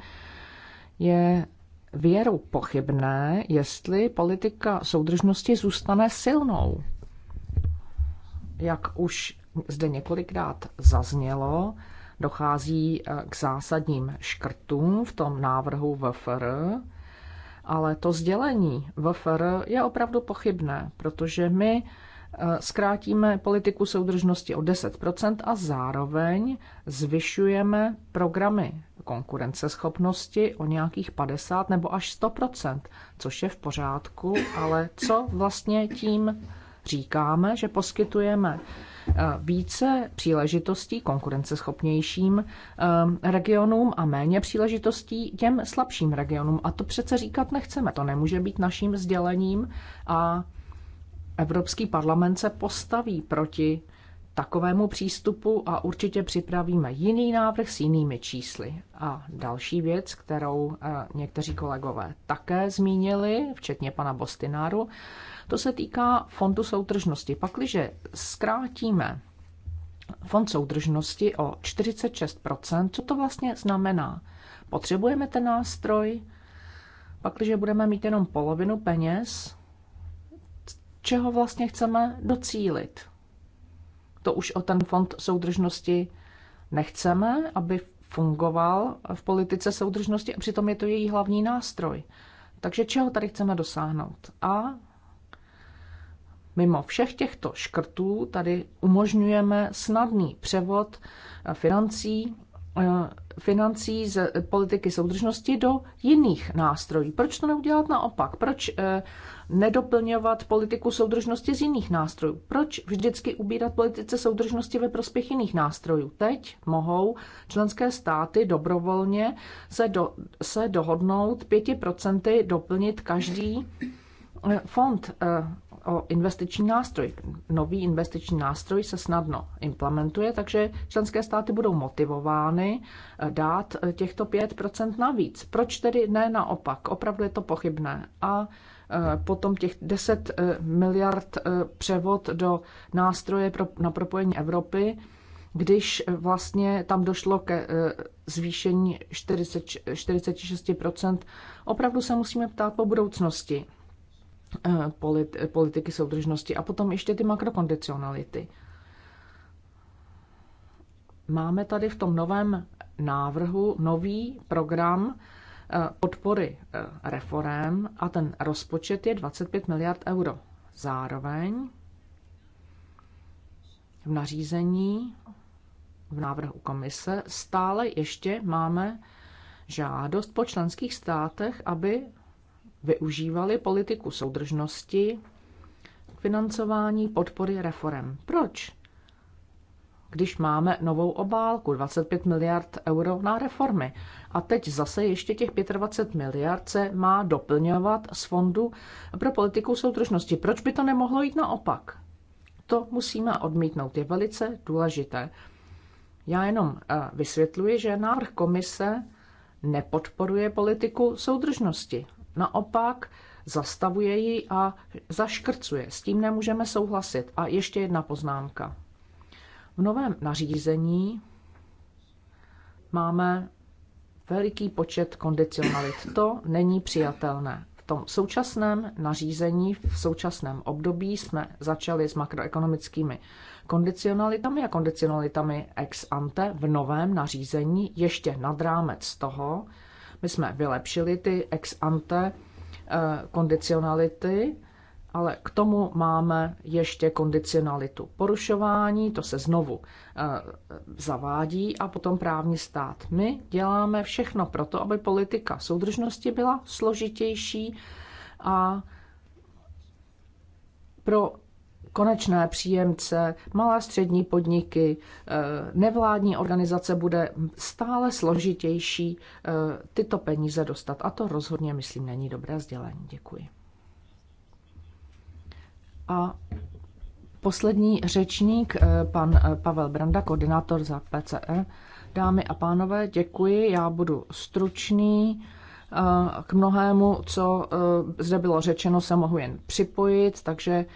C: Je věru pochybné, jestli politika soudržnosti zůstane silnou. Jak už zde několikrát zaznělo, dochází eh, k zásadním škrtům v tom návrhu VFR, ale to sdělení VFR je opravdu pochybné, protože my eh, zkrátíme politiku soudržnosti o 10% a zároveň zvyšujeme programy konkurenceschopnosti o nějakých 50 nebo až 100%, což je v pořádku, ale co vlastně tím říkáme, že poskytujeme Eh, více příležitostí konkurenceschopnějším eh, regionům a méně příležitostí těm slabším regionům. A to přece říkat nechceme. To nemůže být naším sdělením a Evropský parlament se postaví proti takovému přístupu a určitě připravíme jiný návrh s jinými čísly. A další věc, kterou eh, někteří kolegové také zmínili, včetně pana Bostináru, to se týká fondu soudržnosti. Pakliže zkrátíme fond soudržnosti o 46%, co to vlastně znamená? Potřebujeme ten nástroj? Pakliže budeme mít jenom polovinu peněz, čeho vlastně chceme docílit? To už o ten fond soudržnosti nechceme, aby fungoval v politice soudržnosti a přitom je to její hlavní nástroj. Takže čeho tady chceme dosáhnout? A Mimo všech těchto škrtů tady umožňujeme snadný převod eh, financí eh, financí z politiky soudržnosti do jiných nástrojů. Proč to neudělat naopak? Proč eh, nedoplňovat politiku soudržnosti z jiných nástrojů? Proč vždycky ubírat politice soudržnosti ve prospěch jiných nástrojů? Teď mohou členské státy dobrovolně se, do, se dohodnout 5% doplnit každý fond o investiční nástroj. Nový investiční nástroj se snadno implementuje, takže členské státy budou motivovány eh, dát eh, těchto 5% navíc. Proč tedy ne naopak? Opravdu je to pochybné. A eh, potom těch 10 miliard převod do nástroje na propojení Evropy, když vlastně tam došlo ke zvýšení 40, 46%, opravdu se musíme ptát po budoucnosti. Eh, polit, politiky soudržnosti a potom ještě ty makrokondicionality. Máme tady v tom novém návrhu nový program eh, podpory eh, reform a ten rozpočet je 25 miliard euro. Zároveň v nařízení v návrhu komise stále ještě máme žádost po členských státech, aby využívali politiku soudržnosti k financování podpory reform. Proč? Když máme novou obálku 25 miliard euro na reformy a teď zase ještě těch 25 miliard se má doplňovat z fondu pro politiku soudržnosti. Proč by to nemohlo jít naopak? To musíme odmítnout, je velice důležité. Já jenom eh, vysvětluji, že návrh komise nepodporuje politiku soudržnosti. Naopak zastavuje ji a zaškrcuje. S tím nemůžeme souhlasit. A ještě jedna poznámka. V novém nařízení máme veliký počet kondicionalit. To není přijatelné. V tom současném nařízení, v současném období jsme začali s makroekonomickými kondicionalitami a kondicionalitami ex ante v novém nařízení ještě nad rámec toho, my jsme vylepšili ty ex ante eh, kondicionality, ale k tomu máme ještě kondicionalitu porušování, to se znovu eh, zavádí a potom právní stát. My děláme všechno pro to, aby politika soudržnosti byla složitější a pro konečné příjemce, malé střední podniky, eh, nevládní organizace bude stále složitější eh, tyto peníze dostat. A to rozhodně, myslím, není dobré sdělení. Děkuji. A poslední řečník, eh, pan Pavel Branda, koordinátor za PCE. Dámy a pánové, děkuji, já budu stručný. K mnohému, co zde bylo řečeno, se mohu jen připojit, takže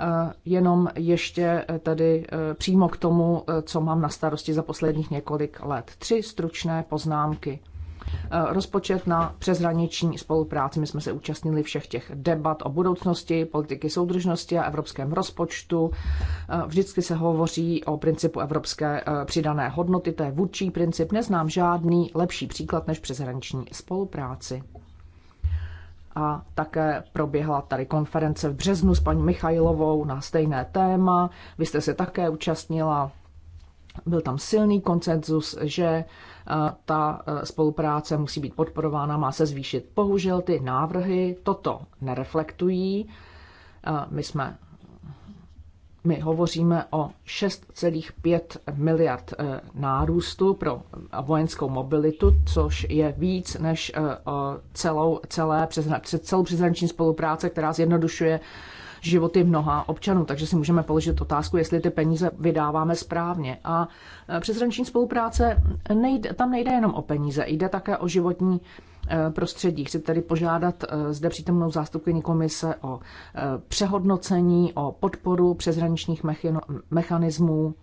C: Eh, jenom ještě eh, tedy eh, přímo k tomu, co mám na starosti za posledních několik let. Tři stručné poznámky. Rozpočet na přeshraniční spolupráci. My jsme se účastnili všech těch debat o budoucnosti, politiky soudržnosti a evropském rozpočtu. Vždycky se hovoří o principu evropské přidané hodnoty, to je vůdčí princip. Neznám žádný lepší příklad než přeshraniční spolupráci a také proběhla tady konference v březnu s paní Michajlovou na stejné téma. Vy jste se také účastnila. Byl tam silný koncenzus, že e, ta e, spolupráce musí být podporována, má se zvýšit. Bohužel ty návrhy toto nereflektují. E, my jsme my hovoříme o 6,5 miliard eh, nárůstu pro vojenskou mobilitu, což je víc než eh, celou, celé, celou přeshraniční spolupráce, která zjednodušuje životy mnoha občanů. Takže si můžeme položit otázku, jestli ty peníze vydáváme správně. A eh, přeshraniční spolupráce, nejde, tam nejde jenom o peníze, jde také o životní Eh, prostředí. Chci tedy požádat eh, zde přítomnou zástupkyni komise o eh, přehodnocení, o podporu přeshraničních mechanismů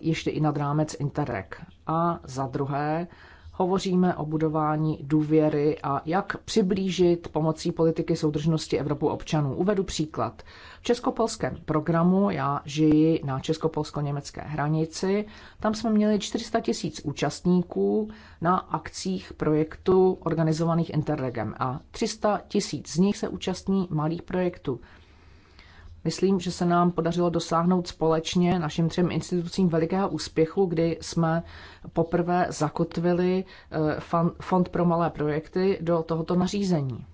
C: ještě i nad rámec Interreg. A za druhé, hovoříme o budování důvěry a jak přiblížit pomocí politiky soudržnosti Evropu občanů. Uvedu příklad českopolském programu, já žiji na českopolsko-německé hranici, tam jsme měli 400 tisíc účastníků na akcích projektu organizovaných Interregem a 300 tisíc z nich se účastní malých projektů. Myslím, že se nám podařilo dosáhnout společně našim třem institucím velikého úspěchu, kdy jsme poprvé zakotvili eh, Fond pro malé projekty do tohoto nařízení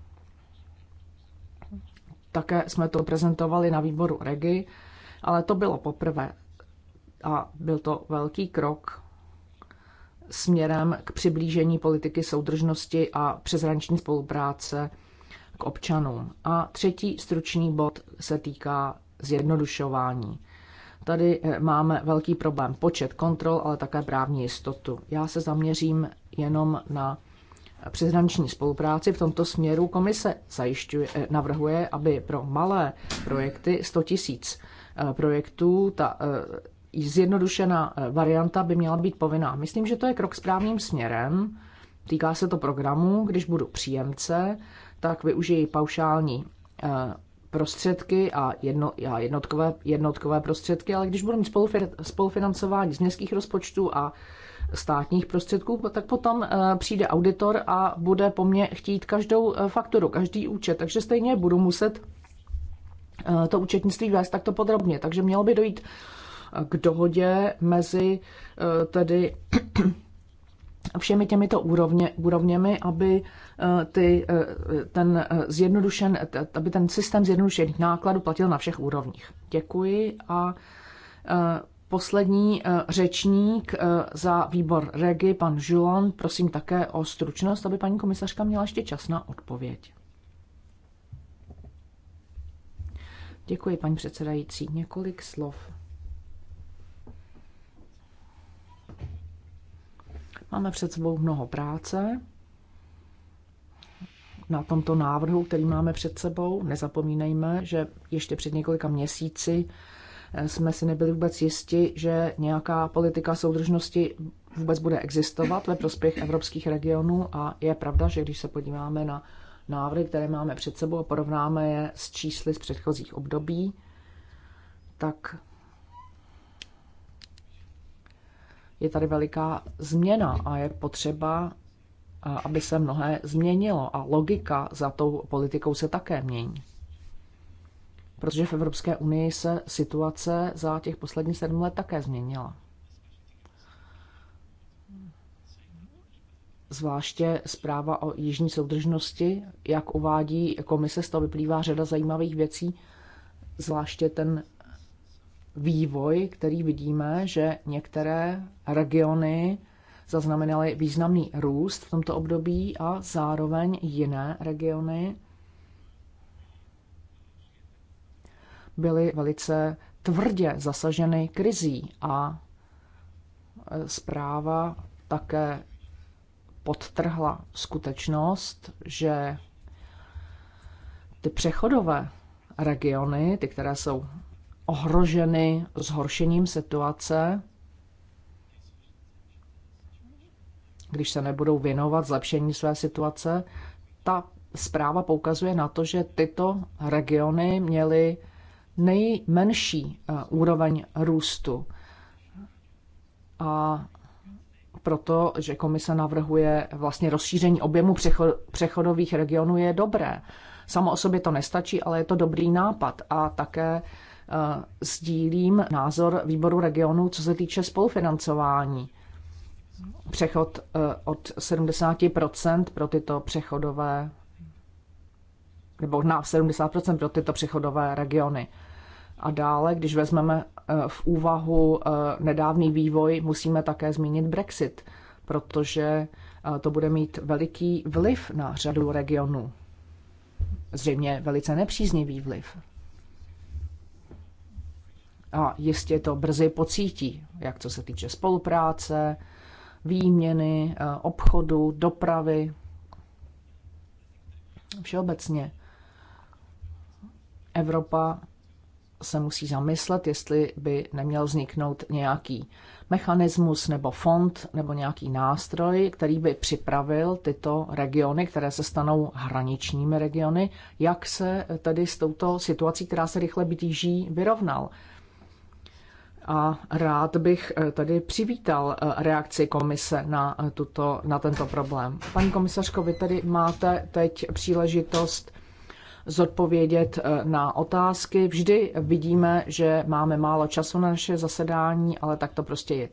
C: také jsme to prezentovali na výboru REGI, ale to bylo poprvé a byl to velký krok směrem k přiblížení politiky soudržnosti a přezranční spolupráce k občanům. A třetí stručný bod se týká zjednodušování. Tady eh, máme velký problém počet kontrol, ale také právní jistotu. Já se zaměřím jenom na přeshraniční spolupráci. V tomto směru komise zajišťuje, eh, navrhuje, aby pro malé projekty 100 tisíc eh, projektů ta eh, zjednodušená varianta by měla být povinná. Myslím, že to je krok správným směrem. Týká se to programu, když budu příjemce, tak využiji paušální prostředky a, jedno, a jednotkové, jednotkové prostředky, ale když budu mít spolufinancování z městských rozpočtů a státních prostředků, tak potom eh, přijde auditor a bude po mně chtít každou eh, fakturu, každý účet. Takže stejně budu muset eh, to účetnictví vést takto podrobně. Takže mělo by dojít k dohodě mezi tedy všemi těmito úrovně, úrovněmi, aby, ty, ten zjednodušen, aby ten systém zjednodušených nákladů platil na všech úrovních. Děkuji a Poslední eh, řečník eh, za výbor Regi, pan Žulon, prosím také o stručnost, aby paní komisařka měla ještě čas na odpověď. Děkuji, paní předsedající. Několik slov. Máme před sebou mnoho práce na tomto návrhu, který máme před sebou. Nezapomínejme, že ještě před několika měsíci jsme si nebyli vůbec jisti, že nějaká politika soudržnosti vůbec bude existovat ve prospěch evropských regionů a je pravda, že když se podíváme na návrhy, které máme před sebou a porovnáme je s čísly z předchozích období, tak je tady veliká změna a je potřeba, aby se mnohé změnilo a logika za tou politikou se také mění protože v Evropské unii se situace za těch posledních sedm let také změnila. Zvláště zpráva o jižní soudržnosti, jak uvádí komise, z toho vyplývá řada zajímavých věcí, zvláště ten vývoj, který vidíme, že některé regiony zaznamenaly významný růst v tomto období a zároveň jiné regiony byly velice tvrdě zasaženy krizí a e, zpráva také podtrhla skutečnost, že ty přechodové regiony, ty, které jsou ohroženy zhoršením situace, když se nebudou věnovat zlepšení své situace, ta zpráva poukazuje na to, že tyto regiony měly nejmenší eh, úroveň růstu. A proto, že komise navrhuje vlastně rozšíření objemu přechodových regionů, je dobré. Samo o sobě to nestačí, ale je to dobrý nápad. A také uh, sdílím názor výboru regionů, co se týče spolufinancování. Přechod uh, od 70 pro tyto přechodové nebo na 70% pro tyto přechodové regiony. A dále, když vezmeme eh, v úvahu eh, nedávný vývoj, musíme také zmínit Brexit, protože eh, to bude mít veliký vliv na řadu regionů. Zřejmě velice nepříznivý vliv. A jistě to brzy pocítí, jak co se týče spolupráce, výměny, obchodu, dopravy, všeobecně. Evropa se musí zamyslet, jestli by neměl vzniknout nějaký mechanismus nebo fond nebo nějaký nástroj, který by připravil tyto regiony, které se stanou hraničními regiony, jak se tedy s touto situací, která se rychle blíží, vyrovnal. A rád bych eh, tady přivítal eh, reakci komise na, eh, tuto, na tento problém. Paní komisařko, vy tedy máte teď příležitost zodpovědět eh, na otázky. Vždy vidíme, že máme málo času na naše zasedání, ale tak to prostě je.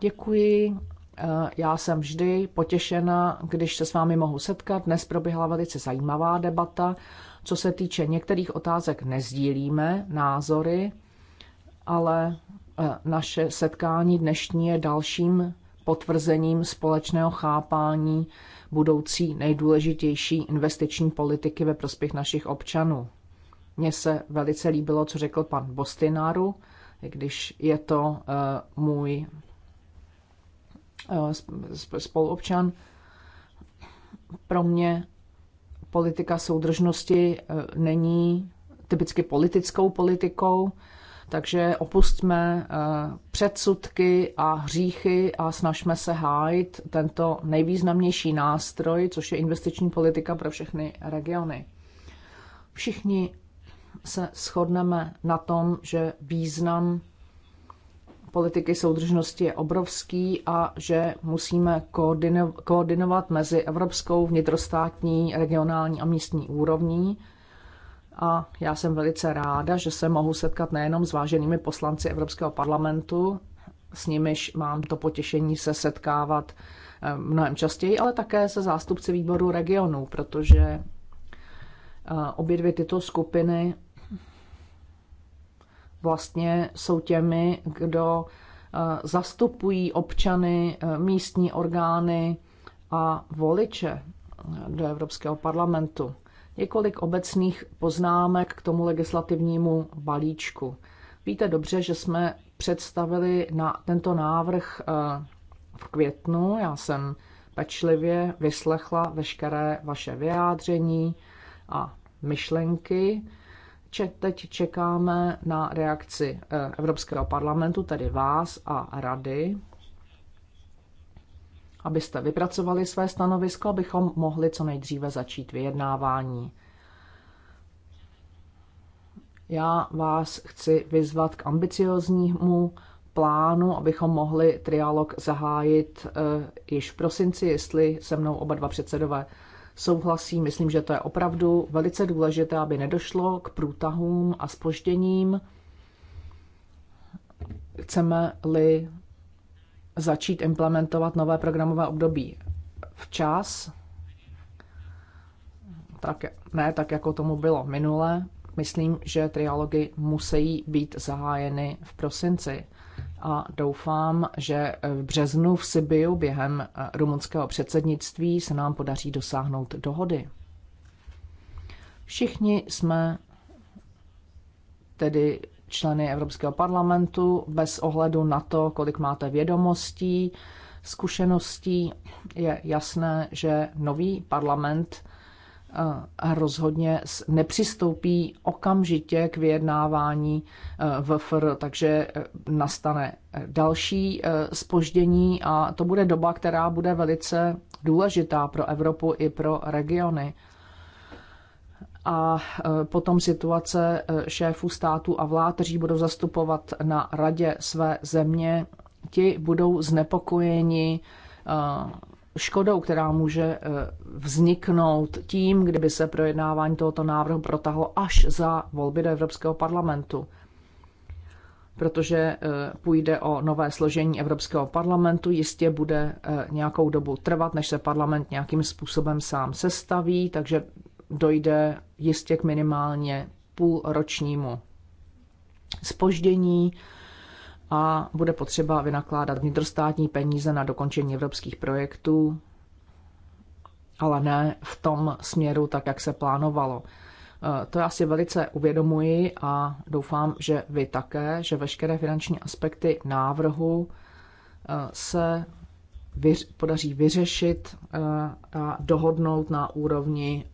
C: Děkuji. Eh, já jsem vždy potěšena, když se s vámi mohu setkat. Dnes proběhla velice zajímavá debata. Co se týče některých otázek, nezdílíme názory, ale eh, naše setkání dnešní je dalším potvrzením společného chápání budoucí nejdůležitější investiční politiky ve prospěch našich občanů. Mně se velice líbilo, co řekl pan Bostináru, když je to eh, můj eh, spoluobčan. Pro mě politika soudržnosti eh, není typicky politickou politikou, takže opustme eh, předsudky a hříchy a snažme se hájit tento nejvýznamnější nástroj, což je investiční politika pro všechny regiony. Všichni se shodneme na tom, že význam politiky soudržnosti je obrovský a že musíme koordinovat mezi evropskou, vnitrostátní, regionální a místní úrovní a já jsem velice ráda, že se mohu setkat nejenom s váženými poslanci Evropského parlamentu, s nimiž mám to potěšení se setkávat eh, mnohem častěji, ale také se zástupci výboru regionů, protože eh, obě dvě tyto skupiny vlastně jsou těmi, kdo eh, zastupují občany, místní orgány a voliče do Evropského parlamentu. Několik obecných poznámek k tomu legislativnímu balíčku. Víte dobře, že jsme představili na tento návrh eh, v květnu. Já jsem pečlivě vyslechla veškeré vaše vyjádření a myšlenky. teď čekáme na reakci eh, Evropského parlamentu, tedy vás a rady abyste vypracovali své stanovisko, abychom mohli co nejdříve začít vyjednávání. Já vás chci vyzvat k ambicioznímu plánu, abychom mohli trialog zahájit uh, již v prosinci, jestli se mnou oba dva předsedové souhlasí. Myslím, že to je opravdu velice důležité, aby nedošlo k průtahům a spožděním. Chceme-li začít implementovat nové programové období včas, tak, ne tak, jako tomu bylo minule. Myslím, že trialogy musí být zahájeny v prosinci a doufám, že v březnu v Sibiu během eh, rumunského předsednictví se nám podaří dosáhnout dohody. Všichni jsme tedy členy Evropského parlamentu bez ohledu na to, kolik máte vědomostí, zkušeností. Je jasné, že nový parlament eh, rozhodně nepřistoupí okamžitě k vyjednávání eh, VFR, takže eh, nastane další spoždění a to bude doba, která bude velice důležitá pro Evropu i pro regiony a e, potom situace e, šéfů států a vlád, kteří budou zastupovat na radě své země, ti budou znepokojeni e, škodou, která může vzniknout tím, kdyby se projednávání tohoto návrhu protahlo až za volby do Evropského parlamentu. Protože půjde o nové složení Evropského parlamentu, jistě bude nějakou dobu trvat, než se parlament nějakým způsobem sám sestaví, takže dojde jistě k minimálně půlročnímu spoždění a bude potřeba vynakládat vnitrostátní peníze na dokončení evropských projektů, ale ne v tom směru, tak jak se plánovalo. E, to já si velice uvědomuji a doufám, že vy také, že veškeré finanční aspekty návrhu e, se podaří vyřešit e, a dohodnout na úrovni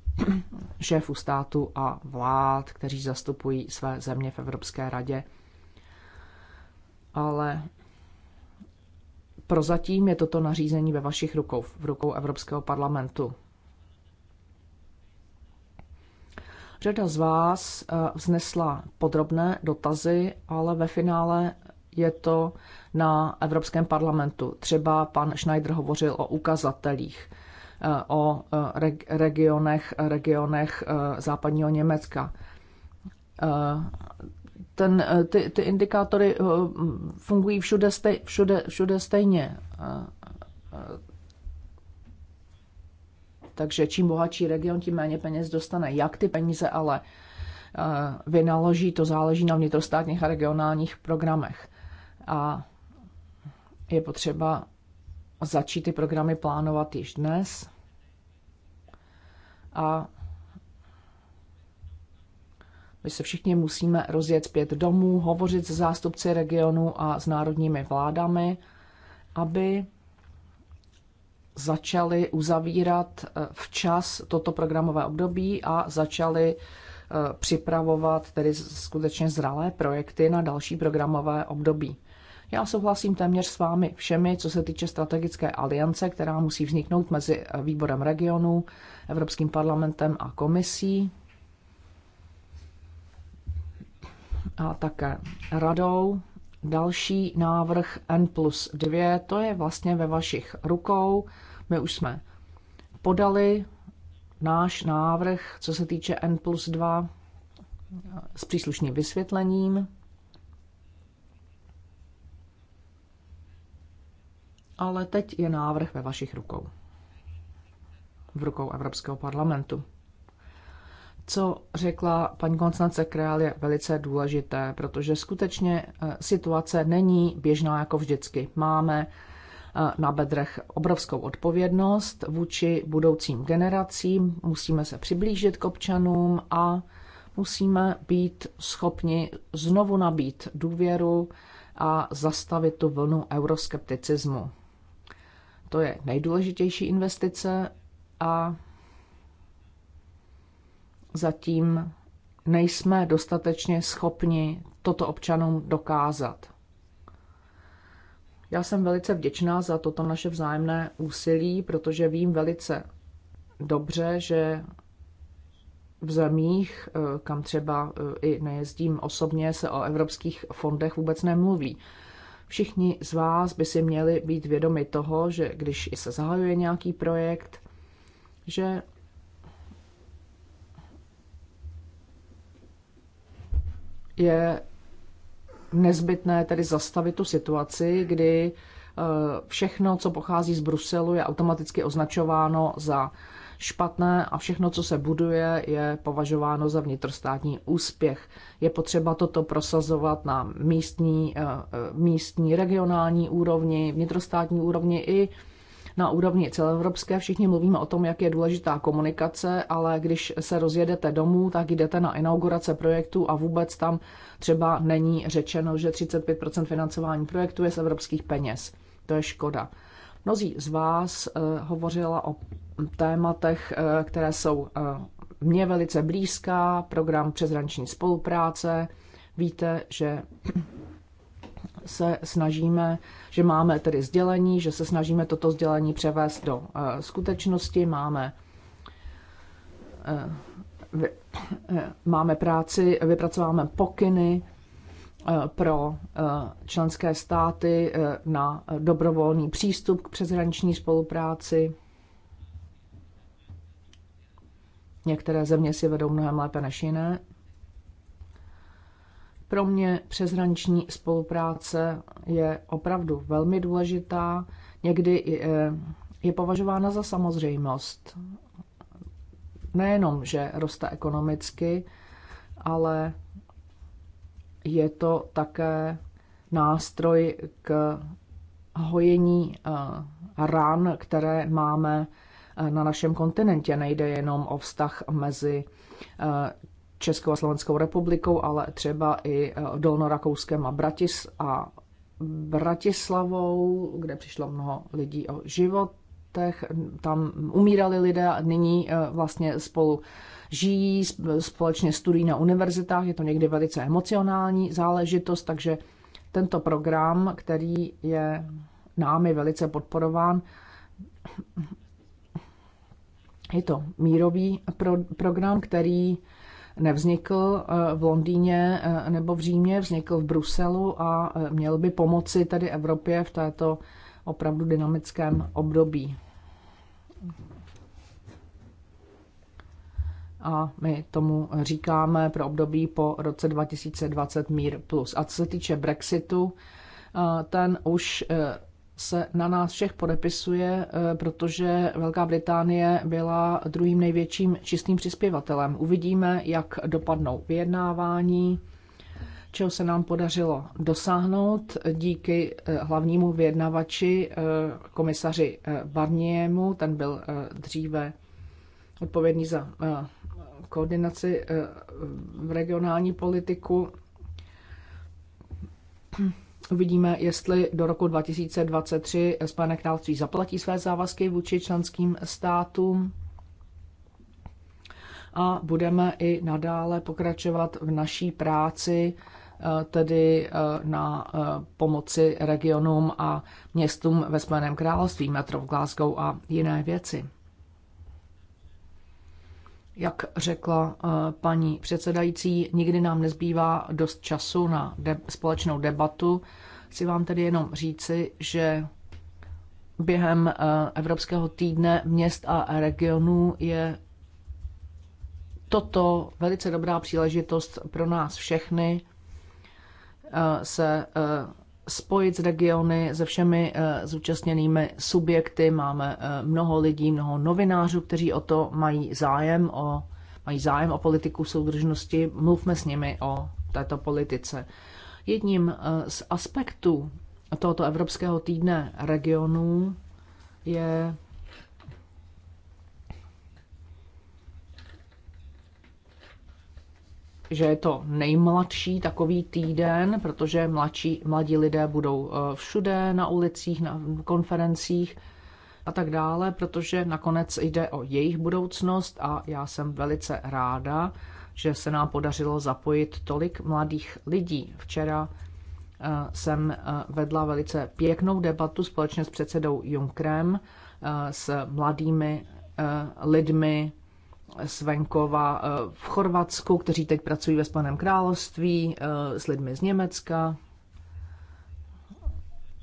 C: šéfů státu a vlád, kteří zastupují své země v Evropské radě. Ale prozatím je toto nařízení ve vašich rukou, v rukou Evropského parlamentu. Řada z vás eh, vznesla podrobné dotazy, ale ve finále je to na Evropském parlamentu. Třeba pan Schneider hovořil o ukazatelích. Eh, o eh, regionech, regionech eh, západního Německa. Ten, ty, ty indikátory fungují všude, stej, všude, všude stejně. Takže čím bohatší region, tím méně peněz dostane. Jak ty peníze ale vynaloží, to záleží na vnitrostátních a regionálních programech. A je potřeba začít ty programy plánovat již dnes. A my se všichni musíme rozjet zpět domů, hovořit s zástupci regionu a s národními vládami, aby začali uzavírat eh, včas toto programové období a začali eh, připravovat tedy skutečně zralé projekty na další programové období. Já souhlasím téměř s vámi všemi, co se týče strategické aliance, která musí vzniknout mezi výborem regionu, Evropským parlamentem a komisí a také radou. Další návrh N plus 2, to je vlastně ve vašich rukou. My už jsme podali náš návrh, co se týče N plus 2, s příslušným vysvětlením. ale teď je návrh ve vašich rukou. V rukou Evropského parlamentu. Co řekla paní Konstance Král je velice důležité, protože skutečně eh, situace není běžná jako vždycky. Máme eh, na bedrech obrovskou odpovědnost vůči budoucím generacím, musíme se přiblížit k občanům a musíme být schopni znovu nabít důvěru a zastavit tu vlnu euroskepticismu. To je nejdůležitější investice a zatím nejsme dostatečně schopni toto občanům dokázat. Já jsem velice vděčná za toto naše vzájemné úsilí, protože vím velice dobře, že v zemích, eh, kam třeba eh, i nejezdím osobně, se o evropských fondech vůbec nemluví. Všichni z vás by si měli být vědomi toho, že když se zahajuje nějaký projekt, že je nezbytné tedy zastavit tu situaci, kdy eh, všechno, co pochází z Bruselu, je automaticky označováno za špatné a všechno, co se buduje, je považováno za vnitrostátní úspěch. Je potřeba toto prosazovat na místní, eh, eh, místní regionální úrovni, vnitrostátní úrovni i na úrovni celoevropské. Všichni mluvíme o tom, jak je důležitá komunikace, ale když se rozjedete domů, tak jdete na inaugurace projektu a vůbec tam třeba není řečeno, že 35 financování projektu je z evropských peněz. To je škoda. Mnozí z vás eh, hovořila o tématech, eh, které jsou eh, mně velice blízká, program přezranční spolupráce. Víte, že se snažíme, že máme tedy sdělení, že se snažíme toto sdělení převést do skutečnosti, máme máme práci, vypracováme pokyny Eh, pro eh, členské státy eh, na dobrovolný přístup k přeshraniční spolupráci. Některé země si vedou mnohem lépe než jiné. Pro mě přeshraniční spolupráce je opravdu velmi důležitá. Někdy je považována za samozřejmost. Nejenom, že roste ekonomicky, ale je to také nástroj k hojení eh, ran, které máme eh, na našem kontinentě. Nejde jenom o vztah mezi eh, Českou a Slovenskou republikou, ale třeba i Dolnorakouskem a, Bratis a Bratislavou, kde přišlo mnoho lidí o život městech, tam umírali lidé a nyní eh, vlastně spolu žijí, společně studují na univerzitách, je to někdy velice emocionální záležitost, takže tento program, který je námi velice podporován, je to mírový pro, program, který nevznikl eh, v Londýně eh, nebo v Římě, vznikl v Bruselu a měl by pomoci tedy Evropě v této opravdu dynamickém období. A my tomu říkáme pro období po roce 2020 mír plus. A co se týče Brexitu, eh, ten už eh, se na nás všech podepisuje, eh, protože Velká Británie byla druhým největším čistým přispěvatelem. Uvidíme, jak dopadnou vyjednávání čeho se nám podařilo dosáhnout díky eh, hlavnímu vyjednavači, eh, komisaři eh, Barniemu, ten byl dříve odpovědný za koordinaci v regionální politiku. Uvidíme, jestli do roku 2023 Spojené království zaplatí své závazky vůči členským státům a budeme i nadále pokračovat v naší práci tedy eh, na eh, pomoci regionům a městům ve Spojeném království, metro v Glasgow a jiné věci. Jak řekla eh, paní předsedající, nikdy nám nezbývá dost času na de- společnou debatu. Chci vám tedy jenom říci, že během Evropského týdne měst a regionů je toto velice dobrá příležitost pro nás všechny Eh, se eh, spojit s regiony, se všemi eh, zúčastněnými subjekty. Máme mnoho lidí, mnoho novinářů, kteří o to mají zájem, o, mají zájem o politiku soudržnosti. Mluvme s nimi o této politice. Jedním z aspektů tohoto Evropského týdne regionů je že je to nejmladší takový týden, protože mladší, mladí lidé budou eh, všude na ulicích, na konferencích a tak dále, protože nakonec jde o jejich budoucnost a já jsem velice ráda, že se nám podařilo zapojit tolik mladých lidí. Včera eh, jsem eh, vedla velice pěknou debatu společně s předsedou Junkrem, s mladými lidmi z venkova eh, v Chorvatsku, kteří teď pracují ve Spaném království, eh, s lidmi z Německa.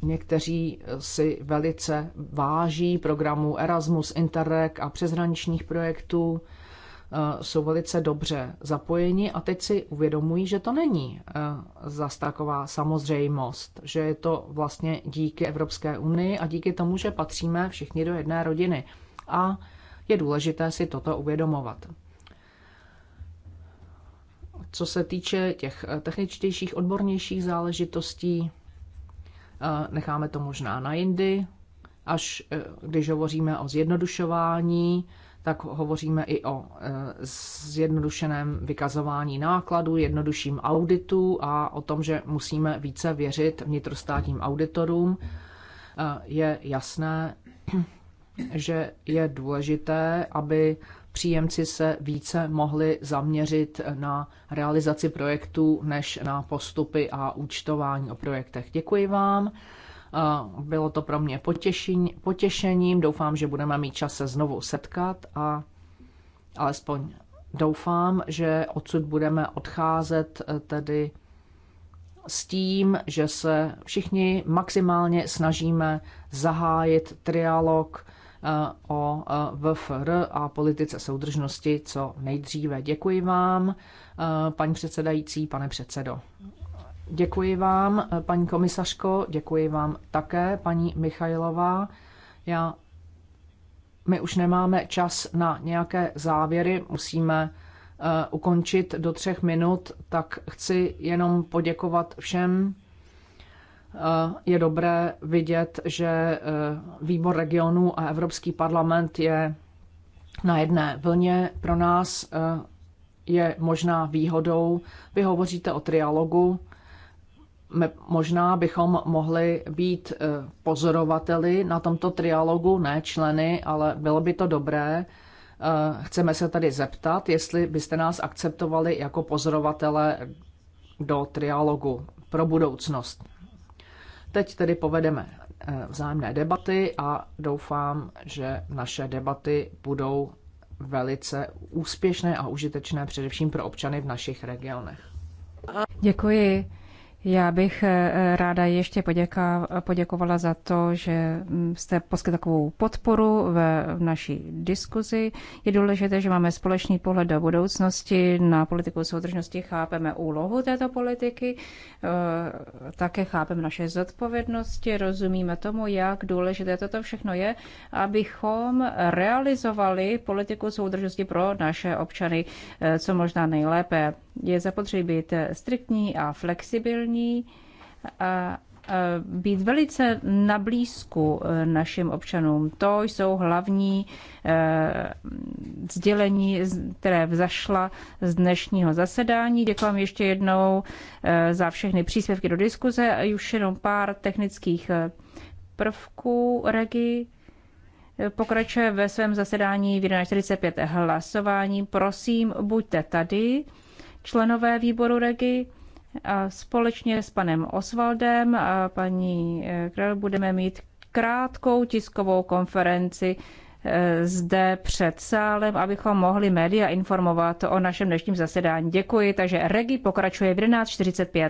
C: Někteří si velice váží programu Erasmus, Interreg a přeshraničních projektů eh, jsou velice dobře zapojeni a teď si uvědomují, že to není zas taková samozřejmost, že je to vlastně díky Evropské unii a díky tomu, že patříme všichni do jedné rodiny. A je důležité si toto uvědomovat. Co se týče těch eh, techničtějších, odbornějších záležitostí, eh, necháme to možná na jindy. Až eh, když hovoříme o zjednodušování, tak hovoříme i o zjednodušeném vykazování nákladů, jednodušším auditu a o tom, že musíme více věřit vnitrostátním auditorům. Je jasné, že je důležité, aby příjemci se více mohli zaměřit na realizaci projektů než na postupy a účtování o projektech. Děkuji vám. Bylo to pro mě potěšením. Doufám, že budeme mít čas se znovu setkat a alespoň doufám, že odsud budeme odcházet e, tedy s tím, že se všichni maximálně snažíme zahájit trialog Eh, o eh, VFR a politice soudržnosti co nejdříve. Děkuji vám, eh, paní předsedající, pane předsedo. Děkuji vám, paní komisařko, děkuji vám také, paní Michajlová. Já, my už nemáme čas na nějaké závěry, musíme ukončit do třech minut, tak chci jenom poděkovat všem, Eh, je dobré vidět, že eh, výbor regionu a Evropský parlament je na jedné vlně. Pro nás eh, je možná výhodou. Vy hovoříte o trialogu. My možná bychom mohli být pozorovateli na tomto trialogu, ne členy, ale bylo by to dobré. Chceme se tady zeptat, jestli byste nás akceptovali jako pozorovatele do trialogu pro budoucnost. Teď tedy povedeme eh, vzájemné debaty a doufám, že naše debaty budou velice úspěšné a užitečné především pro občany v našich regionech.
A: Děkuji. Já bych eh, ráda ještě poděka, poděkovala za to, že mm, jste poskytl takovou podporu v naší diskuzi. Je důležité, že máme společný pohled do budoucnosti na politiku soudržnosti, chápeme úlohu této politiky, eh, také chápeme naše zodpovědnosti, rozumíme tomu, jak důležité toto všechno je, abychom realizovali politiku soudržnosti pro naše občany eh, co možná nejlépe je zapotřebí být striktní a flexibilní a být velice na blízku e, našim občanům. To jsou hlavní e, sdělení, které vzašla z dnešního zasedání. Děkuji vám ještě jednou e, za všechny příspěvky do diskuze a už jenom pár technických prvků Regi. Pokračuje ve svém zasedání v 11.45 hlasování. Prosím, buďte tady členové výboru REGI. A společně s panem Osvaldem a paní eh, Král budeme mít krátkou tiskovou konferenci eh, zde před sálem, abychom mohli média informovat o našem dnešním zasedání. Děkuji, takže Regi pokračuje v 11.45.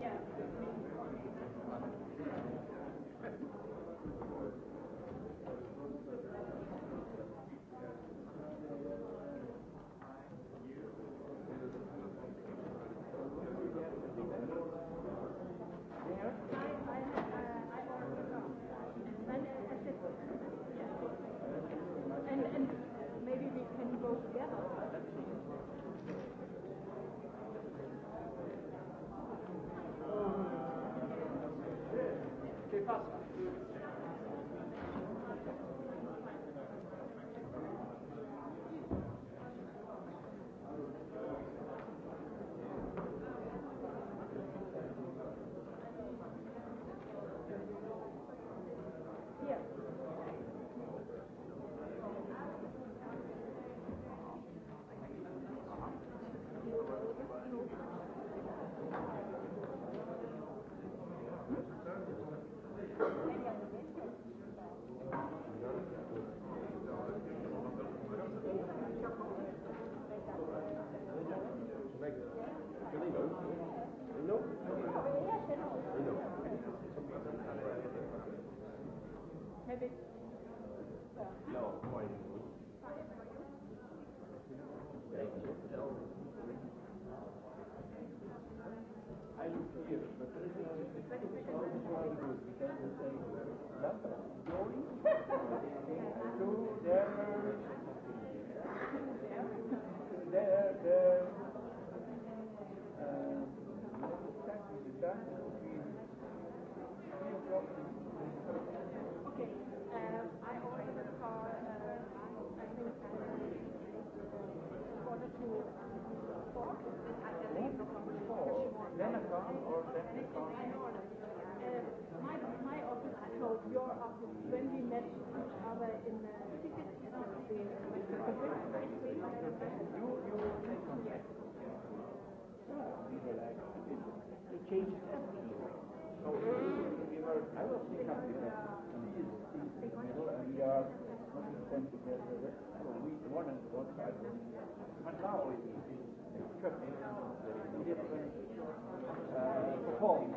D: Yeah. of your of uh, your friendly net aber in It changes every So we were, I was picking is in the middle and we are not in together. So we one and now it is cut different uh, performance.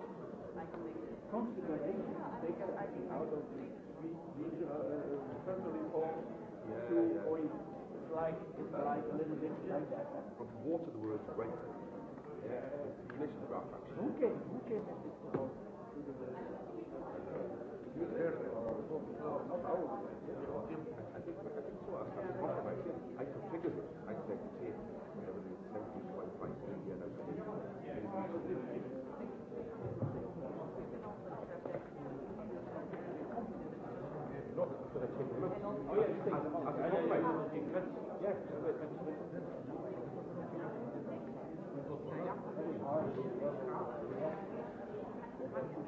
D: considering taken out of yeah, to yeah. like like a little bit like that. From the words great. Yeah. You I think I think so. I I Thank you.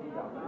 D: Thank you.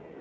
D: Thank you.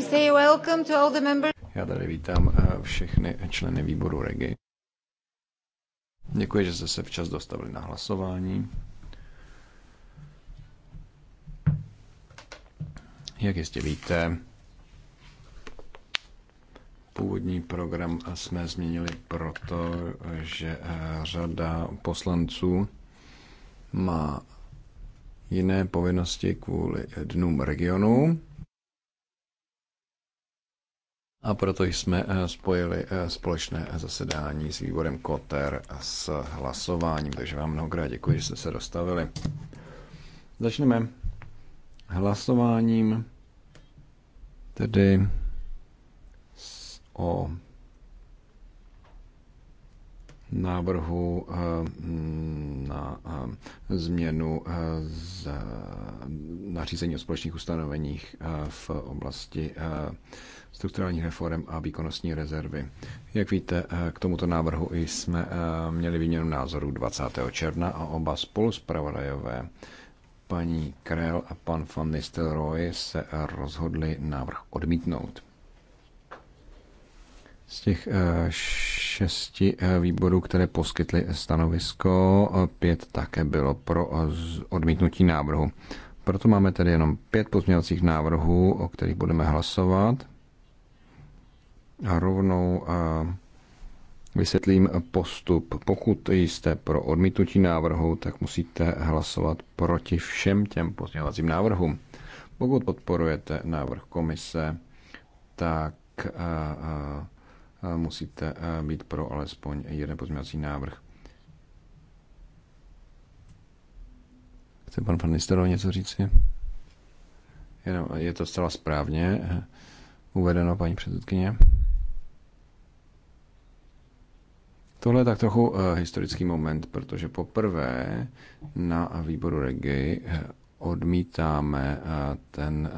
D: I say welcome to all the members.
B: Já tady vítám eh, všechny členy výboru REGI. Děkuji, že jste se včas dostavili na hlasování. Jak jistě víte, původní program jsme změnili proto, že eh, řada poslanců má jiné povinnosti kvůli dnům regionu a proto jsme eh, spojili eh, společné zasedání s výborem Koter a s hlasováním. Takže vám mnohokrát děkuji, že jste se dostavili. Začneme hlasováním tedy o návrhu eh, na změnu z nařízení o společných ustanoveních v oblasti strukturálních reform a výkonnostní rezervy. Jak víte, eh, k tomuto návrhu jsme eh, měli výměnu názoru 20. června a oba spoluspravodajové paní Krell a pan van Nistelrooy se rozhodli návrh odmítnout. Z těch eh, šesti výborů, které poskytly stanovisko, pět také bylo pro odmítnutí návrhu. Proto máme tedy jenom pět pozměňovacích návrhů, o kterých budeme hlasovat. A rovnou vysvětlím postup. Pokud jste pro odmítnutí návrhu, tak musíte hlasovat proti všem těm pozměňovacím návrhům. Pokud podporujete návrh komise, tak musíte být pro alespoň jeden pozměňovací návrh. Chce pan pan něco říci? Jenom, je to zcela správně uvedeno, paní předsedkyně. Tohle je tak trochu eh, historický moment, protože poprvé na výboru Regi eh, odmítáme eh, ten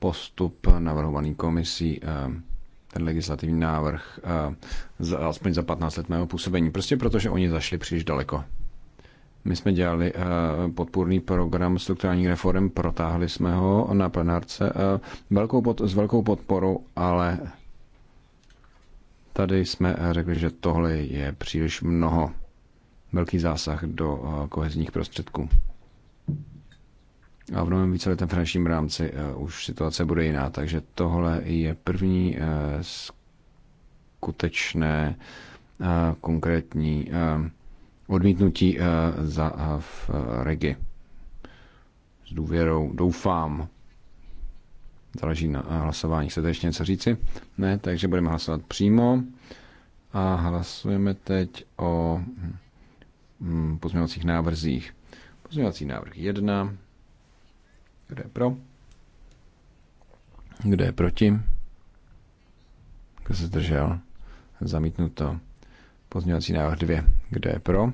B: postup navrhovaný komisí, ten legislativní návrh, alespoň za 15 let mého působení, prostě protože oni zašli příliš daleko. My jsme dělali podpůrný program strukturálních reform, protáhli jsme ho na plenárce velkou pod, s velkou podporou, ale Tady jsme řekli, že tohle je příliš mnoho. Velký zásah do eh, kohezních prostředků. A v novém víceletém finančním rámci eh, už situace bude jiná, takže tohle je první eh, skutečné konkrétní odmítnutí za v regi. S důvěrou doufám, Záleží na hlasování. Chcete ještě něco říci? Ne, takže budeme hlasovat přímo. A hlasujeme teď o hm, pozměňovacích návrzích. Pozměňovací návrh 1. Kdo je pro? Kdo je proti? Kdo se zdržel? Zamítnuto. Pozměňovací návrh 2. Kdo je pro?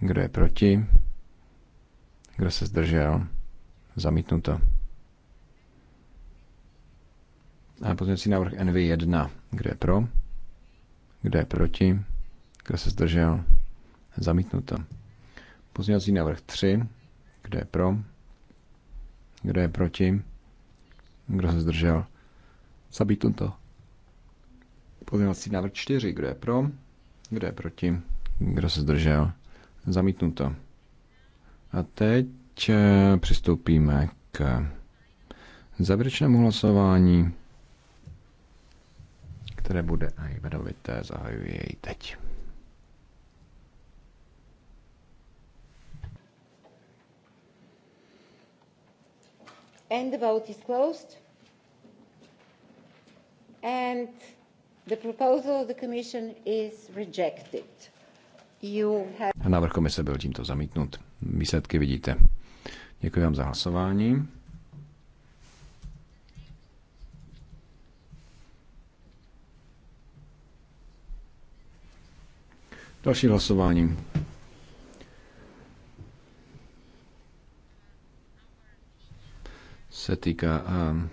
B: Kdo je proti? Kdo se zdržel? Zamítnuto. Pozměňovací návrh NV1. Kdo je pro? Kdo je proti? Kdo se zdržel? Zamítnuto. Pozměňovací návrh 3. Kdo je pro? Kdo je proti? Kdo se zdržel? Zamítnuto. Pozměňovací návrh 4. Kdo je pro? Kdo je proti? Kdo se zdržel? Zamítnuto. A teď eh, přistoupíme k závěrečnému hlasování které bude jmenovité, zahajuji jej teď. And the vote is closed. And the proposal of the commission is rejected. You have... A návrh komise byl tímto zamítnut. Výsledky vidíte. Děkuji vám za hlasování. Další hlasování. Se týká um,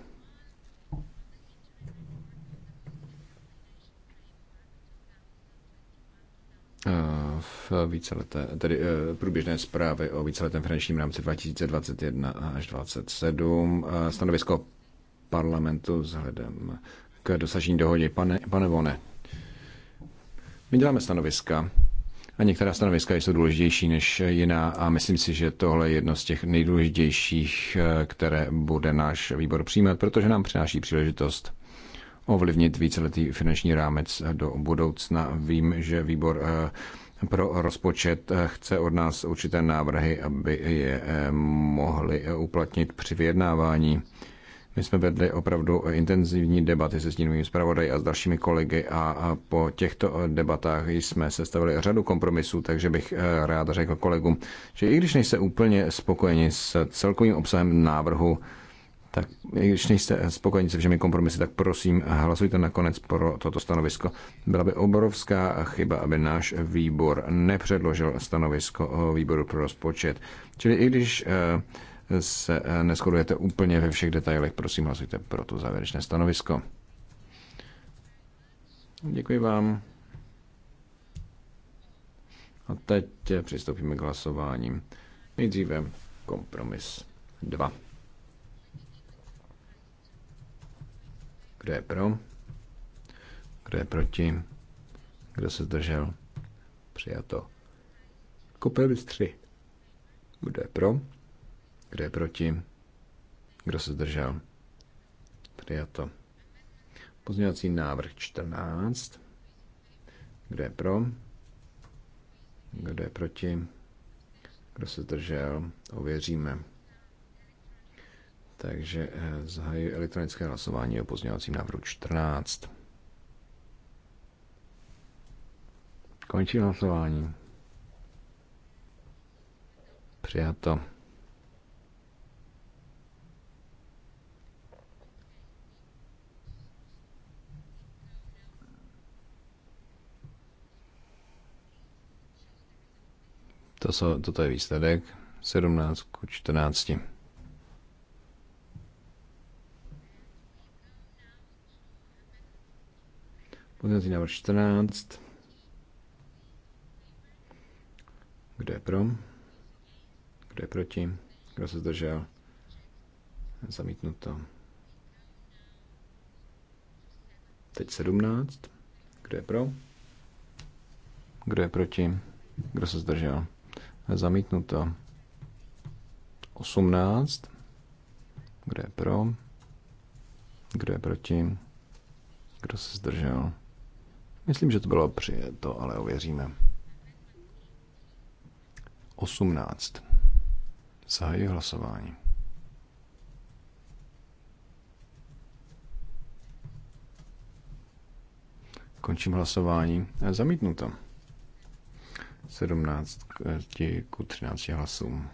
B: v víceleté, tedy eh, průběžné zprávy o víceletém finančním rámci 2021 až 2027. Eh, stanovisko parlamentu vzhledem k dosažení dohody. Pane, pane Vone, my děláme stanoviska a některá stanoviska jsou důležitější než jiná a myslím si, že tohle je jedno z těch nejdůležitějších, eh, které bude náš výbor přijímat, protože nám přináší příležitost ovlivnit víceletý finanční rámec do budoucna. Vím, že výbor eh, pro rozpočet eh, chce od nás určité návrhy, aby je mohli uplatnit při vyjednávání my jsme vedli opravdu intenzivní debaty se stínovým zpravodaji a s dalšími kolegy a po těchto eh, debatách jsme sestavili řadu kompromisů, takže bych eh, rád řekl kolegům, že i když nejste úplně spokojeni s celkovým obsahem návrhu, tak i když nejste spokojeni se všemi kompromisy, tak prosím, hlasujte nakonec pro toto stanovisko. Byla by obrovská chyba, aby náš výbor nepředložil stanovisko výboru pro rozpočet. Čili i když uh, se eh, neschodujete úplně ve všech detailech, prosím hlasujte pro to závěrečné stanovisko. Děkuji vám. A teď eh, přistoupíme k hlasování. Nejdříve kompromis 2. Kdo je pro? Kdo je proti? Kdo se zdržel? Přijato. Kompromis 3. Kdo je pro? Kdo je proti? Kdo se zdržel? Přijato. Pozměňovací návrh 14. Kdo je pro? Kdo je proti? Kdo se zdržel? Ověříme. Takže eh, zahajuji elektronické hlasování o pozměňovacím návrhu 14. Končí hlasování. Přijato. To jsou, toto je výsledek 17 k 14. Pozměňovací návrh 14. Kdo je pro? Kdo je proti? Kdo se zdržel? Zamítnuto. Teď 17. Kdo je pro? Kdo je proti? Kdo se zdržel? Zamítnuto. 18. Kdo je pro? Kdo je proti? Kdo se zdržel? Myslím, že to bylo přijeto, ale ověříme. 18. Zahají hlasování. Končím hlasování. Zamítnuto. 17 k 13 eh, hlasům.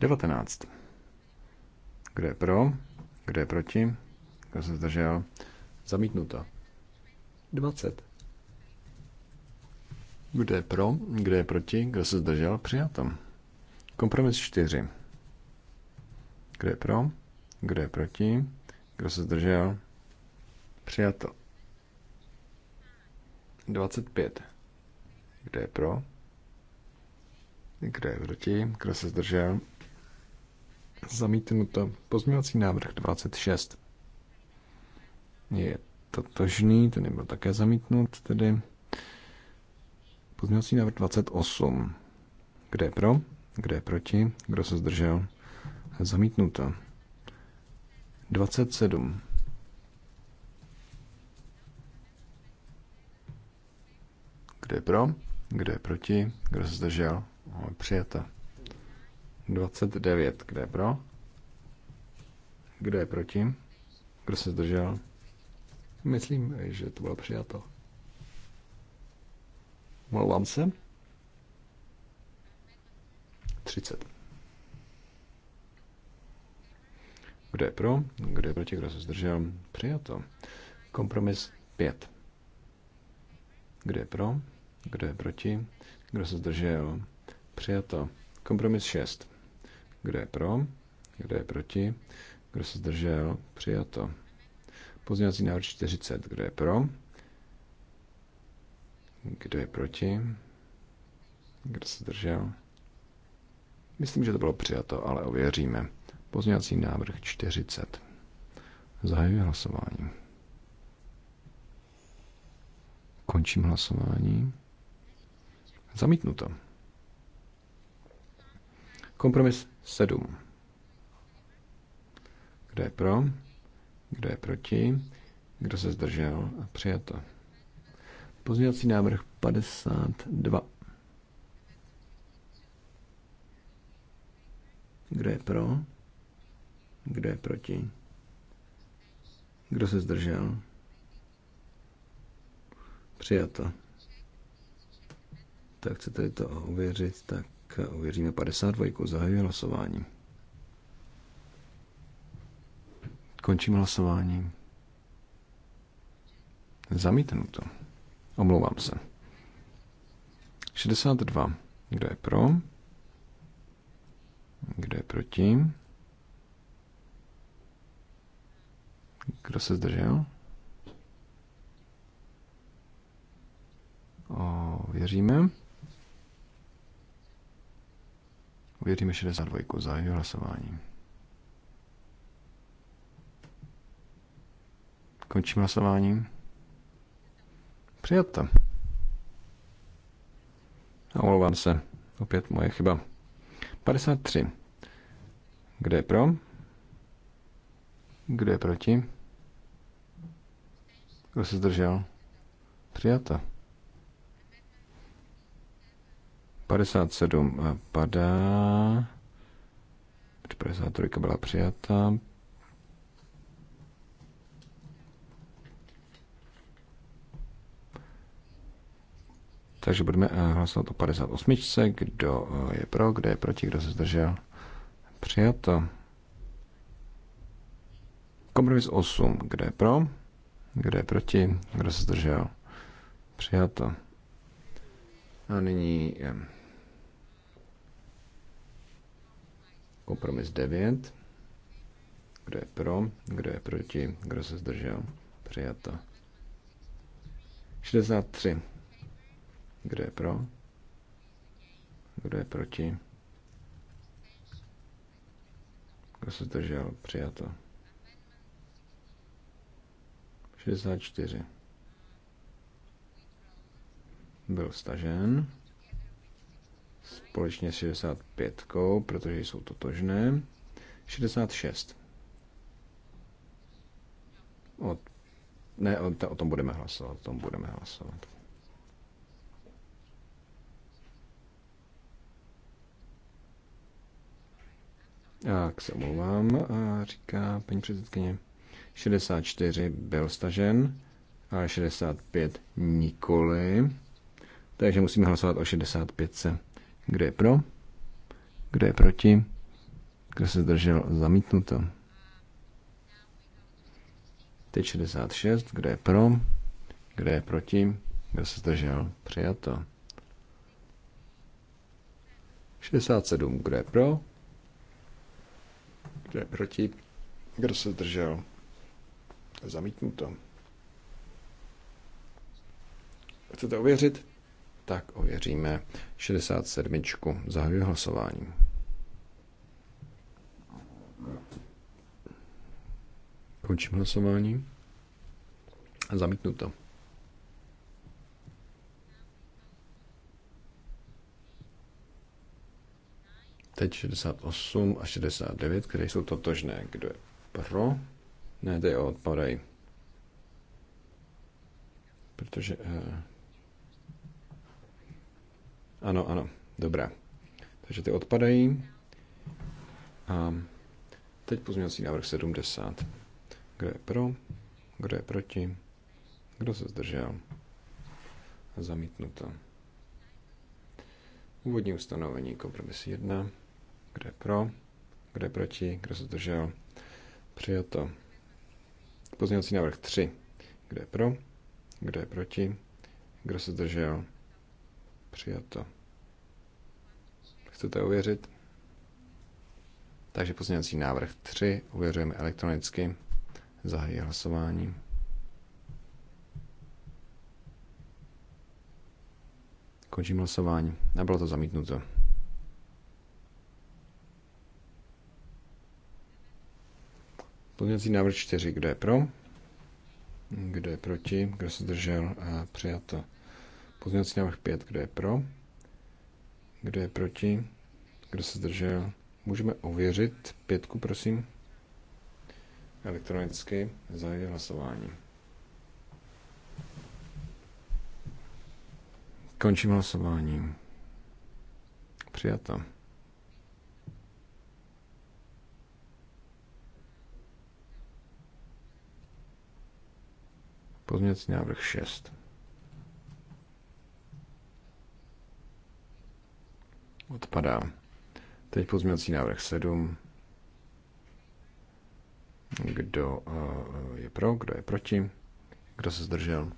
B: 19. Kdo je pro? Kdo je proti? Kdo se zdržel? Zamítnuto. 20. Kdo je pro? Kdo je proti? Kdo se zdržel? Přijato. Kompromis 4. Kdo je pro? Kdo je proti? Kdo se zdržel? Přijato. 25. Kdo je pro? Kdo je proti? Kdo se zdržel? Zamítnuto. Pozměňovací návrh 26 je totožný, ten byl také zamítnut, tedy pozměňovací návrh 28. Kde je pro? Kde je proti? Kdo se zdržel? Zamítnuto. 27. Kde je pro? Kdo je proti? Kdo se zdržel? Přijata. 29. Kdo je pro? Kdo je proti? Kdo se zdržel? Myslím, že to bylo přijato. Mluvám se. 30. Kdo je pro? Kdo je proti? Kdo se zdržel? Přijato. Kompromis 5. Kdo je pro? Kdo je proti? Kdo se zdržel? Přijato. Kompromis 6. Kdo je pro? Kdo je proti? Kdo se zdržel? Přijato. Pozměňovací návrh 40. Kdo je pro? Kdo je proti? Kdo se zdržel? Myslím, že to bylo přijato, ale ověříme. Pozměňovací návrh 40. Zahajuji hlasování. Končím hlasování. Zamítnuto. Kompromis 7. Kdo je pro? Kdo je proti? Kdo se zdržel? A přijato. Pozměňovací návrh 52. Kdo je pro? Kdo je proti? Kdo se zdržel? Přijato. Tak chcete to uvěřit, tak uvěříme 52. Zahajuji hlasování. Končím hlasování. to. Omlouvám se. 62. Kdo je pro? Kdo je proti? Kdo se zdržel? O, věříme. Uvěříme 62. Zahajuji hlasování. Končím hlasování. Přijata. A omlouvám se. Opět moje chyba. 53. Kdo je pro? Kdo je proti? Kdo se zdržel? Přijata. 57 eh, padá. 53 byla přijata. Takže budeme eh, hlasovat o 58. Kdo eh, je pro, kdo je proti, kdo se zdržel. Přijato. Kompromis 8. Kdo je pro, kdo je proti, kdo se zdržel. Přijato. A nyní Kompromis 9. Kdo je pro? Kdo je proti? Kdo se zdržel? Přijato. 63. Kdo je pro? Kdo je proti? Kdo se zdržel? Přijato. 64. Byl stažen společně s 65, protože jsou totožné. 66. O, ne, o, o tom budeme hlasovat, o tom budeme hlasovat. Tak se omlouvám, říká paní předsedkyně. 64 byl stažen, a 65 nikoli. Takže musíme hlasovat o 65. Kdo je pro? Kdo je proti? Kdo se zdržel? Zamítnuto. Teď 66. Kdo je pro? Kdo je proti? Kdo se zdržel? Přijato. 67. Kdo je pro? Kdo je proti? Kdo se zdržel? Zamítnuto. Chcete ověřit? tak ověříme 67. Zahajuji hlasování. Končím hlasování. Zamítnuto. Teď 68 a 69, které jsou totožné. Kdo je pro? Ne, ty odpadají. Protože Uh... Ano, ano, dobrá. Takže ty odpadají. A teď pozměňovací návrh 70. Kdo je pro? Kdo je proti? Kdo se zdržel? Zamítnuto. Úvodní ustanovení kompromis 1. Kdo je pro? Kdo je proti? Kdo se zdržel? Přijato. Pozměňovací návrh 3. Kdo je pro? Kdo je proti? Kdo se zdržel? Přijato. Chcete ověřit? Takže pozměňovací návrh 3 ověřujeme elektronicky. Zahají hlasování. Končím hlasování. Nebylo to zamítnuto. Pozměňovací návrh 4. Kdo je pro? Kdo je proti? Kdo se držel? A přijato. Pozměňovací návrh 5, kdo je pro, kdo je proti, kdo se zdržel. Můžeme ověřit pětku, prosím, elektronicky za hlasování. Končím hlasování. Přijata. Pozměňovací návrh 6. Odpadá. Teď pozměňovací návrh 7. Kdo eh, je pro, kdo je proti, kdo se zdržel.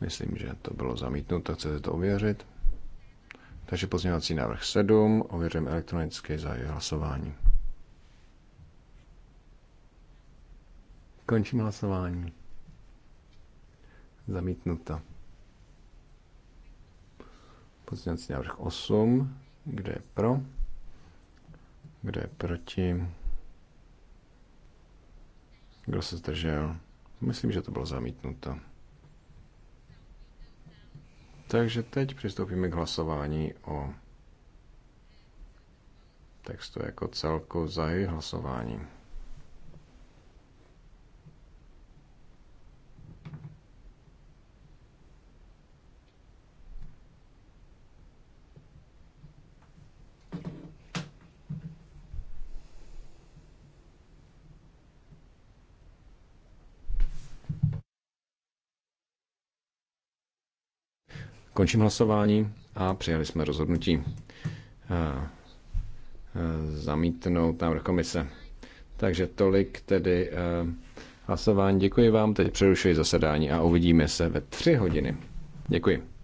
B: Myslím, že to bylo zamítnuto, chcete to ověřit. Takže pozměňovací návrh 7, ověřím elektronicky za jeho hlasování. Končím hlasování. Zamítnuto. Pozměňovací návrh 8. Kdo je pro? Kdo je proti? Kdo se zdržel? Myslím, že to bylo zamítnuto. Takže teď přistoupíme k hlasování o textu jako celku. její hlasování. Končím hlasování a přijali jsme rozhodnutí eh, eh, zamítnout návrh komise. Takže tolik tedy eh, hlasování. Děkuji vám, teď přerušuji zasedání a uvidíme se ve tři hodiny. Děkuji.